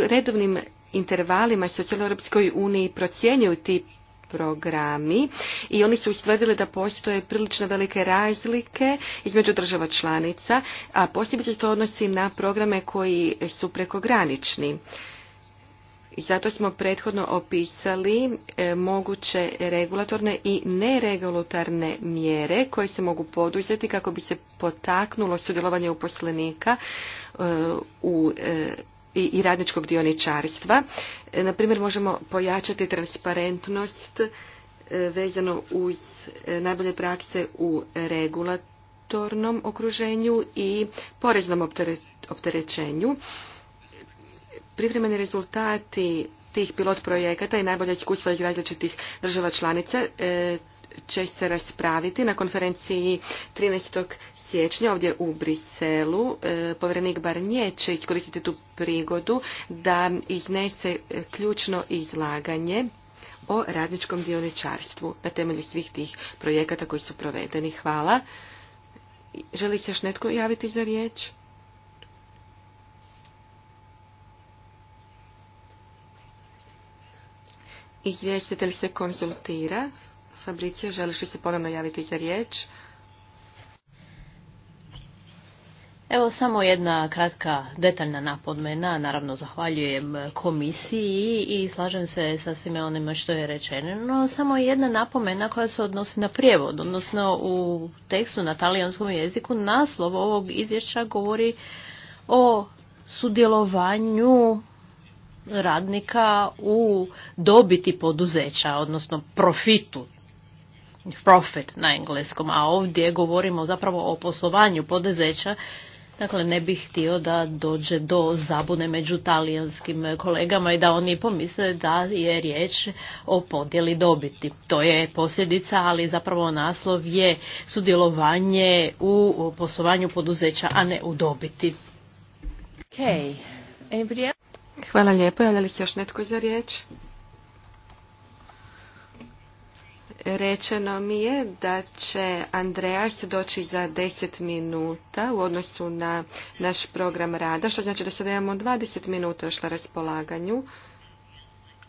redovnim intervalima se u cijeloj Europskoj uniji procjenjuju ti programi i oni su ustvrdili da postoje prilično velike razlike između država članica, a posebice to odnosi na programe koji su prekogranični. I Zato smo prethodno opisali e, moguće regulatorne i neregulatorne mjere koje se mogu poduzeti kako bi se potaknulo sudjelovanje uposlenika e, u e, i radničkog dioničarstva. E, na primjer, možemo pojačati transparentnost e, vezano uz e, najbolje prakse u regulatornom okruženju i poreznom opterećenju. Privremeni rezultati tih pilot projekata i najbolja iskustva iz različitih država članica će se raspraviti na konferenciji 13. siječnja ovdje u Briselu. E, povjerenik Barnje će iskoristiti tu prigodu da iznese e, ključno izlaganje o radničkom dioničarstvu na temelju svih tih projekata koji su provedeni. Hvala. Želi se još netko javiti za riječ? Izvjestitelj se konzultira. Fabricio, želiš li se ponovno javiti za riječ? Evo samo jedna kratka detaljna napomena. Naravno zahvaljujem komisiji i slažem se sa svime onima što je rečeno. No, samo jedna napomena koja se odnosi na prijevod, odnosno u tekstu na talijanskom jeziku naslov ovog izvješća govori o sudjelovanju radnika u dobiti poduzeća, odnosno profitu profit na engleskom, a ovdje govorimo zapravo o poslovanju poduzeća. Dakle, ne bih htio da dođe do zabune među talijanskim kolegama i da oni pomisle da je riječ o podjeli dobiti. To je posljedica, ali zapravo naslov je sudjelovanje u poslovanju poduzeća, a ne u dobiti. Hvala lijepo. li se još netko za riječ? Rečeno mi je da će Andreas doći za 10 minuta u odnosu na naš program rada, što znači da sada imamo 20 minuta još na raspolaganju.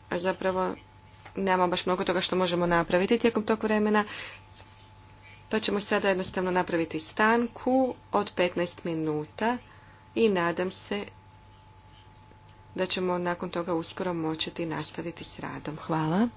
A zapravo nemamo baš mnogo toga što možemo napraviti tijekom tog vremena. Pa ćemo sada jednostavno napraviti stanku od 15 minuta i nadam se da ćemo nakon toga uskoro moći nastaviti s radom. Hvala.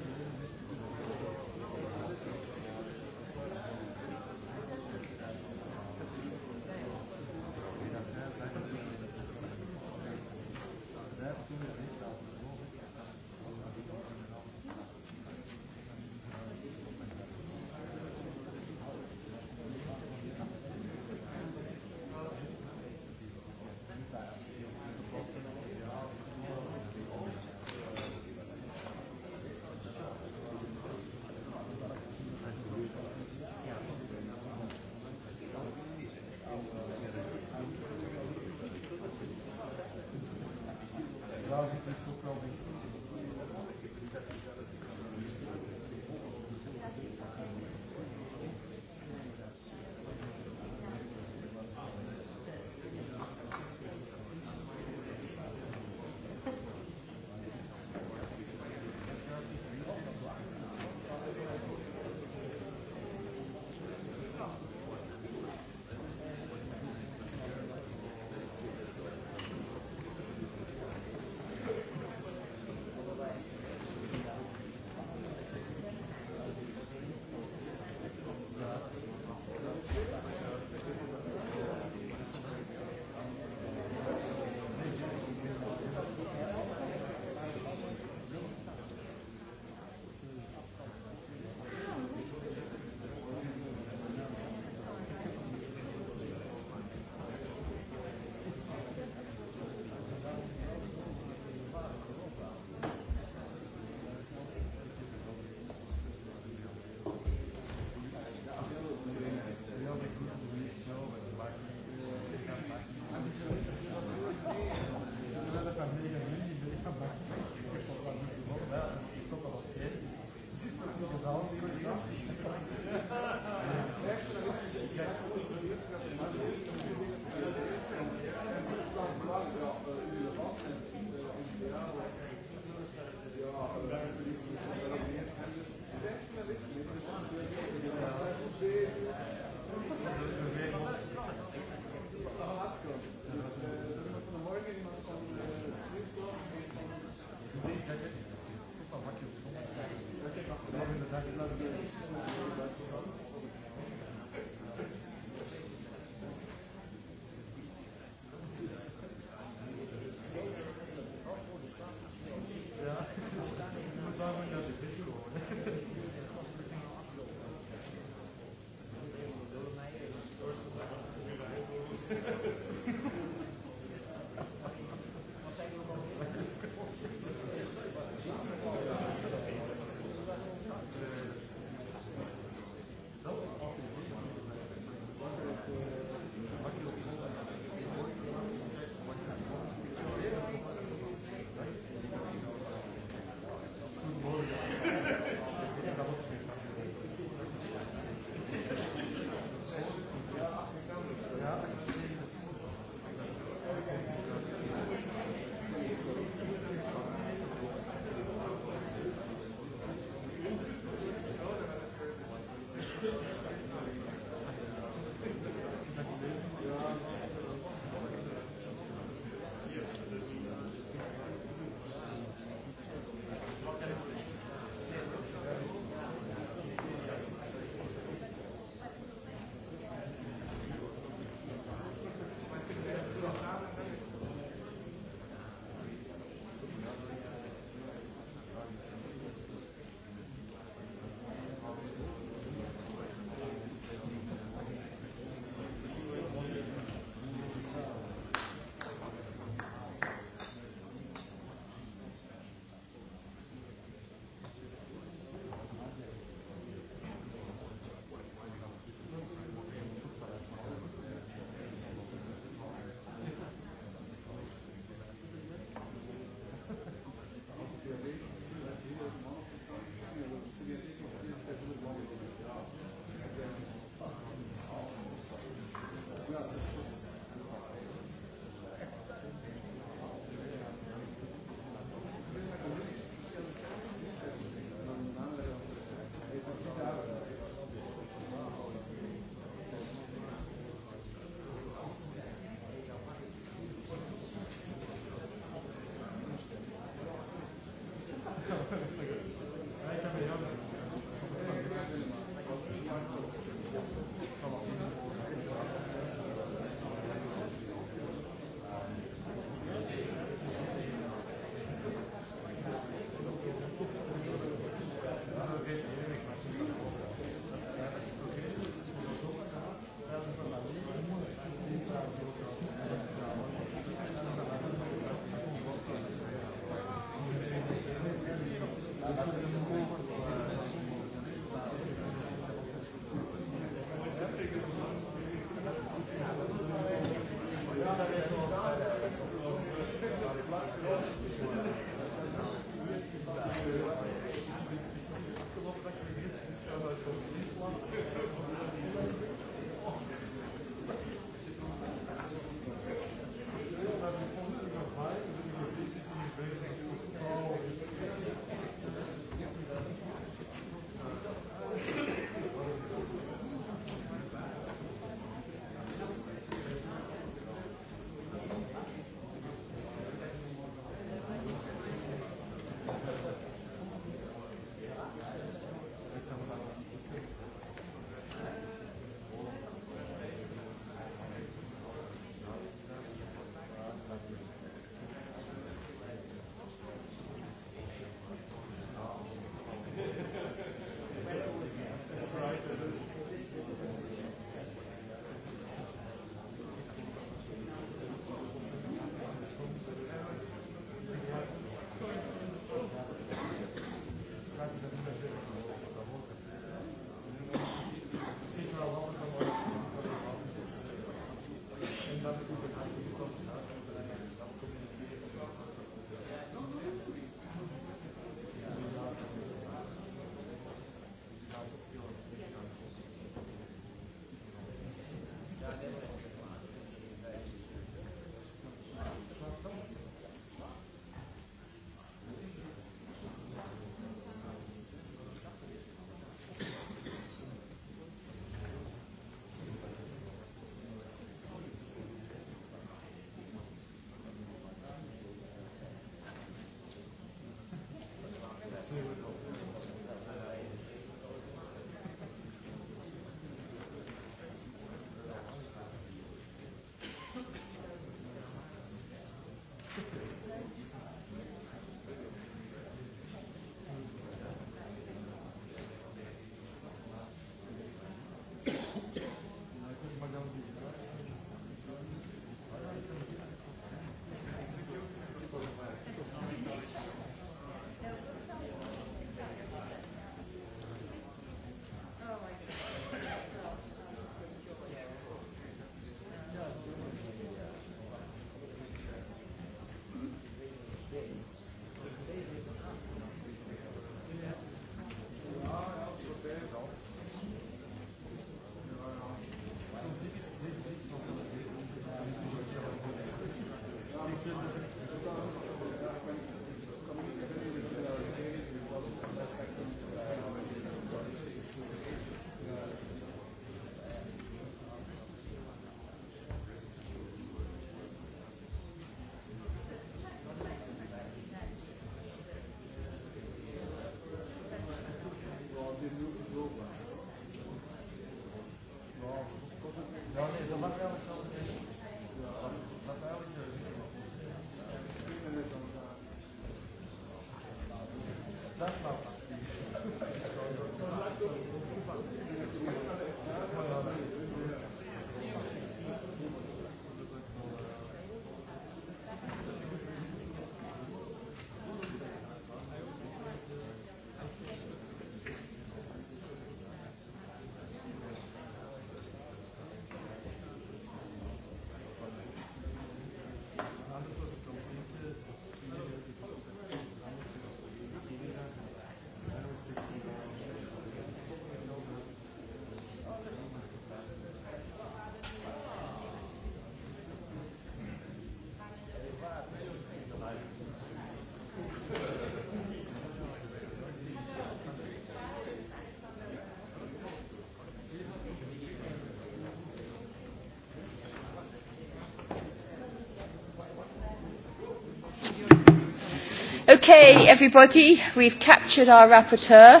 Okay, everybody, we've captured our rapporteur.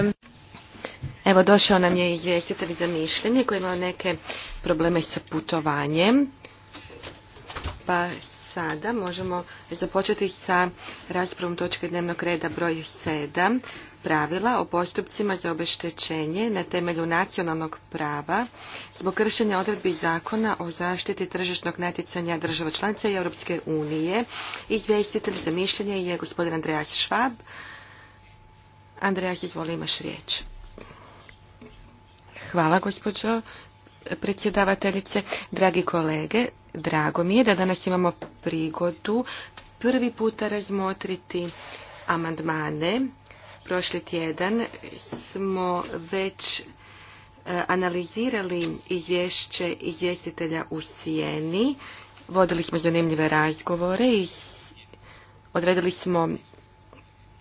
Um... Evo, došao nam je izvjestitelj za mišljenje koji imao neke probleme sa putovanjem. Pa sada možemo započeti sa raspravom točke dnevnog reda broj sedam pravila o postupcima za obeštećenje na temelju nacionalnog prava zbog kršenja odredbi zakona o zaštiti tržišnog natjecanja država članica i Europske unije. Izvjestitelj za mišljenje je gospodin Andreas Švab. Andreas, izvoli, imaš riječ. Hvala, gospođo predsjedavateljice, dragi kolege. Drago mi je da danas imamo prigodu prvi puta razmotriti amandmane prošli tjedan smo već e, analizirali izvješće izvjestitelja u Sijeni. Vodili smo zanimljive razgovore i odredili smo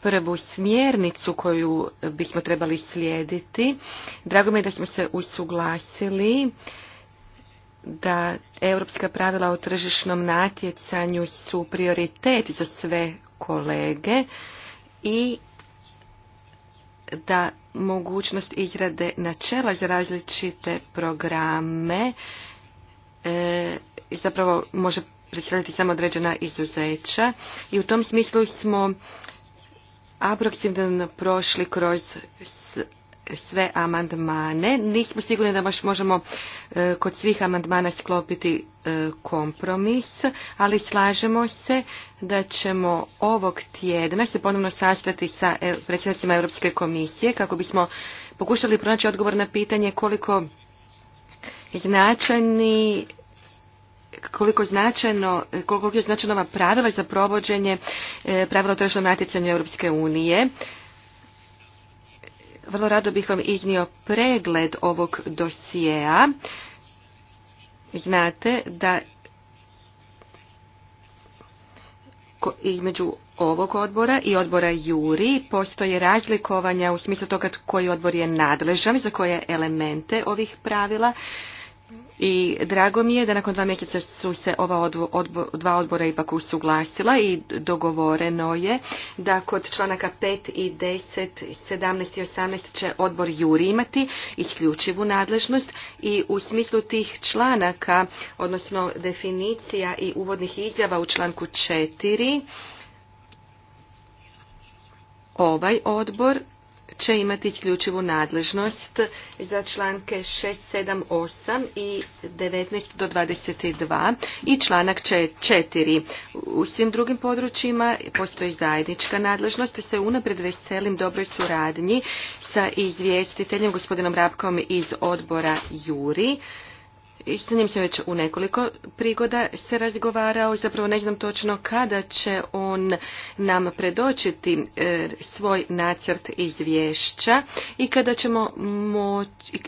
prvu smjernicu koju bismo trebali slijediti. Drago mi je da smo se usuglasili da europska pravila o tržišnom natjecanju su prioritet za sve kolege i da mogućnost izrade načela za različite programe e, zapravo može predstavljati samo određena izuzeća i u tom smislu smo abroktivno prošli kroz sve amandmane. Nismo sigurni da baš možemo e, kod svih amandmana sklopiti e, kompromis, ali slažemo se da ćemo ovog tjedna se ponovno sastati sa e, predsjednicima Europske komisije kako bismo pokušali pronaći odgovor na pitanje koliko značajni koliko značajno, koliko je značajno ova pravila za provođenje pravila o tržišnom natjecanju Europske unije. Vrlo rado bih vam iznio pregled ovog dosijeja. Znate da između ovog odbora i odbora Juri postoje razlikovanja u smislu toga koji odbor je nadležan za koje elemente ovih pravila i drago mi je da nakon dva mjeseca su se ova dva odbora ipak usuglasila i dogovoreno je da kod članaka 5 i 10, 17 i 18 će odbor Juri imati isključivu nadležnost i u smislu tih članaka, odnosno definicija i uvodnih izjava u članku 4, ovaj odbor će imati isključivu nadležnost za članke 6, 7, 8 i 19 do 22 i članak 4. U svim drugim područjima postoji zajednička nadležnost te se unapred veselim dobroj suradnji sa izvjestiteljem gospodinom Rapkom iz odbora Juri i s njim se već u nekoliko prigoda se razgovarao i zapravo ne znam točno kada će on nam predočiti e, svoj nacrt izvješća i kada ćemo,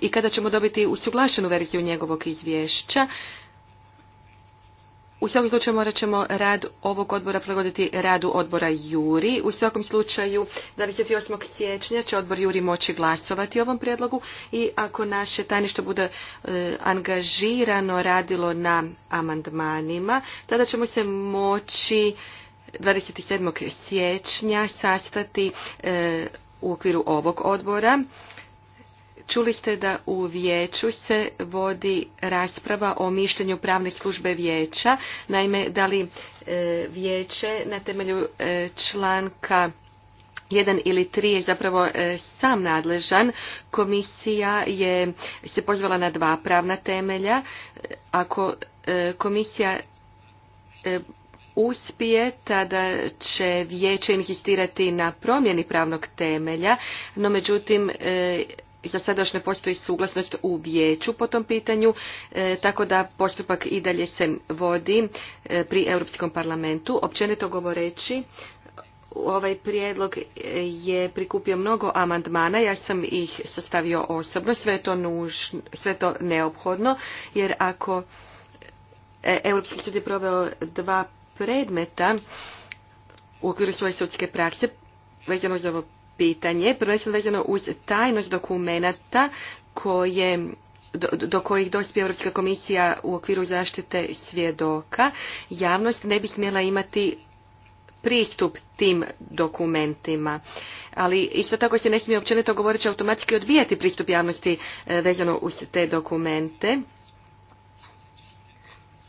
i kada ćemo dobiti usuglašenu verziju njegovog izvješća. U svakom slučaju morat ćemo rad ovog odbora prilagoditi radu odbora Juri. U svakom slučaju 28. siječnja će odbor Juri moći glasovati o ovom prijedlogu i ako naše tajništvo bude e, angažirano radilo na amandmanima, tada ćemo se moći 27. siječnja sastati e, u okviru ovog odbora Čuli ste da u vijeću se vodi rasprava o mišljenju pravne službe vijeća. Naime, da li e, vijeće na temelju e, članka jedan ili tri je zapravo e, sam nadležan. Komisija je se pozvala na dva pravna temelja. Ako komisija uspije, tada će vijeće insistirati na promjeni pravnog temelja, no međutim za sada postoji suglasnost u vijeću po tom pitanju, e, tako da postupak i dalje se vodi e, pri Europskom parlamentu. Općenito govoreći, ovaj prijedlog je prikupio mnogo amandmana, ja sam ih sastavio osobno, sve to, sve to neophodno, jer ako e, Europski sud je proveo dva predmeta u okviru svoje sudske prakse, vezano za ovo pitanje, prvenstveno vezano uz tajnost dokumenata koje do, kojih dospije Europska komisija u okviru zaštite svjedoka, javnost ne bi smjela imati pristup tim dokumentima. Ali isto tako se ne smije općenito govoreći automatski odbijati pristup javnosti e, vezano uz te dokumente.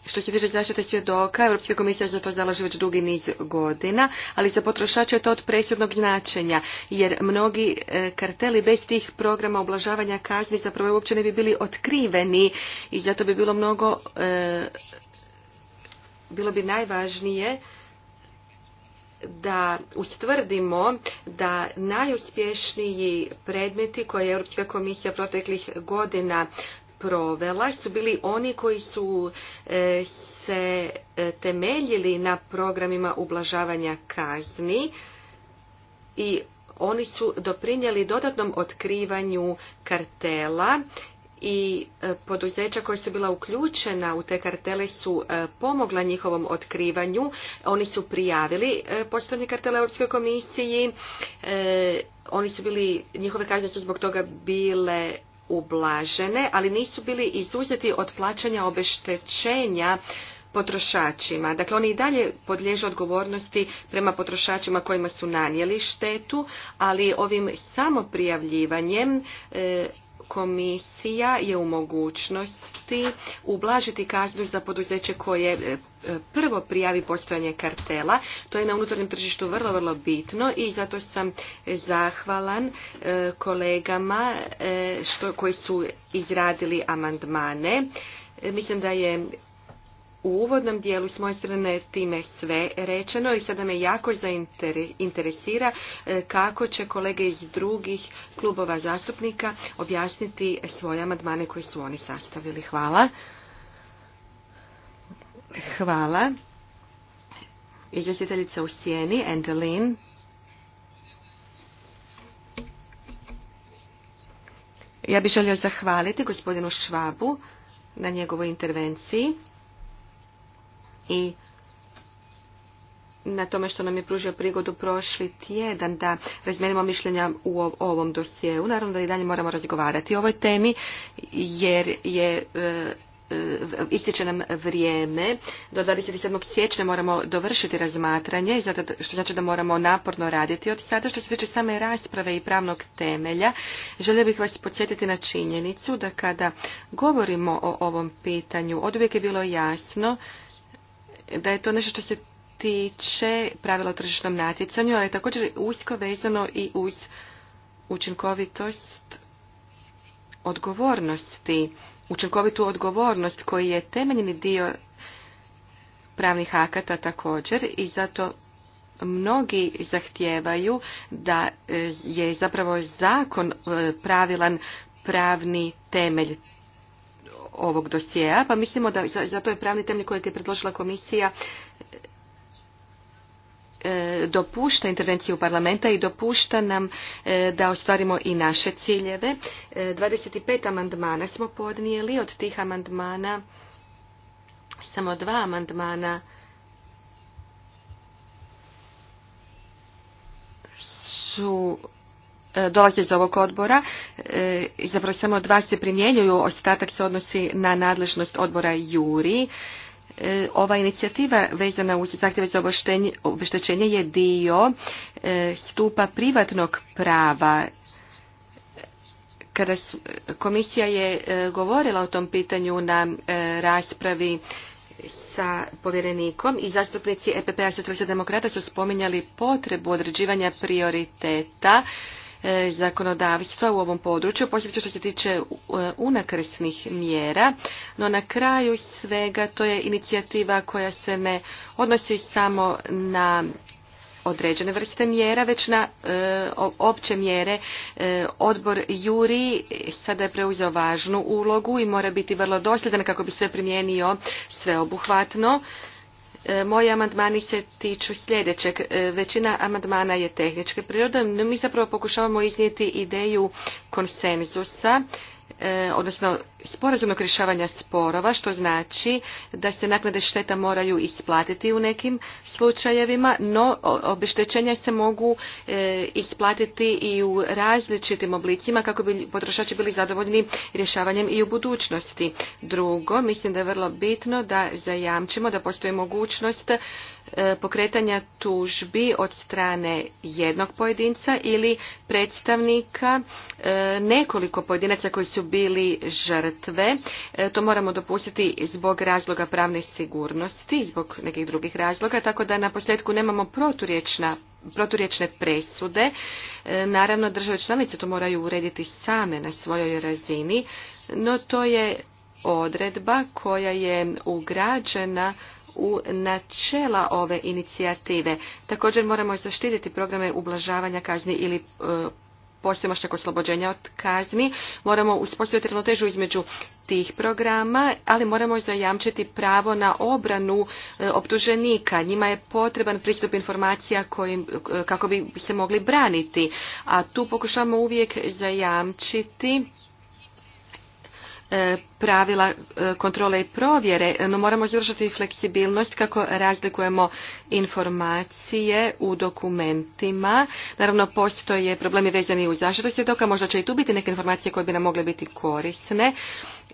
Što se tiče zaštite svjedoka, znači Europska komisija za to zalaže već dugi niz godina, ali za potrošače je to od presudnog značenja, jer mnogi e, karteli bez tih programa oblažavanja kazni zapravo uopće ne bi bili otkriveni i zato bi bilo mnogo, e, bilo bi najvažnije da ustvrdimo da najuspješniji predmeti koje je Europska komisija proteklih godina provela su bili oni koji su e, se e, temeljili na programima ublažavanja kazni i oni su doprinijeli dodatnom otkrivanju kartela i e, poduzeća koja su bila uključena u te kartele su pomogla njihovom otkrivanju. Oni su prijavili postojanje kartela Europskoj komisiji. Oni su bili, njihove kazne su zbog toga bile ublažene, ali nisu bili izuzeti od plaćanja obeštećenja potrošačima. Dakle, oni i dalje podliježu odgovornosti prema potrošačima kojima su nanijeli štetu, ali ovim samoprijavljivanjem e, komisija je u mogućnosti ublažiti kaznu za poduzeće koje e, prvo prijavi postojanje kartela. To je na unutarnjem tržištu vrlo, vrlo bitno i zato sam zahvalan e, kolegama e, što, koji su izradili amandmane. Mislim da je u uvodnom dijelu s moje strane time sve rečeno i sada me jako zainteresira e, kako će kolege iz drugih klubova zastupnika objasniti svoje amandmane koje su oni sastavili. Hvala. Hvala. Izvjestiteljica u sjeni, Angeline. Ja bih želio zahvaliti gospodinu Švabu na njegovoj intervenciji i na tome što nam je pružio prigodu prošli tjedan da razmijenimo mišljenja u ovom dosjeu. Naravno da i dalje moramo razgovarati o ovoj temi jer je e, e, ističe nam vrijeme. Do 27. siječnja moramo dovršiti razmatranje, što znači da moramo naporno raditi od sada. Što se tiče same rasprave i pravnog temelja, želio bih vas podsjetiti na činjenicu da kada govorimo o ovom pitanju, od uvijek je bilo jasno da je to nešto što se tiče pravila o tržišnom natjecanju, ali je također usko vezano i uz učinkovitost odgovornosti, učinkovitu odgovornost koji je temeljni dio pravnih akata također i zato mnogi zahtijevaju da e, je zapravo zakon e, pravilan pravni temelj ovog dosjea pa mislimo da zato je pravni temelj kojeg je predložila komisija e, dopušta intervenciju parlamenta i dopušta nam e, da ostvarimo i naše ciljeve. 25 e, amandmana smo podnijeli, od tih amandmana samo dva amandmana su E, dolazi iz ovog odbora. E, zapravo samo dva se primjenjuju, ostatak se odnosi na nadležnost odbora Juri. E, ova inicijativa vezana uz zahtjeve za obeštećenje je dio stupa privatnog prava kada komisija je govorila o tom pitanju na raspravi sa povjerenikom i zastupnici EPP-a demokrata su spominjali potrebu određivanja prioriteta E, zakonodavstva u ovom području, posebno što se tiče e, unakrsnih mjera, no na kraju svega to je inicijativa koja se ne odnosi samo na određene vrste mjera, već na e, opće mjere odbor Juri sada je preuzeo važnu ulogu i mora biti vrlo dosljedan kako bi sve primijenio sveobuhvatno. E, moji amandmani se tiču sljedećeg. E, većina amandmana je tehničke prirode, no mi zapravo pokušavamo iznijeti ideju konsenzusa, e, odnosno sporazumnog rješavanja sporova, što znači da se naknade šteta moraju isplatiti u nekim slučajevima, no obeštećenja se mogu e, isplatiti i u različitim oblicima kako bi potrošači bili zadovoljni rješavanjem i u budućnosti. Drugo, mislim da je vrlo bitno da zajamčimo da postoji mogućnost e, pokretanja tužbi od strane jednog pojedinca ili predstavnika e, nekoliko pojedinaca koji su bili žrtve žrtve. E, to moramo dopustiti zbog razloga pravne sigurnosti, zbog nekih drugih razloga, tako da na posljedku nemamo proturječna proturječne presude. E, naravno, države članice to moraju urediti same na svojoj razini, no to je odredba koja je ugrađena u načela ove inicijative. Također moramo zaštititi programe ublažavanja kazni ili e, je kod slobođenja od kazni. Moramo uspostaviti ravnotežu između tih programa, ali moramo zajamčiti pravo na obranu e, optuženika. Njima je potreban pristup informacija e, kako bi se mogli braniti. A tu pokušavamo uvijek zajamčiti e, pravila e, kontrole i provjere, e, no moramo zadržati fleksibilnost kako razlikujemo informacije u dokumentima. Naravno, postoje problemi vezani u zaštitu svjedoka, možda će i tu biti neke informacije koje bi nam mogle biti korisne,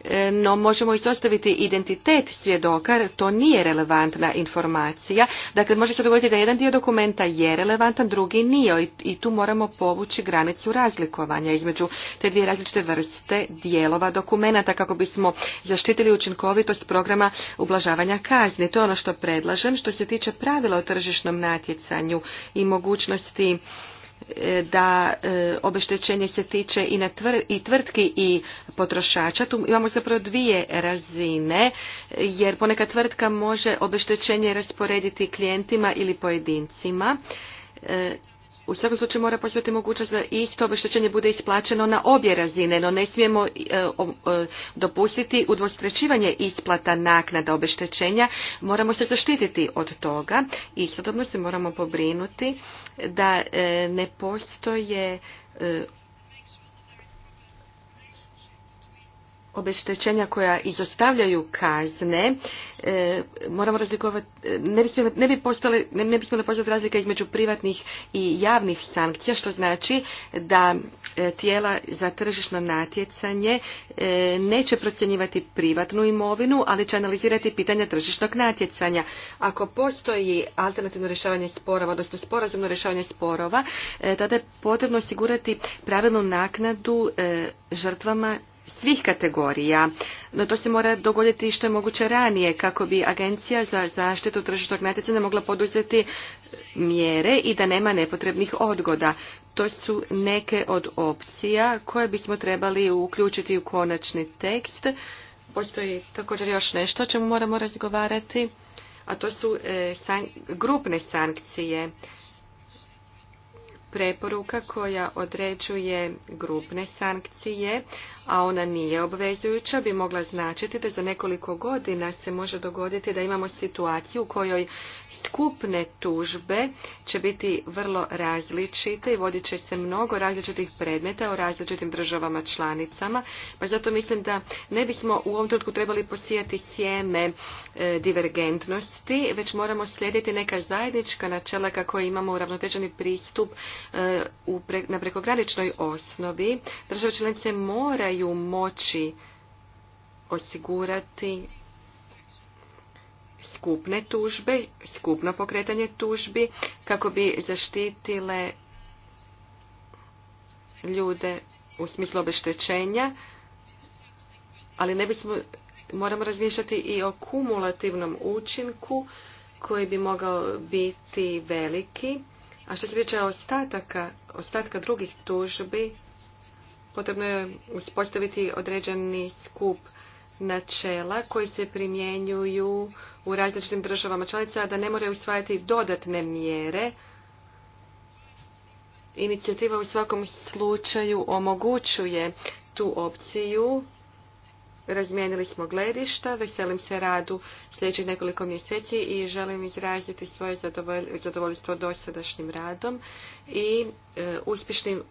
e, no možemo izostaviti identitet svjedoka, to nije relevantna informacija. Dakle, može se dogoditi da jedan dio dokumenta je relevantan, drugi nije i tu moramo povući granicu razlikovanja između te dvije različite vrste dijelova dokumenta kako bismo smo zaštitili učinkovitost programa ublažavanja kazne To je ono što predlažem. Što se tiče pravila o tržišnom natjecanju i mogućnosti e, da e, obeštećenje se tiče i, na i tvrtki i potrošača. Tu imamo zapravo dvije razine, jer ponekad tvrtka može obeštećenje rasporediti klijentima ili pojedincima. E, u svakom slučaju mora postojati mogućnost da isto obeštećenje bude isplaćeno na obje razine, no ne smijemo e, e, dopustiti udvostrećivanje isplata naknada obeštećenja. Moramo se zaštititi od toga i istodobno se moramo pobrinuti da e, ne postoje obeštećenja koja izostavljaju kazne, e, moramo razlikovati, e, ne bi, ne, postale, razlika između privatnih i javnih sankcija, što znači da e, tijela za tržišno natjecanje neće procjenjivati privatnu imovinu, ali će analizirati pitanja tržišnog natjecanja. Ako postoji alternativno rješavanje sporova, odnosno sporazumno rješavanje sporova, tada je potrebno osigurati pravilnu naknadu žrtvama svih kategorija, no to se mora dogoditi što je moguće ranije kako bi Agencija za zaštitu tržišnog natjecanja mogla poduzeti mjere i da nema nepotrebnih odgoda. To su neke od opcija koje bismo trebali uključiti u konačni tekst. Postoji također još nešto o čemu moramo razgovarati, a to su e, grupne sankcije preporuka koja određuje grupne sankcije a ona nije obvezujuća, bi mogla značiti da za nekoliko godina se može dogoditi da imamo situaciju u kojoj skupne tužbe će biti vrlo različite i vodit će se mnogo različitih predmeta o različitim državama članicama, pa zato mislim da ne bismo u ovom trenutku trebali posijati sjeme e, divergentnosti, već moramo slijediti neka zajednička načela kako imamo uravnoteženi pristup e, na prekograničnoj osnovi. Države članice moraju moći osigurati skupne tužbe, skupno pokretanje tužbi kako bi zaštitile ljude u smislu obeštećenja, ali ne bismo moramo razmišljati i o kumulativnom učinku koji bi mogao biti veliki. A što se tiče ostataka, ostatka drugih tužbi, potrebno je uspostaviti određeni skup načela koji se primjenjuju u različitim državama članica, da ne moraju usvajati dodatne mjere. Inicijativa u svakom slučaju omogućuje tu opciju razmijenili smo gledišta, veselim se radu sljedećih nekoliko mjeseci i želim izraziti svoje zadovoljstvo dosadašnjim radom i e, uspješnim,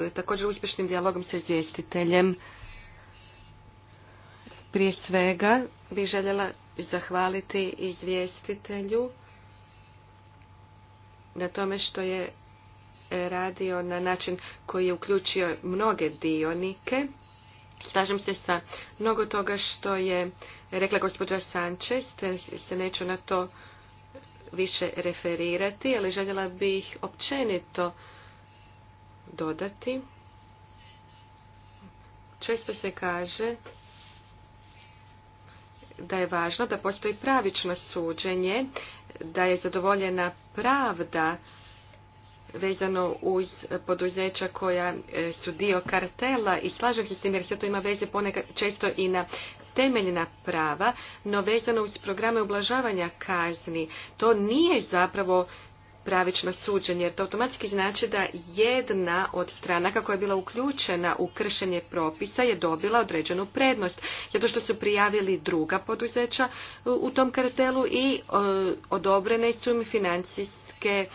e, također uspješnim dijalogom sa izvjestiteljem. Prije svega bih željela zahvaliti izvjestitelju na tome što je radio na način koji je uključio mnoge dionike Slažem se sa mnogo toga što je rekla gospođa Sančez, se neću na to više referirati, ali željela bih općenito dodati. Često se kaže da je važno da postoji pravično suđenje, da je zadovoljena pravda vezano uz poduzeća koja e, su dio kartela i slažem se s tim jer sve to ima veze ponekad često i na temeljna prava, no vezano uz programe ublažavanja kazni. To nije zapravo pravično suđenje, jer to automatski znači da jedna od stranaka koja je bila uključena u kršenje propisa je dobila određenu prednost, zato što su prijavili druga poduzeća u tom kartelu i e, odobrene su im financijske E,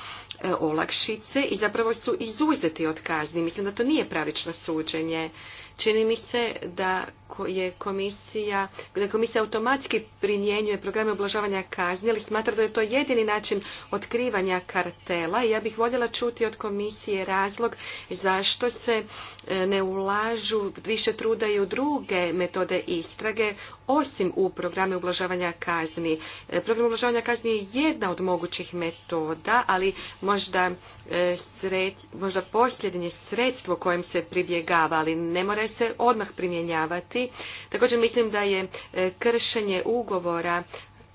olakšice i zapravo su izuzeti od kazni. Mislim da to nije pravično suđenje Čini mi se da je komisija, da komisija automatski primjenjuje programe oblažavanja kazni, ali smatra da je to jedini način otkrivanja kartela ja bih voljela čuti od komisije razlog zašto se e, ne ulažu više truda i u druge metode istrage osim u programe ublažavanja kazni. E, program oblažavanja kazni je jedna od mogućih metoda, ali možda, e, sred, možda posljednje sredstvo kojem se pribjegava, ali ne mora se odmah primjenjavati. Također mislim da je e, kršenje ugovora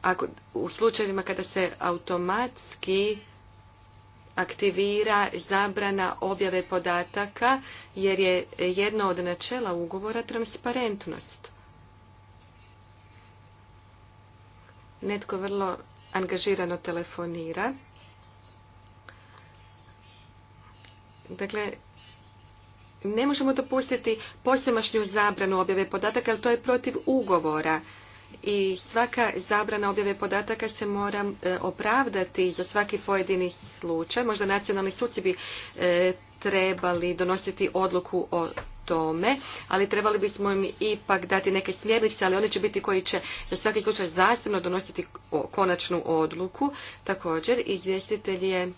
ako, u slučajevima kada se automatski aktivira zabrana objave podataka jer je jedno od načela ugovora transparentnost. Netko vrlo angažirano telefonira. Dakle, ne možemo dopustiti posemašnju zabranu objave podataka, ali to je protiv ugovora. I svaka zabrana objave podataka se mora e, opravdati za svaki pojedini slučaj. Možda nacionalni suci bi e, trebali donositi odluku o tome, ali trebali bismo im ipak dati neke smjernice, ali oni će biti koji će za svaki slučaj zasebno donositi konačnu odluku. Također, izvjestitelj je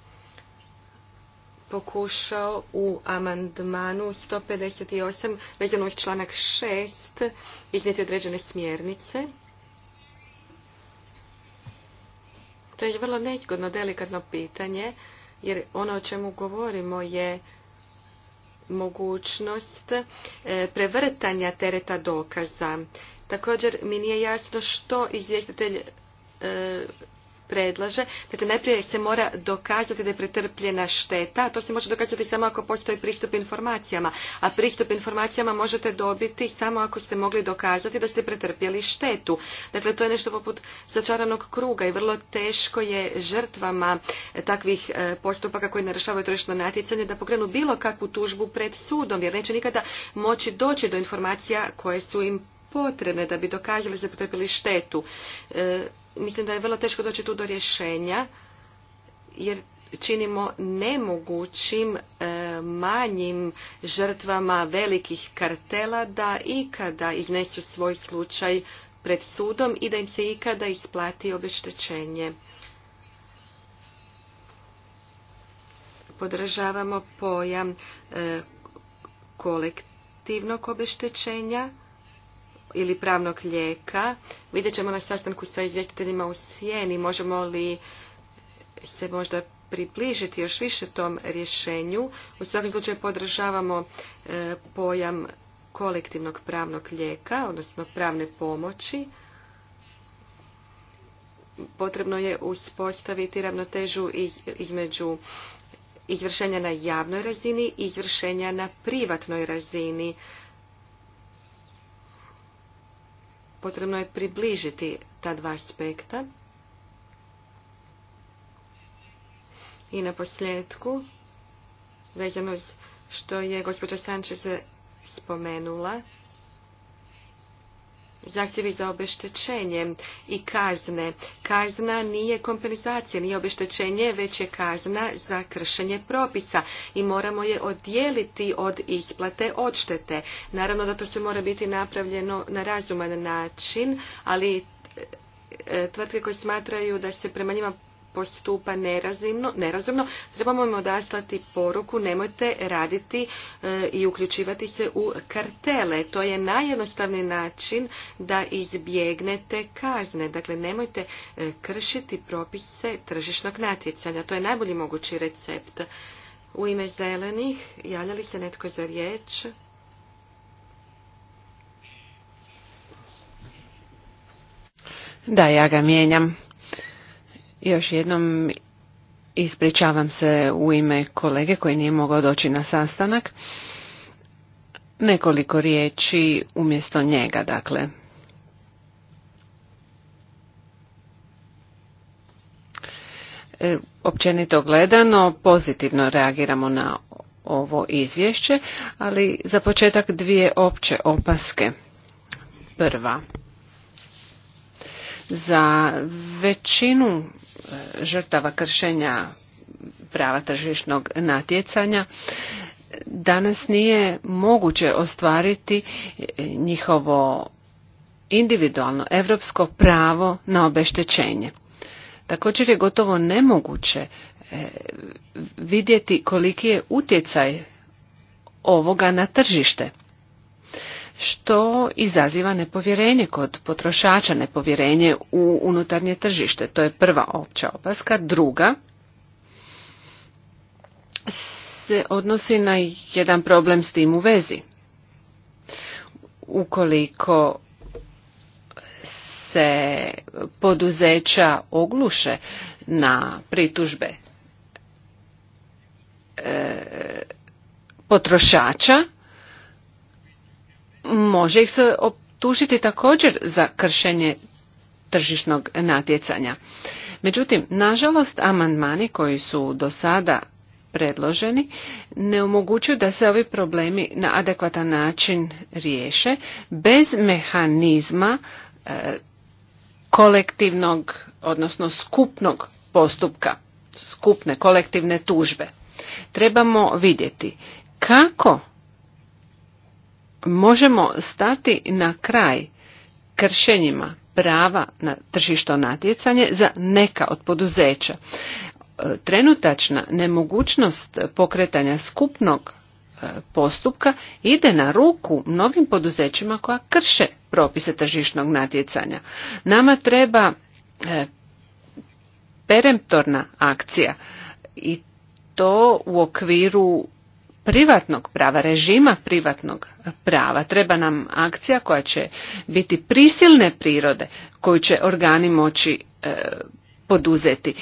pokušao u amandmanu 158 vezano uz članak 6 iznijeti određene smjernice. To je vrlo nezgodno, delikatno pitanje, jer ono o čemu govorimo je mogućnost e, prevrtanja tereta dokaza. Također mi nije jasno što izvjestitelj e, predlaže. Dakle, najprije se mora dokazati da je pretrpljena šteta, a to se može dokazati samo ako postoji pristup informacijama. A pristup informacijama možete dobiti samo ako ste mogli dokazati da ste pretrpjeli štetu. Dakle, to je nešto poput začaranog kruga i vrlo teško je žrtvama e, takvih e, postupaka koji narušavaju tržišno natjecanje da pokrenu bilo kakvu tužbu pred sudom, jer neće nikada moći doći do informacija koje su im potrebne da bi dokazali da su pretrpjeli štetu. E, mislim da je vrlo teško doći tu do rješenja, jer činimo nemogućim e, manjim žrtvama velikih kartela da ikada iznesu svoj slučaj pred sudom i da im se ikada isplati obeštećenje. Podržavamo pojam e, kolektivnog obeštećenja ili pravnog lijeka. Vidjet ćemo na sastanku sa izvjetiteljima u sjeni. Možemo li se možda približiti još više tom rješenju. U svakom slučaju podržavamo e, pojam kolektivnog pravnog lijeka, odnosno pravne pomoći. Potrebno je uspostaviti ravnotežu između izvršenja na javnoj razini i izvršenja na privatnoj razini. Potrebno je približiti ta dva aspekta. I na posljedku, vezano što je gospođa se spomenula, zahtjevi za obeštećenje i kazne. Kazna nije kompenzacija, nije obeštećenje, već je kazna za kršenje propisa i moramo je odijeliti od isplate odštete. Naravno da to se mora biti napravljeno na razuman način, ali e, tvrtke koje smatraju da se prema njima postupa nerazumno, nerazumno trebamo im odaslati poruku nemojte raditi e, i uključivati se u kartele. To je najjednostavni način da izbjegnete kazne. Dakle, nemojte e, kršiti propise tržišnog natjecanja. To je najbolji mogući recept. U ime zelenih javlja li se netko za riječ? Da, ja ga mijenjam. Još jednom ispričavam se u ime kolege koji nije mogao doći na sastanak. Nekoliko riječi umjesto njega, dakle. E, općenito gledano, pozitivno reagiramo na ovo izvješće, ali za početak dvije opće opaske. Prva. Za većinu žrtava kršenja prava tržišnog natjecanja danas nije moguće ostvariti njihovo individualno europsko pravo na obeštećenje. Također je gotovo nemoguće e, vidjeti koliki je utjecaj ovoga na tržište što izaziva nepovjerenje kod potrošača, nepovjerenje u unutarnje tržište. To je prva opća opaska. Druga se odnosi na jedan problem s tim u vezi. Ukoliko se poduzeća ogluše na pritužbe e, potrošača, može ih se optužiti također za kršenje tržišnog natjecanja. Međutim, nažalost, amandmani koji su do sada predloženi ne omogućuju da se ovi problemi na adekvatan način riješe bez mehanizma e, kolektivnog, odnosno skupnog postupka, skupne kolektivne tužbe. Trebamo vidjeti kako možemo stati na kraj kršenjima prava na tržišno natjecanje za neka od poduzeća. E, trenutačna nemogućnost pokretanja skupnog e, postupka ide na ruku mnogim poduzećima koja krše propise tržišnog natjecanja. Nama treba e, peremptorna akcija i to u okviru privatnog prava, režima privatnog prava. Treba nam akcija koja će biti prisilne prirode koju će organi moći e, poduzeti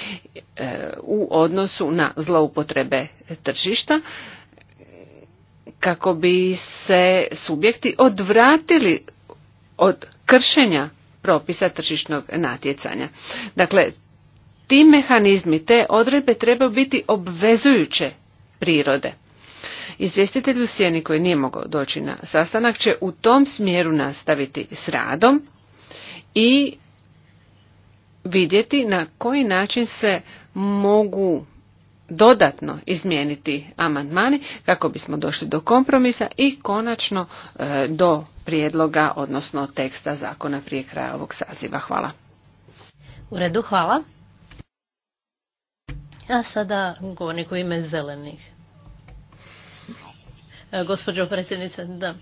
e, u odnosu na zloupotrebe tržišta kako bi se subjekti odvratili od kršenja propisa tržišnog natjecanja. Dakle, ti mehanizmi, te odredbe trebaju biti obvezujuće prirode. Izvjestitelj u Sjeni koji nije mogao doći na sastanak će u tom smjeru nastaviti s radom i vidjeti na koji način se mogu dodatno izmijeniti amandmani kako bismo došli do kompromisa i konačno e, do prijedloga, odnosno teksta zakona prije kraja ovog saziva. Hvala. U redu, hvala. A sada govornik u ime zelenih. E, gospođo predsjednice. Da,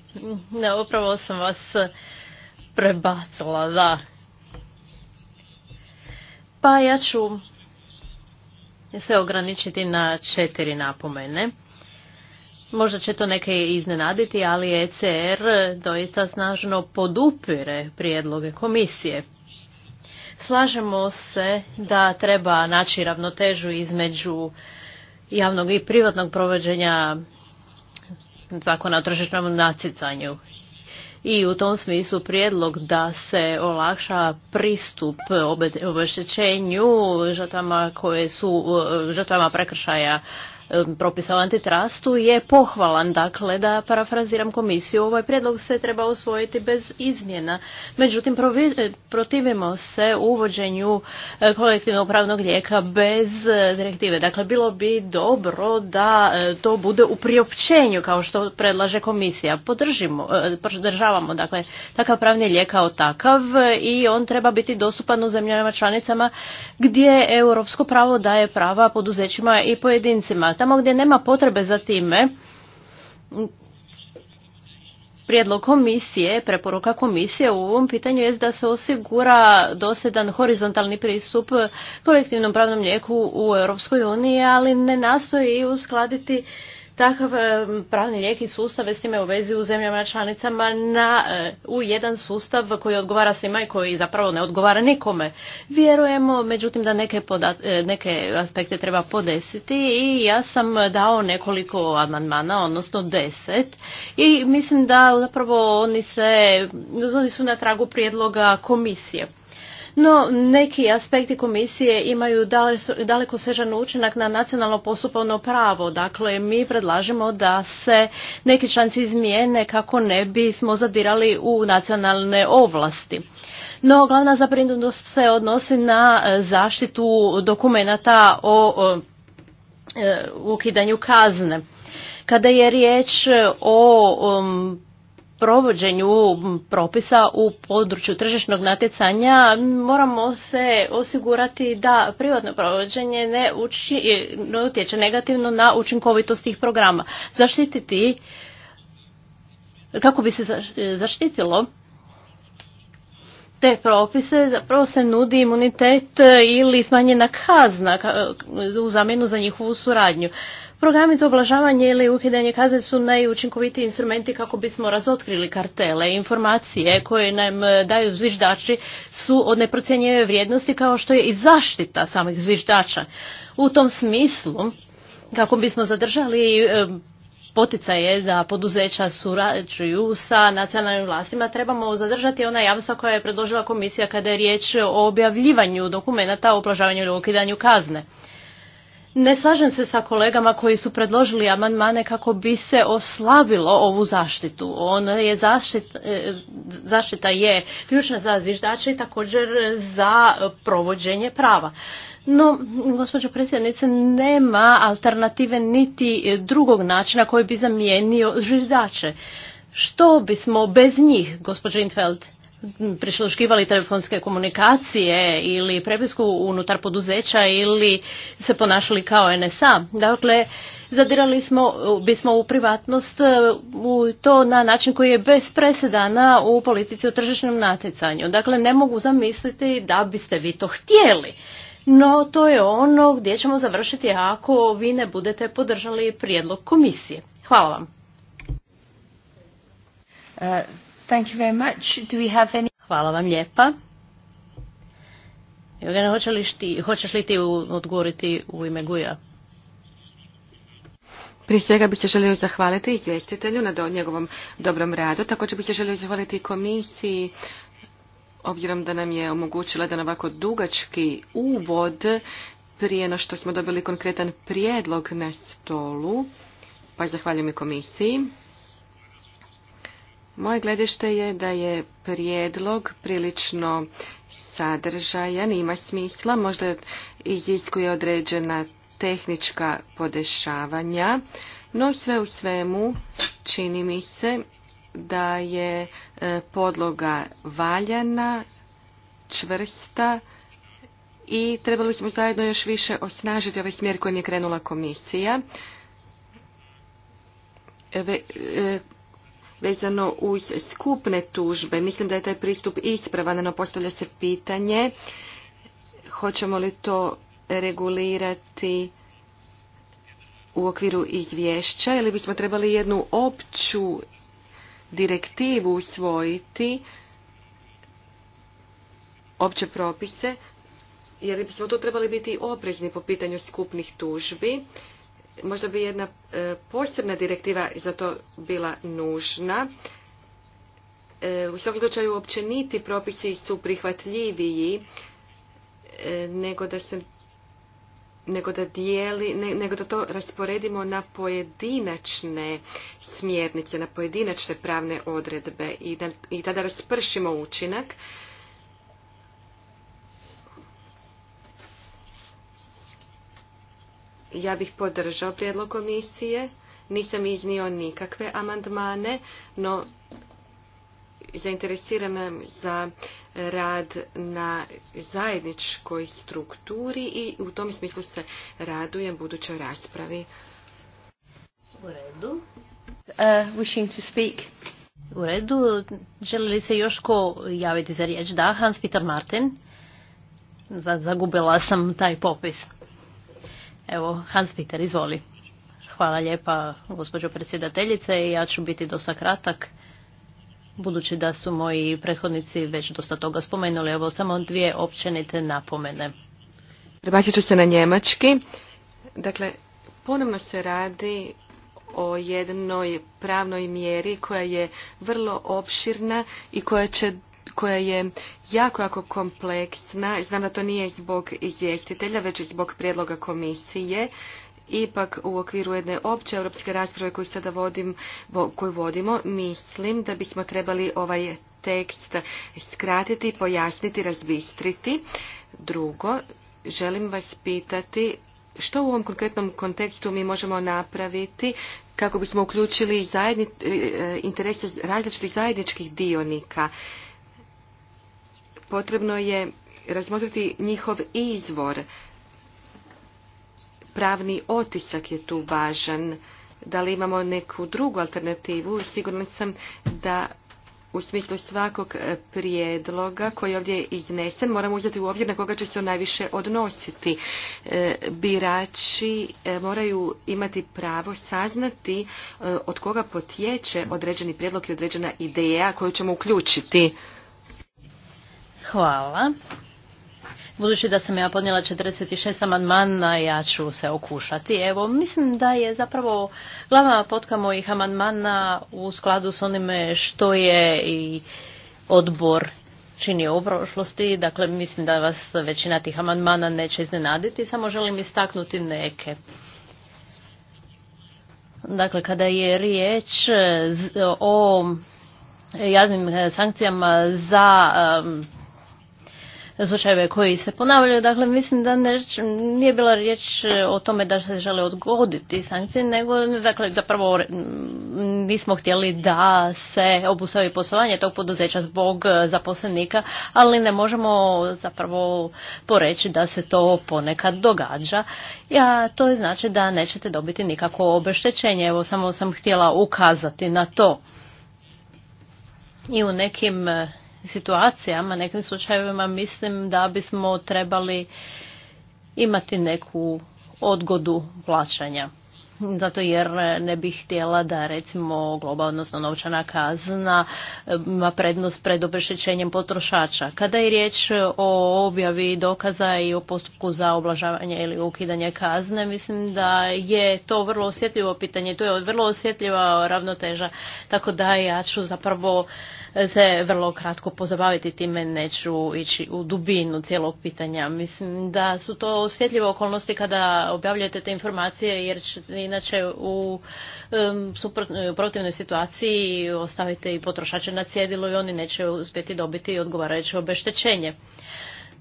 da upravo sam vas e, prebacila, da. Pa ja ću se ograničiti na četiri napomene. Možda će to neke iznenaditi, ali ECR doista snažno podupire prijedloge komisije. Slažemo se da treba naći ravnotežu između javnog i privatnog provođenja zakona o tržišnom nacicanju. I u tom smislu prijedlog da se olakša pristup obeštećenju žrtvama koje su eh, žrtvama prekršaja propisa o antitrastu je pohvalan, dakle da parafraziram komisiju, ovaj prijedlog se treba usvojiti bez izmjena. Međutim, e, protivimo se uvođenju e, kolektivnog pravnog lijeka bez e, direktive. Dakle, bilo bi dobro da to bude u priopćenju kao što predlaže komisija. Podržimo, podržavamo dakle takav pravni lijek kao takav i on treba biti dostupan u zemljama članicama gdje europsko pravo daje prava poduzećima i pojedincima tamo gdje nema potrebe za time, Prijedlog komisije, preporuka komisije u ovom pitanju je da se osigura dosjedan horizontalni pristup kolektivnom pravnom lijeku u EU, ali ne nastoji uskladiti takav e, pravni lijek i sustave s time u vezi u zemljama članicama na, e, u jedan sustav koji odgovara svima i koji zapravo ne odgovara nikome. Vjerujemo, međutim, da neke, e, neke aspekte treba podesiti i ja sam dao nekoliko amandmana, odnosno deset i mislim da zapravo oni, se, oni su na tragu prijedloga komisije. No, neki aspekti komisije imaju daleko sežan učinak na nacionalno postupovno pravo. Dakle, mi predlažemo da se neki članci izmijene kako ne bismo zadirali u nacionalne ovlasti. No, glavna zabrinutost se odnosi na e, zaštitu dokumenata o, e, ukidanju kazne. Kada je riječ o provođenju propisa u području tržišnog natjecanja moramo se osigurati da privatno provođenje ne, utječe negativno na učinkovitost tih programa. Zaštititi, kako bi se zaštitilo te propise zapravo se nudi imunitet ili smanjena kazna u zamjenu za njihovu suradnju. Programi za oblažavanje ili ukidanje kazne su najučinkovitiji instrumenti kako bismo razotkrili kartele. Informacije koje nam eh, daju zviždači su od neprocjenjive vrijednosti kao što je i zaštita samih zviždača. U tom smislu, kako bismo zadržali eh, poticaje da poduzeća surađuju sa nacionalnim vlastima, trebamo zadržati ona jamstva koja je predložila komisija kada je riječ o objavljivanju dokumenata o oblažavanju ili ukidanju kazne. Ne slažem se sa kolegama koji su predložili amandmane kako bi se oslabilo ovu zaštitu. Ona je e, zaštita je ključna za zviždače i također za provođenje prava. No, gospođo predsjednice, nema alternative niti drugog načina koji bi zamijenio zviždače. Što bismo bez njih, gospođo Intfeld? prisluškivali telefonske komunikacije ili prepisku unutar poduzeća ili se ponašali kao NSA. Dakle, zadirali smo, bismo u privatnost e, u to na način koji je bez presedana u politici o tržišnom natjecanju. Dakle, ne mogu zamisliti da biste vi to htjeli. No, to je ono gdje ćemo završiti ako vi ne budete podržali prijedlog komisije. Hvala vam. E, Thank you very much. Hvala vam lijepa. Jogana, hoćeš, li ti odgovoriti u ime Guja? Prije svega bih se želio zahvaliti izvjestitelju na njegovom dobrom radu. Također bih se želio zahvaliti komisiji obzirom da nam je omogućila da na ovako dugački uvod prije no što smo dobili konkretan prijedlog na stolu. Pa zahvaljujem i komisiji. Moje gledište je da je prijedlog prilično sadržajan, ima smisla, možda iziskuje određena tehnička podešavanja, no sve u svemu čini mi se da je e, podloga valjana, čvrsta i trebali smo zajedno još više osnažiti ovaj smjer kojim je krenula komisija e, vezano uz skupne tužbe. Mislim da je taj pristup ispravan, no postavlja se pitanje hoćemo li to regulirati u okviru izvješća ili bismo trebali jednu opću direktivu usvojiti opće propise jer bismo tu trebali biti oprezni po pitanju skupnih tužbi možda bi jedna e, posebna direktiva za to bila nužna. E, u svakom slučaju niti propisi su prihvatljiviji e, nego da se nego da dijeli, nego da to rasporedimo na pojedinačne smjernice, na pojedinačne pravne odredbe i, da, i tada raspršimo učinak. Ja bih podržao prijedlog komisije, nisam iznio nikakve amandmane, no zainteresirana za rad na zajedničkoj strukturi i u tom smislu se radujem budućoj raspravi. U redu. Uh, wishing to speak. U redu. Želi li se još ko javiti za riječ? Da, Hans Peter Martin. Zagubila sam taj popis. Evo, Hans Peter, izvoli. Hvala lijepa, gospođo predsjedateljice. Ja ću biti dosta kratak, budući da su moji prethodnici već dosta toga spomenuli. Evo, samo dvije općenite napomene. Prebacit ću se na njemački. Dakle, ponovno se radi o jednoj pravnoj mjeri koja je vrlo opširna i koja će koja je jako, jako kompleksna. Znam da to nije zbog izvjestitelja, već i zbog prijedloga komisije. Ipak u okviru jedne opće europske rasprave koju sada vodim, koju vodimo, mislim da bismo trebali ovaj tekst skratiti, pojasniti, razbistriti. Drugo, želim vas pitati što u ovom konkretnom kontekstu mi možemo napraviti kako bismo uključili zajedni, e, e, interese različitih zajedničkih dionika potrebno je razmotriti njihov izvor. Pravni otisak je tu važan. Da li imamo neku drugu alternativu? Sigurno sam da u smislu svakog prijedloga koji je ovdje iznesen moramo uzeti u obzir na koga će se on najviše odnositi. E, birači e, moraju imati pravo saznati e, od koga potječe određeni prijedlog i određena ideja koju ćemo uključiti. Hvala. Budući da sam ja podnijela 46 amandmana, ja ću se okušati. Evo, mislim da je zapravo glavna potka mojih amandmana u skladu s onime što je i odbor činio u prošlosti. Dakle, mislim da vas većina tih amandmana neće iznenaditi, samo želim istaknuti neke. Dakle, kada je riječ e, o e, jaznim sankcijama za slučajeve koji se ponavljaju. Dakle, mislim da ne, nije bila riječ o tome da se žele odgoditi sankcije, nego dakle, zapravo mm, nismo htjeli da se obustavi poslovanje tog poduzeća zbog zaposlenika, ali ne možemo zapravo poreći da se to ponekad događa. Ja, to je znači da nećete dobiti nikako obeštećenje. Evo, samo sam htjela ukazati na to. I u nekim situacijama, nekim slučajevima mislim da bismo trebali imati neku odgodu plaćanja zato jer ne bih htjela da recimo globalno, odnosno novčana kazna, e, ima prednost pred obeštećenjem potrošača. Kada je riječ o objavi dokaza i o postupku za oblažavanje ili ukidanje kazne, mislim da je to vrlo osjetljivo pitanje, to je vrlo osjetljiva ravnoteža, tako da ja ću zapravo e, se vrlo kratko pozabaviti time, neću ići u dubinu cijelog pitanja. Mislim da su to osjetljive okolnosti kada objavljujete te informacije jer ćete inače u e, protivnoj situaciji ostavite i potrošače na cjedilu i oni neće uspjeti dobiti odgovarajuće obeštećenje.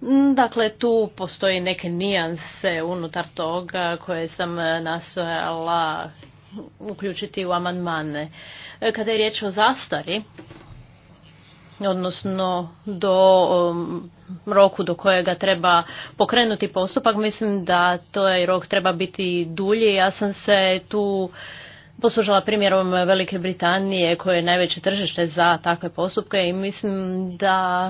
Mm, dakle, tu postoji neke nijanse unutar toga koje sam e, nastojala uključiti u amandmane. E, kada je riječ o zastari, odnosno do um, roku do kojega treba pokrenuti postupak. Mislim da taj rok treba biti dulji. Ja sam se tu poslužala primjerom Velike Britanije koje je najveće tržište za takve postupke i mislim da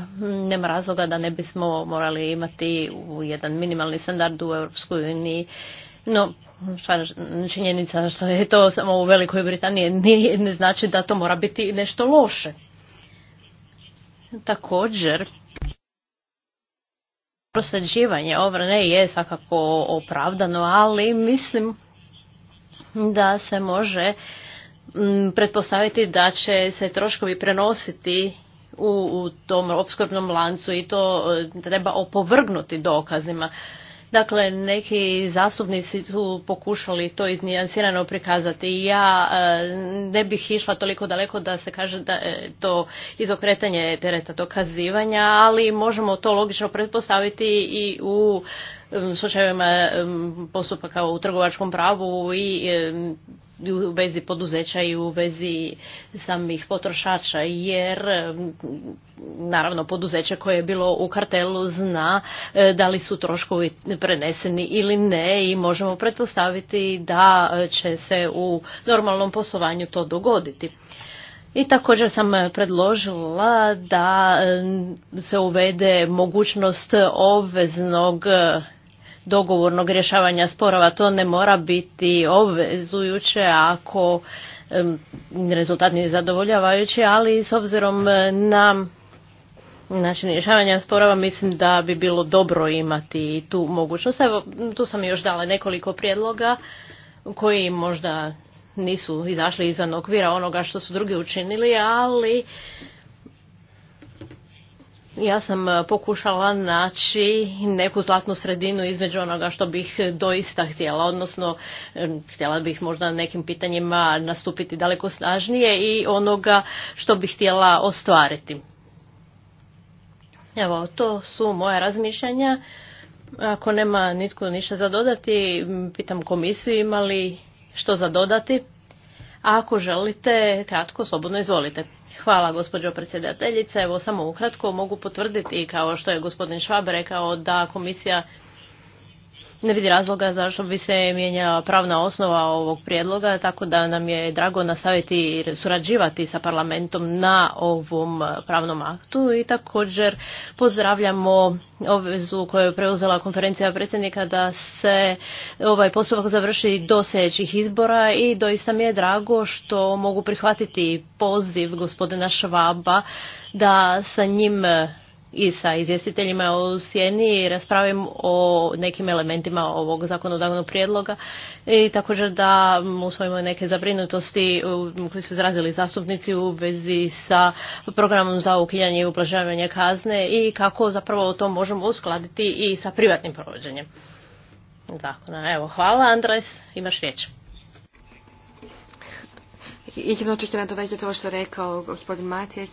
nema razloga da ne bismo morali imati u jedan minimalni standard u Europskoj uniji. No, činjenica što je to samo u Velikoj Britaniji ne znači da to mora biti nešto loše. Također, prosađivanje obrane je svakako opravdano, ali mislim da se može mm, pretpostaviti da će se troškovi prenositi u, u tom opskrbnom lancu i to e, treba opovrgnuti dokazima. Dakle, neki zastupnici su pokušali to iznijansirano prikazati. Ja e, ne bih išla toliko daleko da se kaže da je to izokretanje tereta dokazivanja, ali možemo to logično pretpostaviti i u slučajevima postupaka u trgovačkom pravu i u vezi poduzeća i u vezi samih potrošača jer naravno poduzeće koje je bilo u kartelu zna e, da li su troškovi preneseni ili ne i možemo pretpostaviti da e, će se u normalnom poslovanju to dogoditi. I također sam predložila da se uvede mogućnost obveznog dogovornog rješavanja sporova. To ne mora biti obvezujuće ako rezultat nije zadovoljavajući, ali s obzirom na način rješavanja sporova mislim da bi bilo dobro imati tu mogućnost. Evo, tu sam još dala nekoliko prijedloga koji možda nisu izašli izvan okvira onoga što su drugi učinili, ali ja sam e, pokušala naći neku zlatnu sredinu između onoga što bih doista htjela, odnosno e, htjela bih možda nekim pitanjima nastupiti daleko snažnije i onoga što bih htjela ostvariti. Evo, to su moja razmišljanja. Ako nema nitko ništa za dodati, pitam komisiju ima li što za dodati. A ako želite, kratko, slobodno izvolite. Hvala gospođo predsjedateljice. Evo samo ukratko mogu potvrditi kao što je gospodin Schwab rekao da komisija ne vidi razloga zašto bi se mijenjala pravna osnova ovog prijedloga, tako da nam je drago nastaviti surađivati sa parlamentom na ovom pravnom aktu i također pozdravljamo obvezu koju je preuzela konferencija predsjednika da se ovaj postupak završi do sljedećih izbora i doista mi je drago što mogu prihvatiti poziv gospodina Švaba da sa njim i sa izvjestiteljima u Sjeni i raspravim o nekim elementima ovog zakonodavnog prijedloga i također da usvojimo neke zabrinutosti koje su izrazili zastupnici u vezi sa programom za ukidanje i ublažavanje kazne i kako zapravo to možemo uskladiti i sa privatnim provođenjem zakona. Evo, hvala Andres, imaš riječ. Iznutno znači, ću to nadovezati ovo što rekao gospodin matić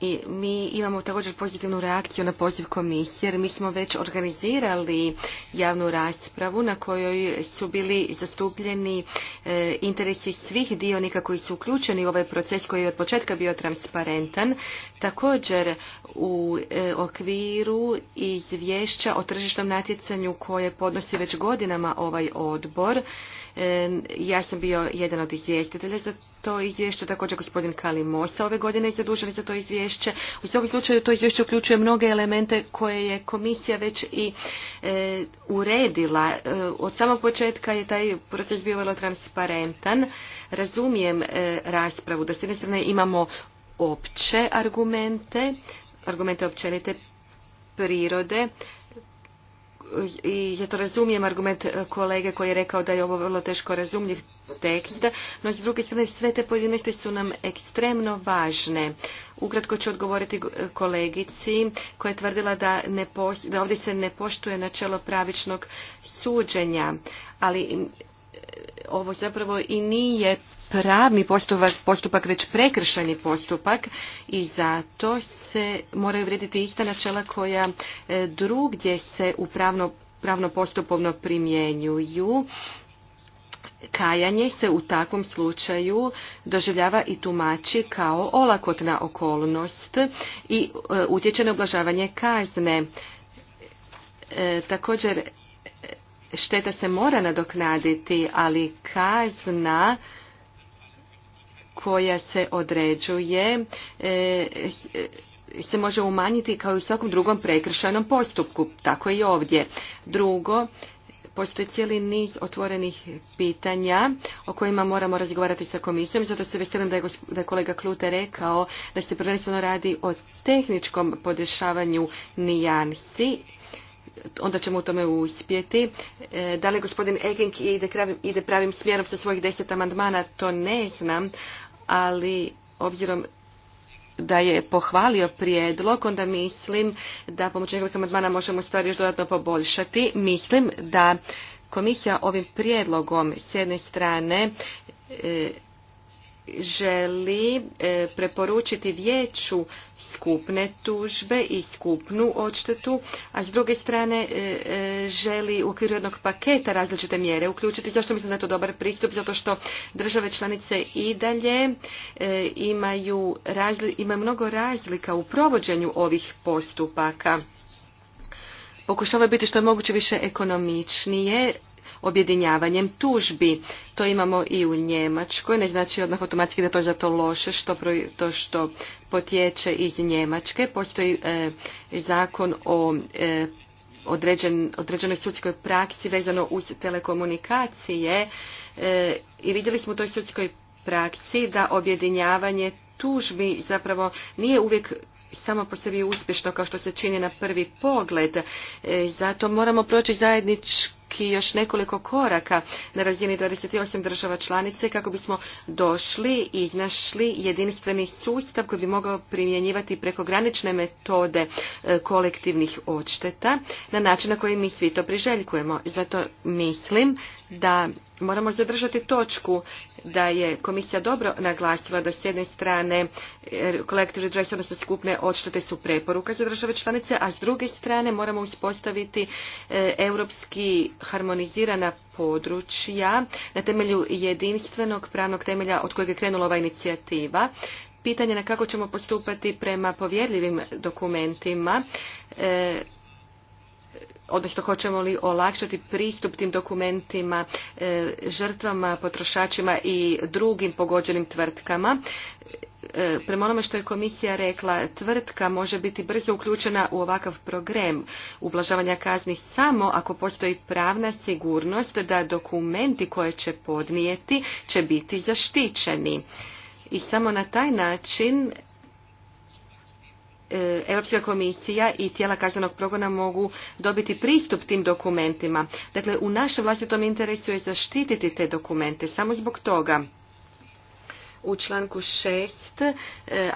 i mi imamo također pozitivnu reakciju na poziv komisije jer mi smo već organizirali javnu raspravu na kojoj su bili zastupljeni e, interesi svih dionika koji su uključeni u ovaj proces koji je od početka bio transparentan. Također u e, okviru izvješća o tržišnom natjecanju koje podnosi već godinama ovaj odbor ja sam bio jedan od izvjestitelja za to izvješće, također gospodin Kali Mosa ove godine je zadužen za to izvješće. U svakom slučaju to izvješće uključuje mnoge elemente koje je komisija već i e, uredila. E, od samog početka je taj proces bio vrlo transparentan. Razumijem e, raspravu da s jedne strane imamo opće argumente, argumente općenite prirode, ja to razumijem argument e, kolege koji je rekao da je ovo vrlo teško razumljiv tekst, no s druge strane sve te pojedinosti su nam ekstremno važne. Ukratko ću odgovoriti e, kolegici koja je tvrdila da, ne da ovdje se ne poštuje načelo pravičnog suđenja, ali e, ovo zapravo i nije pravni postupak, postupak već prekršajni postupak i zato se moraju vrijediti ista načela koja e, drugdje se u pravno, postupovno primjenjuju kajanje se u takvom slučaju doživljava i tumači kao olakotna okolnost i e, utječe na oblažavanje kazne. E, također šteta se mora nadoknaditi, ali kazna koja se određuje e, se može umanjiti kao i u svakom drugom prekršajnom postupku, tako i ovdje. Drugo, postoji cijeli niz otvorenih pitanja o kojima moramo razgovarati sa komisijom. Zato se veselim da je, kolega Klute rekao da se prvenstveno radi o tehničkom podešavanju nijansi. Onda ćemo u tome uspjeti. E, da li gospodin Egink ide, ide pravim smjerom sa svojih deset amandmana, to ne znam, ali obzirom da je pohvalio prijedlog, onda mislim da pomoću nekoliko amandmana možemo stvari još dodatno poboljšati. Mislim da komisija ovim prijedlogom s jedne strane e, želi e, preporučiti vijeću skupne tužbe i skupnu odštetu, a s druge strane e, e, želi u okviru jednog paketa različite mjere uključiti. Zašto mislim da je to dobar pristup? Zato što države članice i dalje imaju, razli, imaju mnogo razlika u provođenju ovih postupaka pokušava biti što je moguće više ekonomičnije objedinjavanjem tužbi. To imamo i u Njemačkoj, ne znači odmah automatski da to je zato loše, što, to što potječe iz Njemačke. Postoji e, zakon o e, određen, određenoj sudskoj praksi vezano uz telekomunikacije e, i vidjeli smo u toj sudskoj praksi da objedinjavanje tužbi zapravo nije uvijek samo po sebi uspješno kao što se čini na prvi pogled. zato moramo proći zajedničku još nekoliko koraka na razini 28 država članice kako bismo došli i iznašli jedinstveni sustav koji bi mogao primjenjivati prekogranične metode e, kolektivnih odšteta na način na koji mi svi to priželjkujemo. Zato mislim da moramo zadržati točku da je komisija dobro naglasila da s jedne strane kolektive e, redress, odnosno skupne odštete su preporuka za države članice, a s druge strane moramo uspostaviti e, europski harmonizirana područja na temelju jedinstvenog pravnog temelja od kojeg je krenula ova inicijativa. Pitanje na kako ćemo postupati prema povjerljivim dokumentima e, odnosno hoćemo li olakšati pristup tim dokumentima e, žrtvama, potrošačima i drugim pogođenim tvrtkama. E, prema onome što je komisija rekla, tvrtka može biti brzo uključena u ovakav program ublažavanja kazni samo ako postoji pravna sigurnost da dokumenti koje će podnijeti će biti zaštićeni. I samo na taj način E, Europska komisija i tijela kaznenog progona mogu dobiti pristup tim dokumentima. Dakle, u našem vlastitom interesu je zaštititi te dokumente. Samo zbog toga u članku 6 e,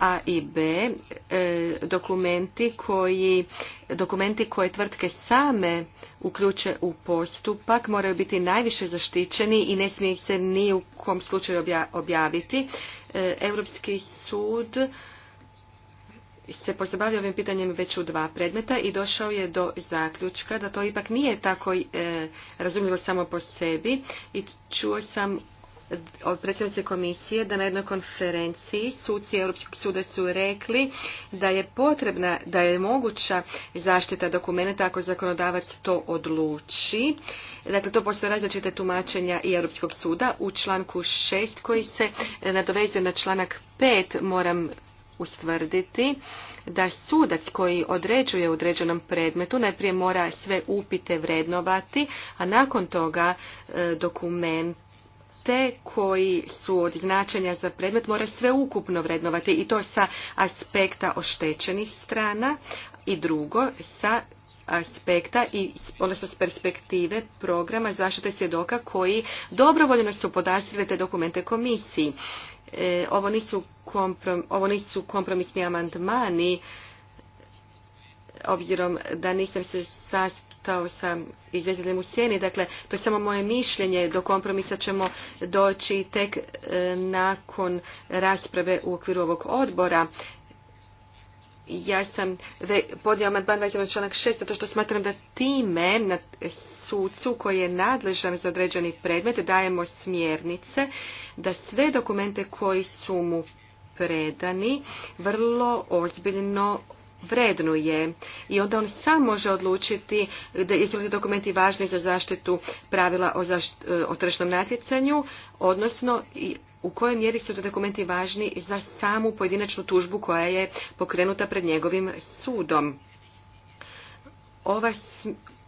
a, i b e, dokumenti koji dokumenti koje tvrtke same uključe u postupak moraju biti najviše zaštićeni i ne smije ih se ni u kom slučaju objaviti europski sud se pozabavio ovim pitanjem već u dva predmeta i došao je do zaključka da to ipak nije tako e, razumljivo samo po sebi i čuo sam od predsjednice komisije da na jednoj konferenciji suci Europskog suda su rekli da je potrebna, da je moguća zaštita dokumenta ako zakonodavac to odluči. Dakle, to postoje različite tumačenja i Europskog suda. U članku 6 koji se nadovezuje na članak 5 moram ustvrditi da sudac koji određuje u određenom predmetu najprije mora sve upite vrednovati, a nakon toga e, dokument te koji su od značenja za predmet mora sve ukupno vrednovati i to sa aspekta oštećenih strana i drugo sa aspekta i odnosno s perspektive programa zaštite svjedoka koji dobrovoljno su podastrili te dokumente komisiji. E, ovo, nisu komprom, ovo nisu kompromisni amandmani, obzirom da nisam se sastao sa izvjetljenim u sjeni. Dakle, to je samo moje mišljenje. Do kompromisa ćemo doći tek e, nakon rasprave u okviru ovog odbora ja sam podnio amandman vezano članak 6, zato što smatram da time na sucu koji je nadležan za određeni predmet dajemo smjernice da sve dokumente koji su mu predani vrlo ozbiljno vrednuje i onda on sam može odlučiti da jesu li dokumenti važni za zaštitu pravila o, trešnom natjecanju, odnosno u kojoj mjeri su to dokumenti važni za samu pojedinačnu tužbu koja je pokrenuta pred njegovim sudom.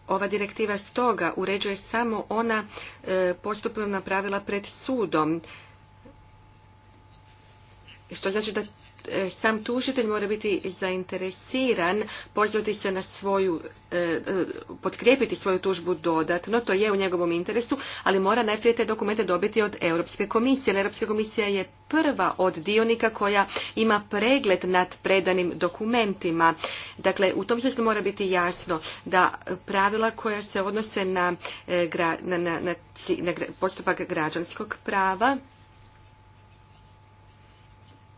Ova, direktiva stoga uređuje samo ona e, postupovna pravila pred sudom. Što znači da E, sam tužitelj mora biti zainteresiran pozvati se na svoju e, e, potkrijepiti svoju tužbu dodatno to je u njegovom interesu ali mora najprije te dokumente dobiti od europske komisije europska komisija je prva od dionika koja ima pregled nad predanim dokumentima dakle u tom smislu mora biti jasno da pravila koja se odnose na, na postupak građanskog prava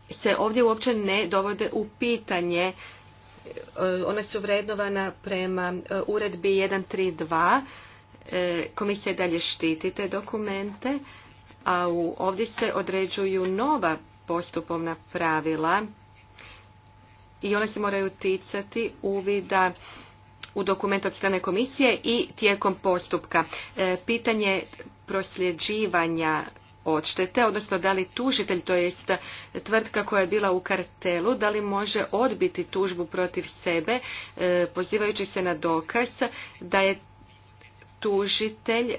se ovdje uopće ne dovode u pitanje. E, ona su vrednovana prema e, uredbi 132. E, komisija dalje štiti te dokumente, a ovdje se određuju nova postupovna pravila i one se moraju ticati uvida u dokument od strane komisije i tijekom postupka. Pitanje prosljeđivanja odštete, odnosno da li tužitelj, to jest tvrtka koja je bila u kartelu, da li može odbiti tužbu protiv sebe e, pozivajući se na dokaz da je tužitelj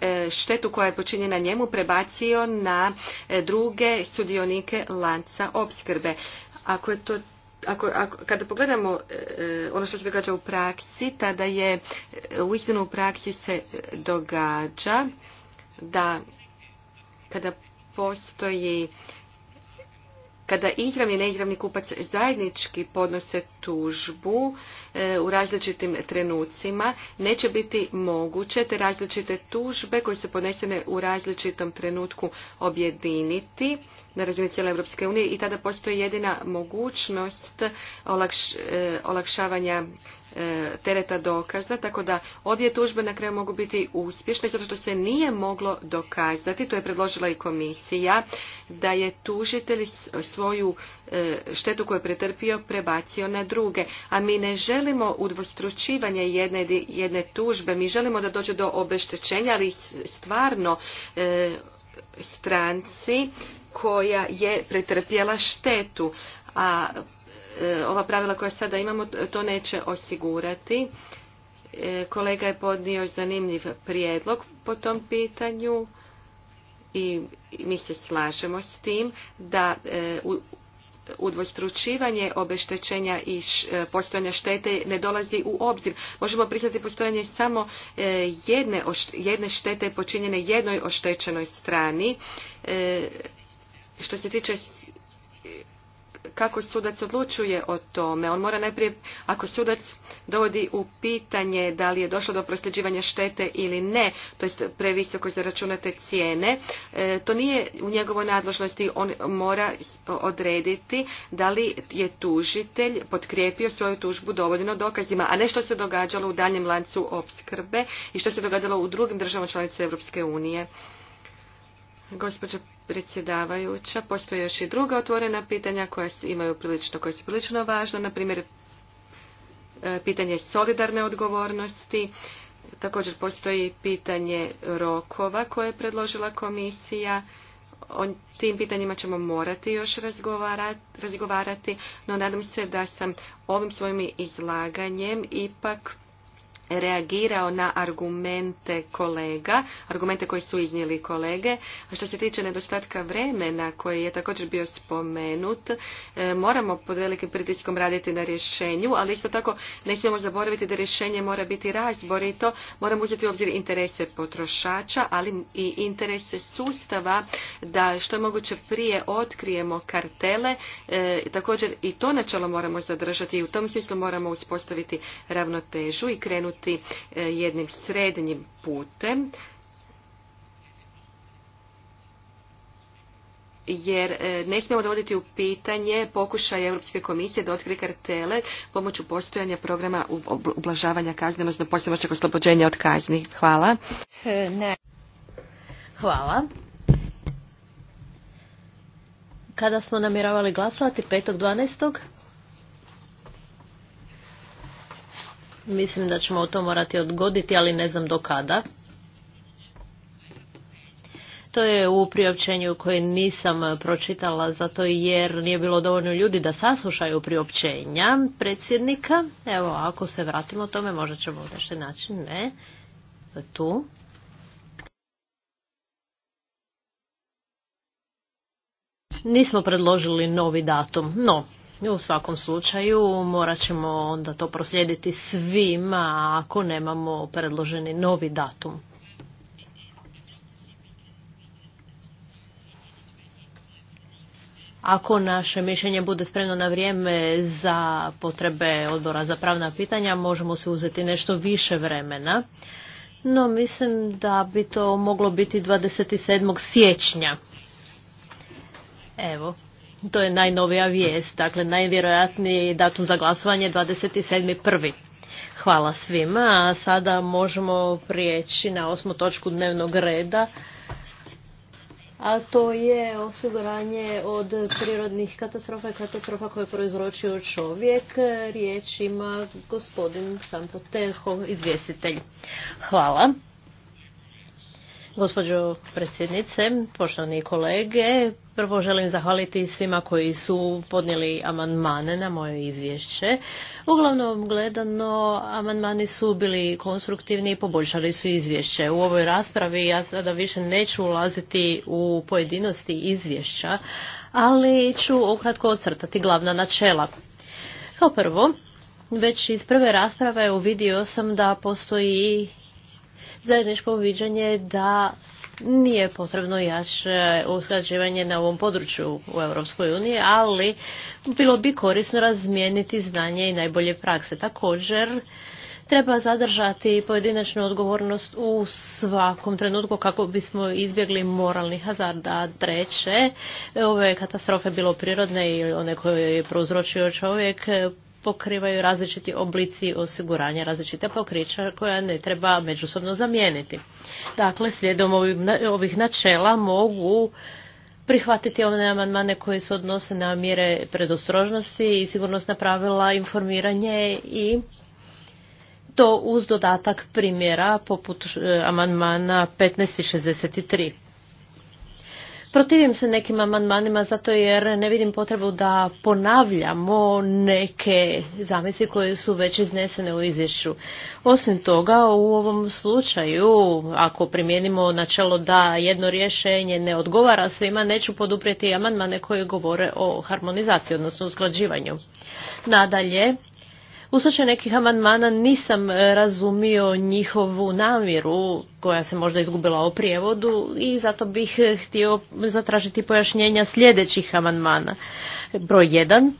e, štetu koja je počinjena njemu prebacio na e, druge sudionike lanca opskrbe. Ako je to ako, kada pogledamo ono što se događa u praksi, tada je uistinu u praksi se događa da kada postoji kada izravni i neizravni kupac zajednički podnose tužbu e, u različitim trenucima, neće biti moguće te različite tužbe koje su podnesene u različitom trenutku objediniti na razini cijele Europske unije i tada postoji jedina mogućnost e, olakšavanja E, tereta dokaza, tako da obje tužbe na kraju mogu biti uspješne, zato što se nije moglo dokazati, to je predložila i komisija, da je tužitelj svoju e, štetu koju je pretrpio prebacio na druge. A mi ne želimo udvostručivanje jedne, jedne tužbe, mi želimo da dođe do obeštećenja, ali stvarno e, stranci koja je pretrpjela štetu a E, ova pravila koja sada imamo to neće osigurati. E, kolega je podnio zanimljiv prijedlog po tom pitanju i mi se slažemo s tim da e, udvostručivanje obeštećenja i postojanja štete ne dolazi u obzir. Možemo priznati postojanje samo jedne, jedne štete počinjene jednoj oštećenoj strani. Što se tiče kako sudac odlučuje o tome. On mora najprije, ako sudac dovodi u pitanje da li je došlo do prosljeđivanja štete ili ne, to je previsoko računate cijene, e, to nije u njegovoj nadložnosti. On mora odrediti da li je tužitelj potkrijepio svoju tužbu dovoljno dokazima, a ne što se događalo u daljem lancu opskrbe i što se događalo u drugim državama članica Europske unije. Gospođo predsjedavajuća. Postoje još i druga otvorena pitanja koja imaju prilično, koja su prilično važna, na primjer e, pitanje solidarne odgovornosti, također postoji pitanje rokova koje je predložila komisija. O tim pitanjima ćemo morati još razgovarati, no nadam se da sam ovim svojim izlaganjem ipak reagirao na argumente kolega, argumente koji su iznijeli kolege. A što se tiče nedostatka vremena koji je također bio spomenut, e, moramo pod velikim pritiskom raditi na rješenju, ali isto tako ne smijemo zaboraviti da rješenje mora biti razborito, moramo uzeti u obzir interese potrošača, ali i interese sustava da što je moguće prije otkrijemo kartele. E, također i to načelo moramo zadržati i u tom smislu moramo uspostaviti ravnotežu i krenuti krenuti e, jednim srednjim putem jer e, ne smijemo dovoditi u pitanje pokušaj Europske komisije da otkri kartele pomoću postojanja programa ublažavanja kazne, odnosno posebnog oslobođenja od kazni. Hvala. E, Hvala. Kada smo namjeravali glasovati 5.12. Mislim da ćemo to morati odgoditi, ali ne znam do kada. To je u priopćenju koje nisam pročitala zato jer nije bilo dovoljno ljudi da saslušaju priopćenja predsjednika. Evo, ako se vratimo tome, možda ćemo nešto naći. Ne, to tu. Nismo predložili novi datum, no u svakom slučaju morat ćemo onda to proslijediti svima ako nemamo predloženi novi datum. Ako naše mišljenje bude spremno na vrijeme za potrebe odbora za pravna pitanja, možemo se uzeti nešto više vremena. No, mislim da bi to moglo biti 27. siječnja. Evo, to je najnovija vijest, dakle najvjerojatniji datum za glasovanje 27.1. Hvala svima, a sada možemo prijeći na osmu točku dnevnog reda, a to je osiguranje od prirodnih katastrofa i katastrofa koje je proizročio čovjek. Riječ ima gospodin Santo Terho, izvjestitelj. Hvala. Gospođo predsjednice, poštovani kolege, prvo želim zahvaliti svima koji su podnijeli amandmane na moje izvješće. Uglavnom gledano, amandmani su bili konstruktivni i poboljšali su izvješće. U ovoj raspravi ja sada više neću ulaziti u pojedinosti izvješća, ali ću ukratko ocrtati glavna načela. Kao prvo, već iz prve rasprave uvidio sam da postoji zajedničko viđenje da nije potrebno jače usklađivanje na ovom području u Europskoj uniji, ali bilo bi korisno razmijeniti znanje i najbolje prakse. Također, treba zadržati pojedinačnu odgovornost u svakom trenutku kako bismo izbjegli moralni hazard. treće, ove katastrofe bilo prirodne i one koje je prouzročio čovjek pokrivaju različiti oblici osiguranja, različita pokrića koja ne treba međusobno zamijeniti. Dakle, slijedom ovih načela mogu prihvatiti one amandmane koje se odnose na mjere predostrožnosti i sigurnosna pravila, informiranje i to uz dodatak primjera poput e, amandmana 1563. i Protivim se nekim amandmanima zato jer ne vidim potrebu da ponavljamo neke zamisli koje su već iznesene u izvješću. Osim toga, u ovom slučaju, ako primijenimo načelo da jedno rješenje ne odgovara svima, neću poduprijeti amandmane koji govore o harmonizaciji, odnosno usklađivanju. Nadalje, u slučaju nekih amandmana nisam e, razumio njihovu namjeru koja se možda izgubila o prijevodu i zato bih e, htio zatražiti pojašnjenja sljedećih amandmana. Broj 1,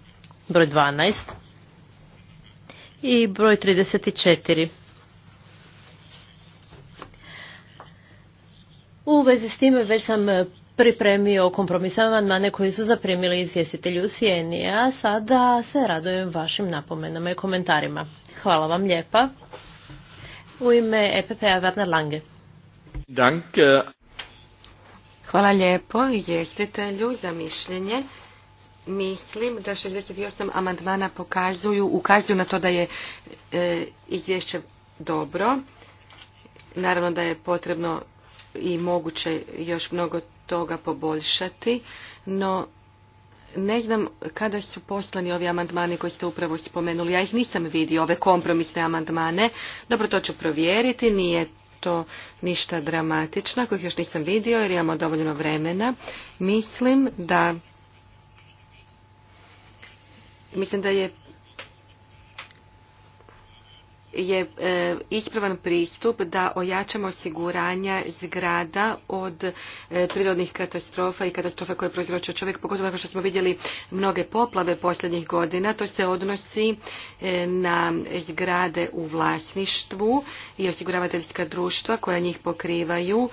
broj 12 i broj 34. U vezi s time već sam pripremio kompromisama amandmane koji su zaprimili izvjestitelju u Sijeni, a sada se radojem vašim napomenama i komentarima. Hvala vam lijepa. U ime EPP-a Werner Lange. Danke. Hvala lijepo izvjestitelju za mišljenje. Mislim da 68 amandmana pokazuju, ukazuju na to da je e, izvješće dobro. Naravno da je potrebno i moguće još mnogo toga poboljšati, no ne znam kada su poslani ovi amandmani koji ste upravo spomenuli. Ja ih nisam vidio, ove kompromisne amandmane. Dobro, to ću provjeriti, nije to ništa dramatično, ako ih još nisam vidio jer imamo dovoljno vremena. Mislim da mislim da je je e, ispravan pristup da ojačamo osiguranja zgrada od e, prirodnih katastrofa i katastrofa koje proizročio čovjek, pogotovo nakon što smo vidjeli mnoge poplave posljednjih godina. To se odnosi e, na zgrade u vlasništvu i osiguravateljska društva koja njih pokrivaju.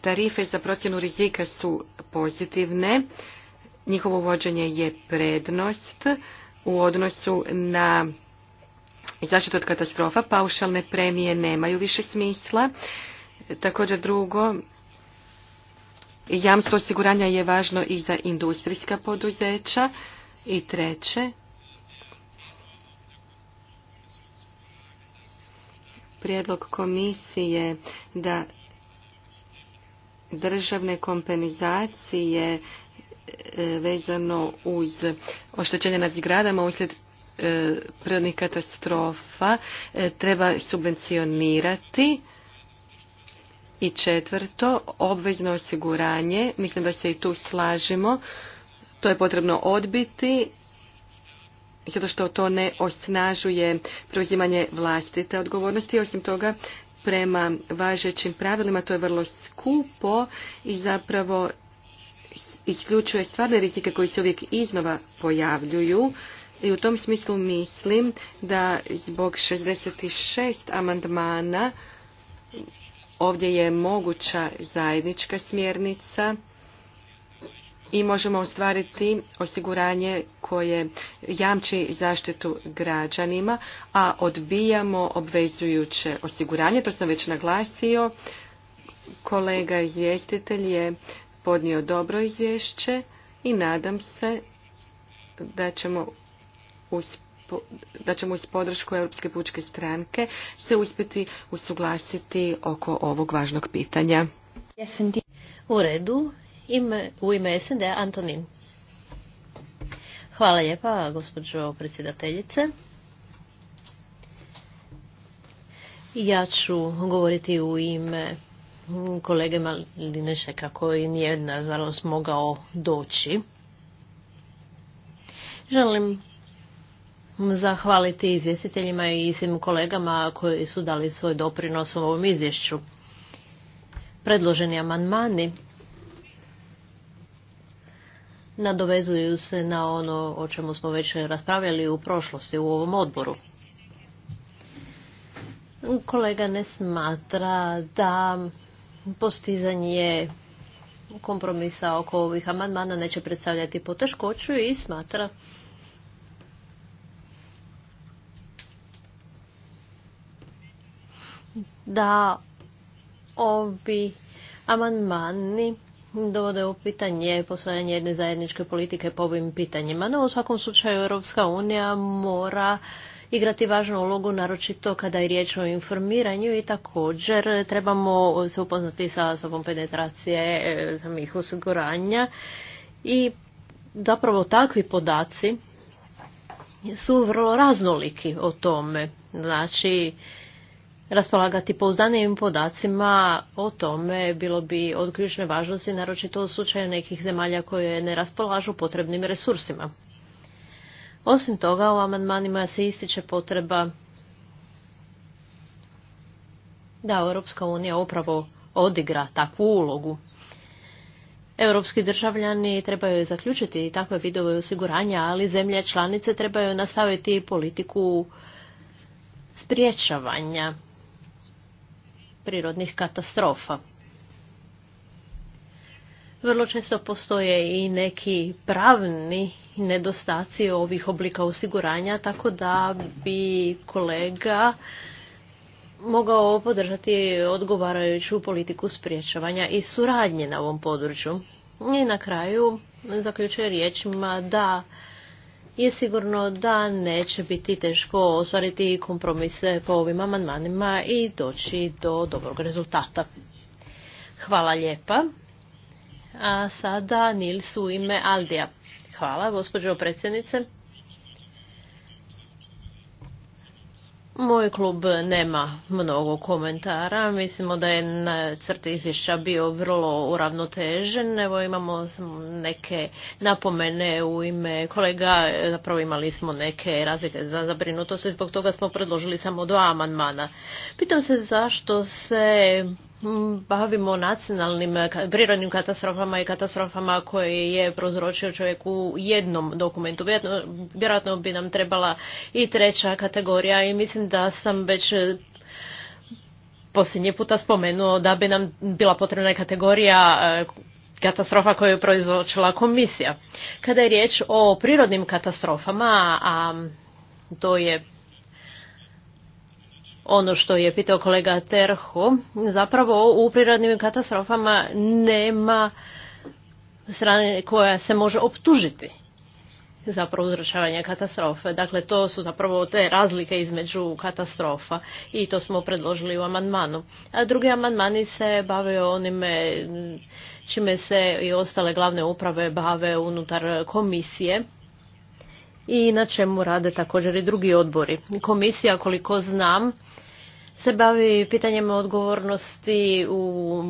Tarife za procjenu rizika su pozitivne. Njihovo uvođenje je prednost u odnosu na i zaštitu od katastrofa, paušalne premije nemaju više smisla. Također drugo, jamstvo osiguranja je važno i za industrijska poduzeća. I treće, prijedlog komisije da državne kompenizacije e, vezano uz oštećenje nad zgradama uslijed E, prirodnih katastrofa e, treba subvencionirati. I četvrto, obvezno osiguranje. Mislim da se i tu slažemo. To je potrebno odbiti zato što to ne osnažuje preuzimanje vlastite odgovornosti. Osim toga, prema važećim pravilima to je vrlo skupo i zapravo isključuje stvarne rizike koji se uvijek iznova pojavljuju i u tom smislu mislim da zbog 66 amandmana ovdje je moguća zajednička smjernica i možemo ostvariti osiguranje koje jamči zaštitu građanima, a odbijamo obvezujuće osiguranje, to sam već naglasio. Kolega izvjestitelj je podnio dobro izvješće i nadam se da ćemo da ćemo uz podršku Europske pučke stranke se uspjeti usuglasiti oko ovog važnog pitanja. U redu, u ime SND Antonin. Hvala lijepa, gospođo predsjedateljice. Ja ću govoriti u ime kolege Malinešeka koji nije nažalost mogao doći. Želim zahvaliti izvjestiteljima i svim kolegama koji su dali svoj doprinos u ovom izvješću. Predloženi amandmani nadovezuju se na ono o čemu smo već raspravljali u prošlosti u ovom odboru. Kolega ne smatra da postizanje kompromisa oko ovih amandmana neće predstavljati poteškoću i smatra da ovi amandmani dovode u pitanje posvajanje jedne zajedničke politike po ovim pitanjima. No, u svakom slučaju Europska unija mora igrati važnu ulogu, naročito kada je riječ o informiranju i također trebamo se upoznati sa sobom penetracije e, samih osiguranja i zapravo takvi podaci su vrlo raznoliki o tome. Znači, raspolagati pouzdanijim podacima o tome bilo bi od ključne važnosti, naročito u slučaju nekih zemalja koje ne raspolažu potrebnim resursima. Osim toga, u amandmanima se ističe potreba da Europska unija upravo odigra takvu ulogu. Europski državljani trebaju zaključiti takve vidove osiguranja, ali zemlje članice trebaju nastaviti politiku spriječavanja prirodnih katastrofa. Vrlo često postoje i neki pravni nedostaci ovih oblika osiguranja, tako da bi kolega mogao podržati odgovarajuću politiku spriječavanja i suradnje na ovom području. I na kraju zaključuje riječima da je sigurno da neće biti teško ostvariti kompromise po ovim amandmanima i doći do dobrog rezultata. Hvala lijepa. A sada Nils u ime Aldija. Hvala, gospođo predsjednice. Moj klub nema mnogo komentara. Mislimo da je na izvješća bio vrlo uravnotežen. Evo imamo neke napomene u ime kolega. Zapravo imali smo neke razlike za zabrinutost i zbog toga smo predložili samo dva amandmana. Pitam se zašto se Mm, bavimo nacionalnim eh, prirodnim katastrofama i katastrofama koje je prozročio čovjek u jednom dokumentu. Vjerojatno bi nam trebala i treća kategorija i mislim da sam već eh, posljednji puta spomenuo da bi nam bila potrebna kategorija eh, katastrofa koju je proizvočila komisija. Kada je riječ o prirodnim katastrofama, a to je ono što je pitao kolega Terho, zapravo u prirodnim katastrofama nema strane koja se može optužiti za prouzročavanje katastrofe. Dakle, to su zapravo te razlike između katastrofa i to smo predložili u amandmanu. A drugi amandmani se bave onime čime se i ostale glavne uprave bave unutar komisije i na čemu rade također i drugi odbori. Komisija, koliko znam, se bavi pitanjem odgovornosti u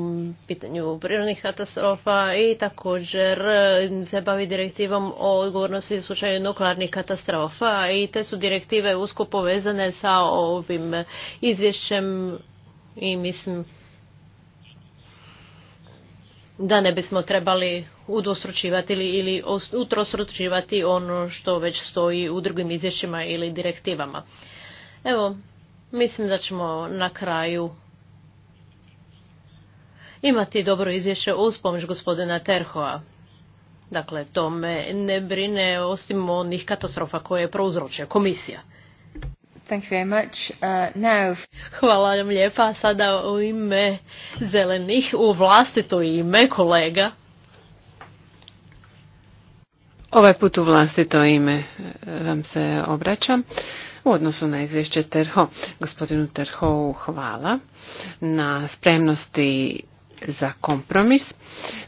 pitanju prirodnih katastrofa i također e, se bavi direktivom o odgovornosti u slučaju nuklearnih katastrofa i te su direktive usko povezane sa ovim izvješćem i mislim da ne bismo trebali udvostručivati ili utrostručivati ono što već stoji u drugim izvješćima ili direktivama. Evo, Mislim da ćemo na kraju imati dobro izvješće uz pomoć gospodina Terhoa. Dakle, to me ne brine osim onih katastrofa koje prouzročio komisija. Uh, Hvala vam lijepa. Sada u ime zelenih, u vlastito ime kolega. Ovaj put u vlastito ime eh, vam se obraćam u odnosu na izvješće Terho. Gospodinu Terho, hvala na spremnosti za kompromis.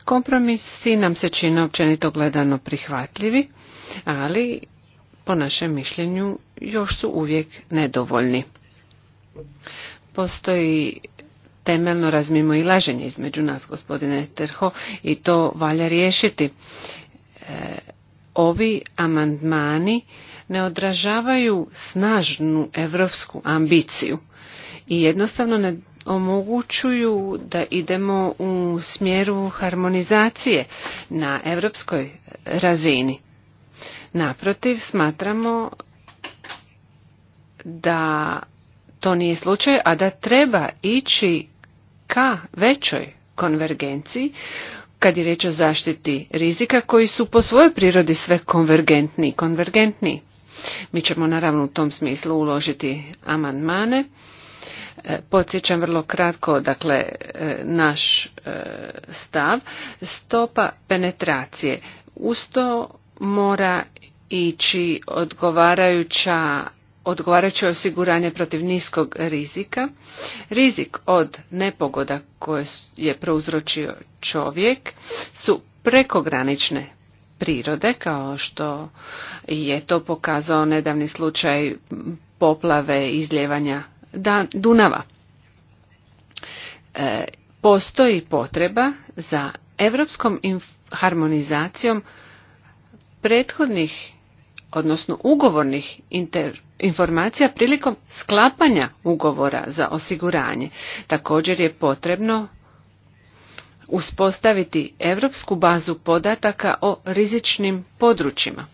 Kompromisi nam se čine općenito gledano prihvatljivi, ali po našem mišljenju još su uvijek nedovoljni. Postoji temeljno razmimo i laženje između nas, gospodine Terho, i to valja riješiti. E, ovi amandmani ne odražavaju snažnu evropsku ambiciju i jednostavno ne omogućuju da idemo u smjeru harmonizacije na europskoj razini. Naprotiv, smatramo da to nije slučaj, a da treba ići ka većoj konvergenciji kad je riječ o zaštiti rizika koji su po svojoj prirodi sve konvergentni i konvergentni. Mi ćemo naravno u tom smislu uložiti amandmane. E, podsjećam vrlo kratko, dakle, e, naš e, stav. Stopa penetracije. Uz to mora ići odgovarajuća odgovarajuće osiguranje protiv niskog rizika, rizik od nepogoda koje je prouzročio čovjek su prekogranične prirode, kao što je to pokazao nedavni slučaj poplave izljevanja Dunava. E, postoji potreba za evropskom harmonizacijom prethodnih odnosno ugovornih informacija prilikom sklapanja ugovora za osiguranje. Također je potrebno uspostaviti europsku bazu podataka o rizičnim područjima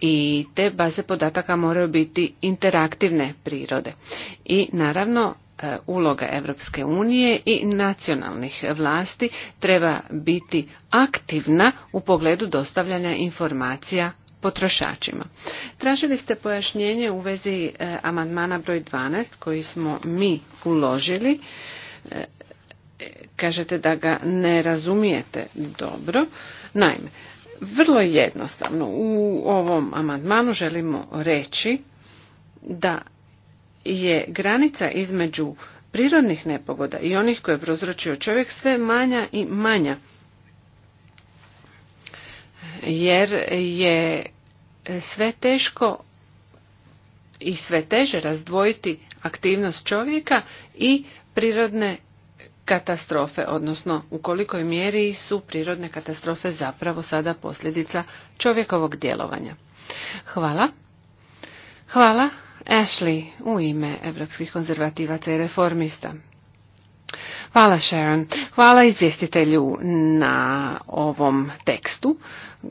i te baze podataka moraju biti interaktivne prirode i naravno e, uloga Europske unije i nacionalnih vlasti treba biti aktivna u pogledu dostavljanja informacija potrošačima. Tražili ste pojašnjenje u vezi e, amandmana broj 12 koji smo mi uložili e, kažete da ga ne razumijete dobro. Naime, vrlo jednostavno u ovom amandmanu želimo reći da je granica između prirodnih nepogoda i onih koje je prozročio čovjek sve manja i manja. Jer je sve teško i sve teže razdvojiti aktivnost čovjeka i prirodne katastrofe, odnosno u kolikoj mjeri su prirodne katastrofe zapravo sada posljedica čovjekovog djelovanja. Hvala. Hvala Ashley u ime Evropskih konzervativaca i reformista. Hvala Sharon. Hvala izvjestitelju na ovom tekstu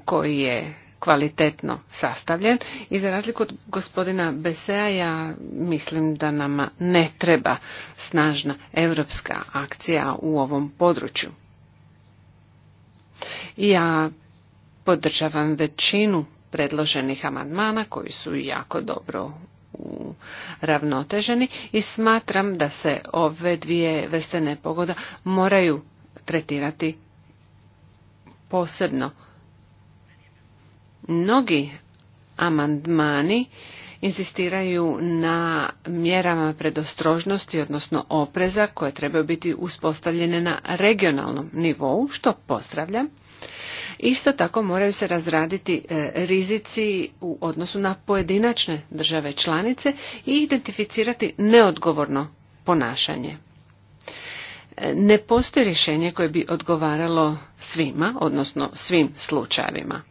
koji je kvalitetno sastavljen i za razliku od gospodina Besea ja mislim da nama ne treba snažna europska akcija u ovom području. Ja podržavam većinu predloženih amandmana koji su jako dobro ravnoteženi i smatram da se ove dvije vrste nepogoda moraju tretirati posebno Mnogi amandmani insistiraju na mjerama predostrožnosti, odnosno opreza, koje trebaju biti uspostavljene na regionalnom nivou, što pozdravljam. Isto tako moraju se razraditi e, rizici u odnosu na pojedinačne države članice i identificirati neodgovorno ponašanje. E, ne postoji rješenje koje bi odgovaralo svima, odnosno svim slučajevima.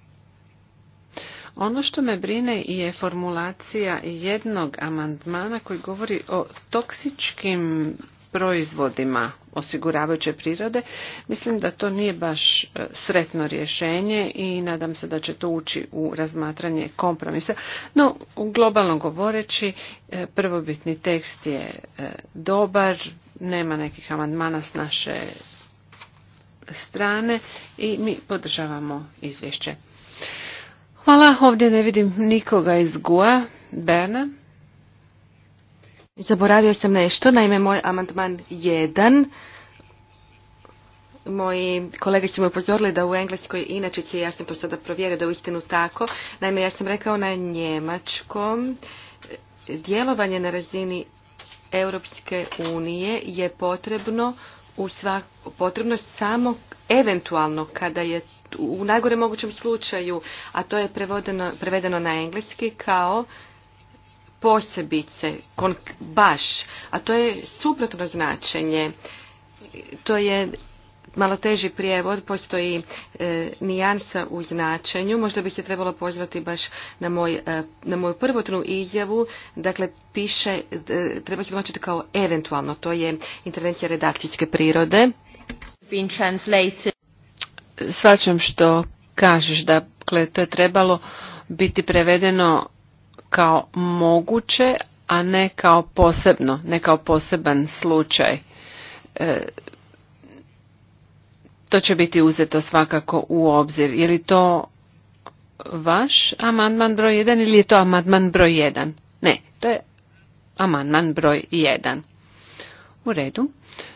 Ono što me brine je formulacija jednog amandmana koji govori o toksičkim proizvodima osiguravajuće prirode. Mislim da to nije baš e, sretno rješenje i nadam se da će to ući u razmatranje kompromisa. No, globalno govoreći, e, prvobitni tekst je e, dobar, nema nekih amandmana s naše strane i mi podržavamo izvješće. Hvala, ovdje ne vidim nikoga iz GUA, Berna. Zaboravio sam nešto, naime moj amandman 1. Moji kolege su me upozorili da u Engleskoj, inače će, ja sam to sada provjerio da je uistinu tako, naime ja sam rekao na njemačkom, djelovanje na razini Europske unije je potrebno u svak, potrebno samo eventualno kada je u najgore mogućem slučaju, a to je prevedeno, prevedeno na engleski kao posebice, kon, baš, a to je suprotno značenje. To je malo teži prijevod, postoji e, nijansa u značenju. Možda bi se trebalo pozvati baš na, moj, e, na moju prvotnu izjavu. Dakle, piše, e, treba se značiti kao eventualno. To je intervencija redakcijske prirode. Svačem što kažeš, dakle to je trebalo biti prevedeno kao moguće, a ne kao posebno, ne kao poseban slučaj. E, to će biti uzeto svakako u obzir. Je li to vaš amandman broj 1 ili je to amandman broj 1? Ne, to je amandman broj 1. U redu.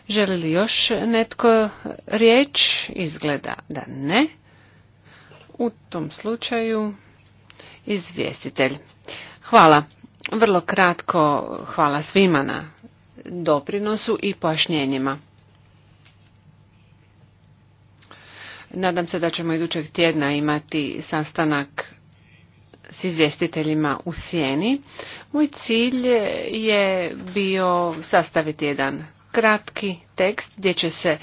Želi li još netko riječ? Izgleda da ne. U tom slučaju izvjestitelj. Hvala. Vrlo kratko hvala svima na doprinosu i pojašnjenjima. Nadam se da ćemo idućeg tjedna imati sastanak s izvjestiteljima u Sjeni. Moj cilj je bio sastaviti jedan kratki tekst gdje će se e,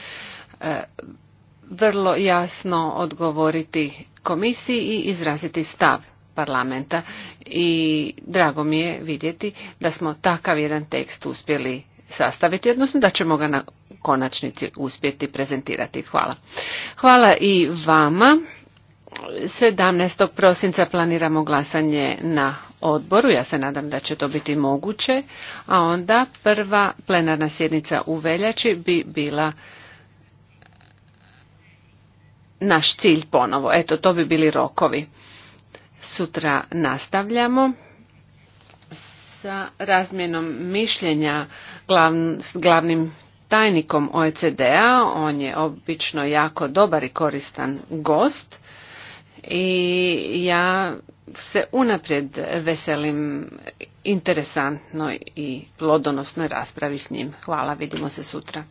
vrlo jasno odgovoriti komisiji i izraziti stav parlamenta i drago mi je vidjeti da smo takav jedan tekst uspjeli sastaviti, odnosno da ćemo ga na konačnici uspjeti prezentirati. Hvala. Hvala i vama. 17. prosinca planiramo glasanje na odboru. Ja se nadam da će to biti moguće. A onda prva plenarna sjednica u veljači bi bila naš cilj ponovo. Eto, to bi bili rokovi. Sutra nastavljamo sa razmjenom mišljenja glavnim tajnikom OECD-a. On je obično jako dobar i koristan gost. I ja se unaprijed veselim interesantnoj i plodonosnoj raspravi s njim. Hvala, vidimo se sutra.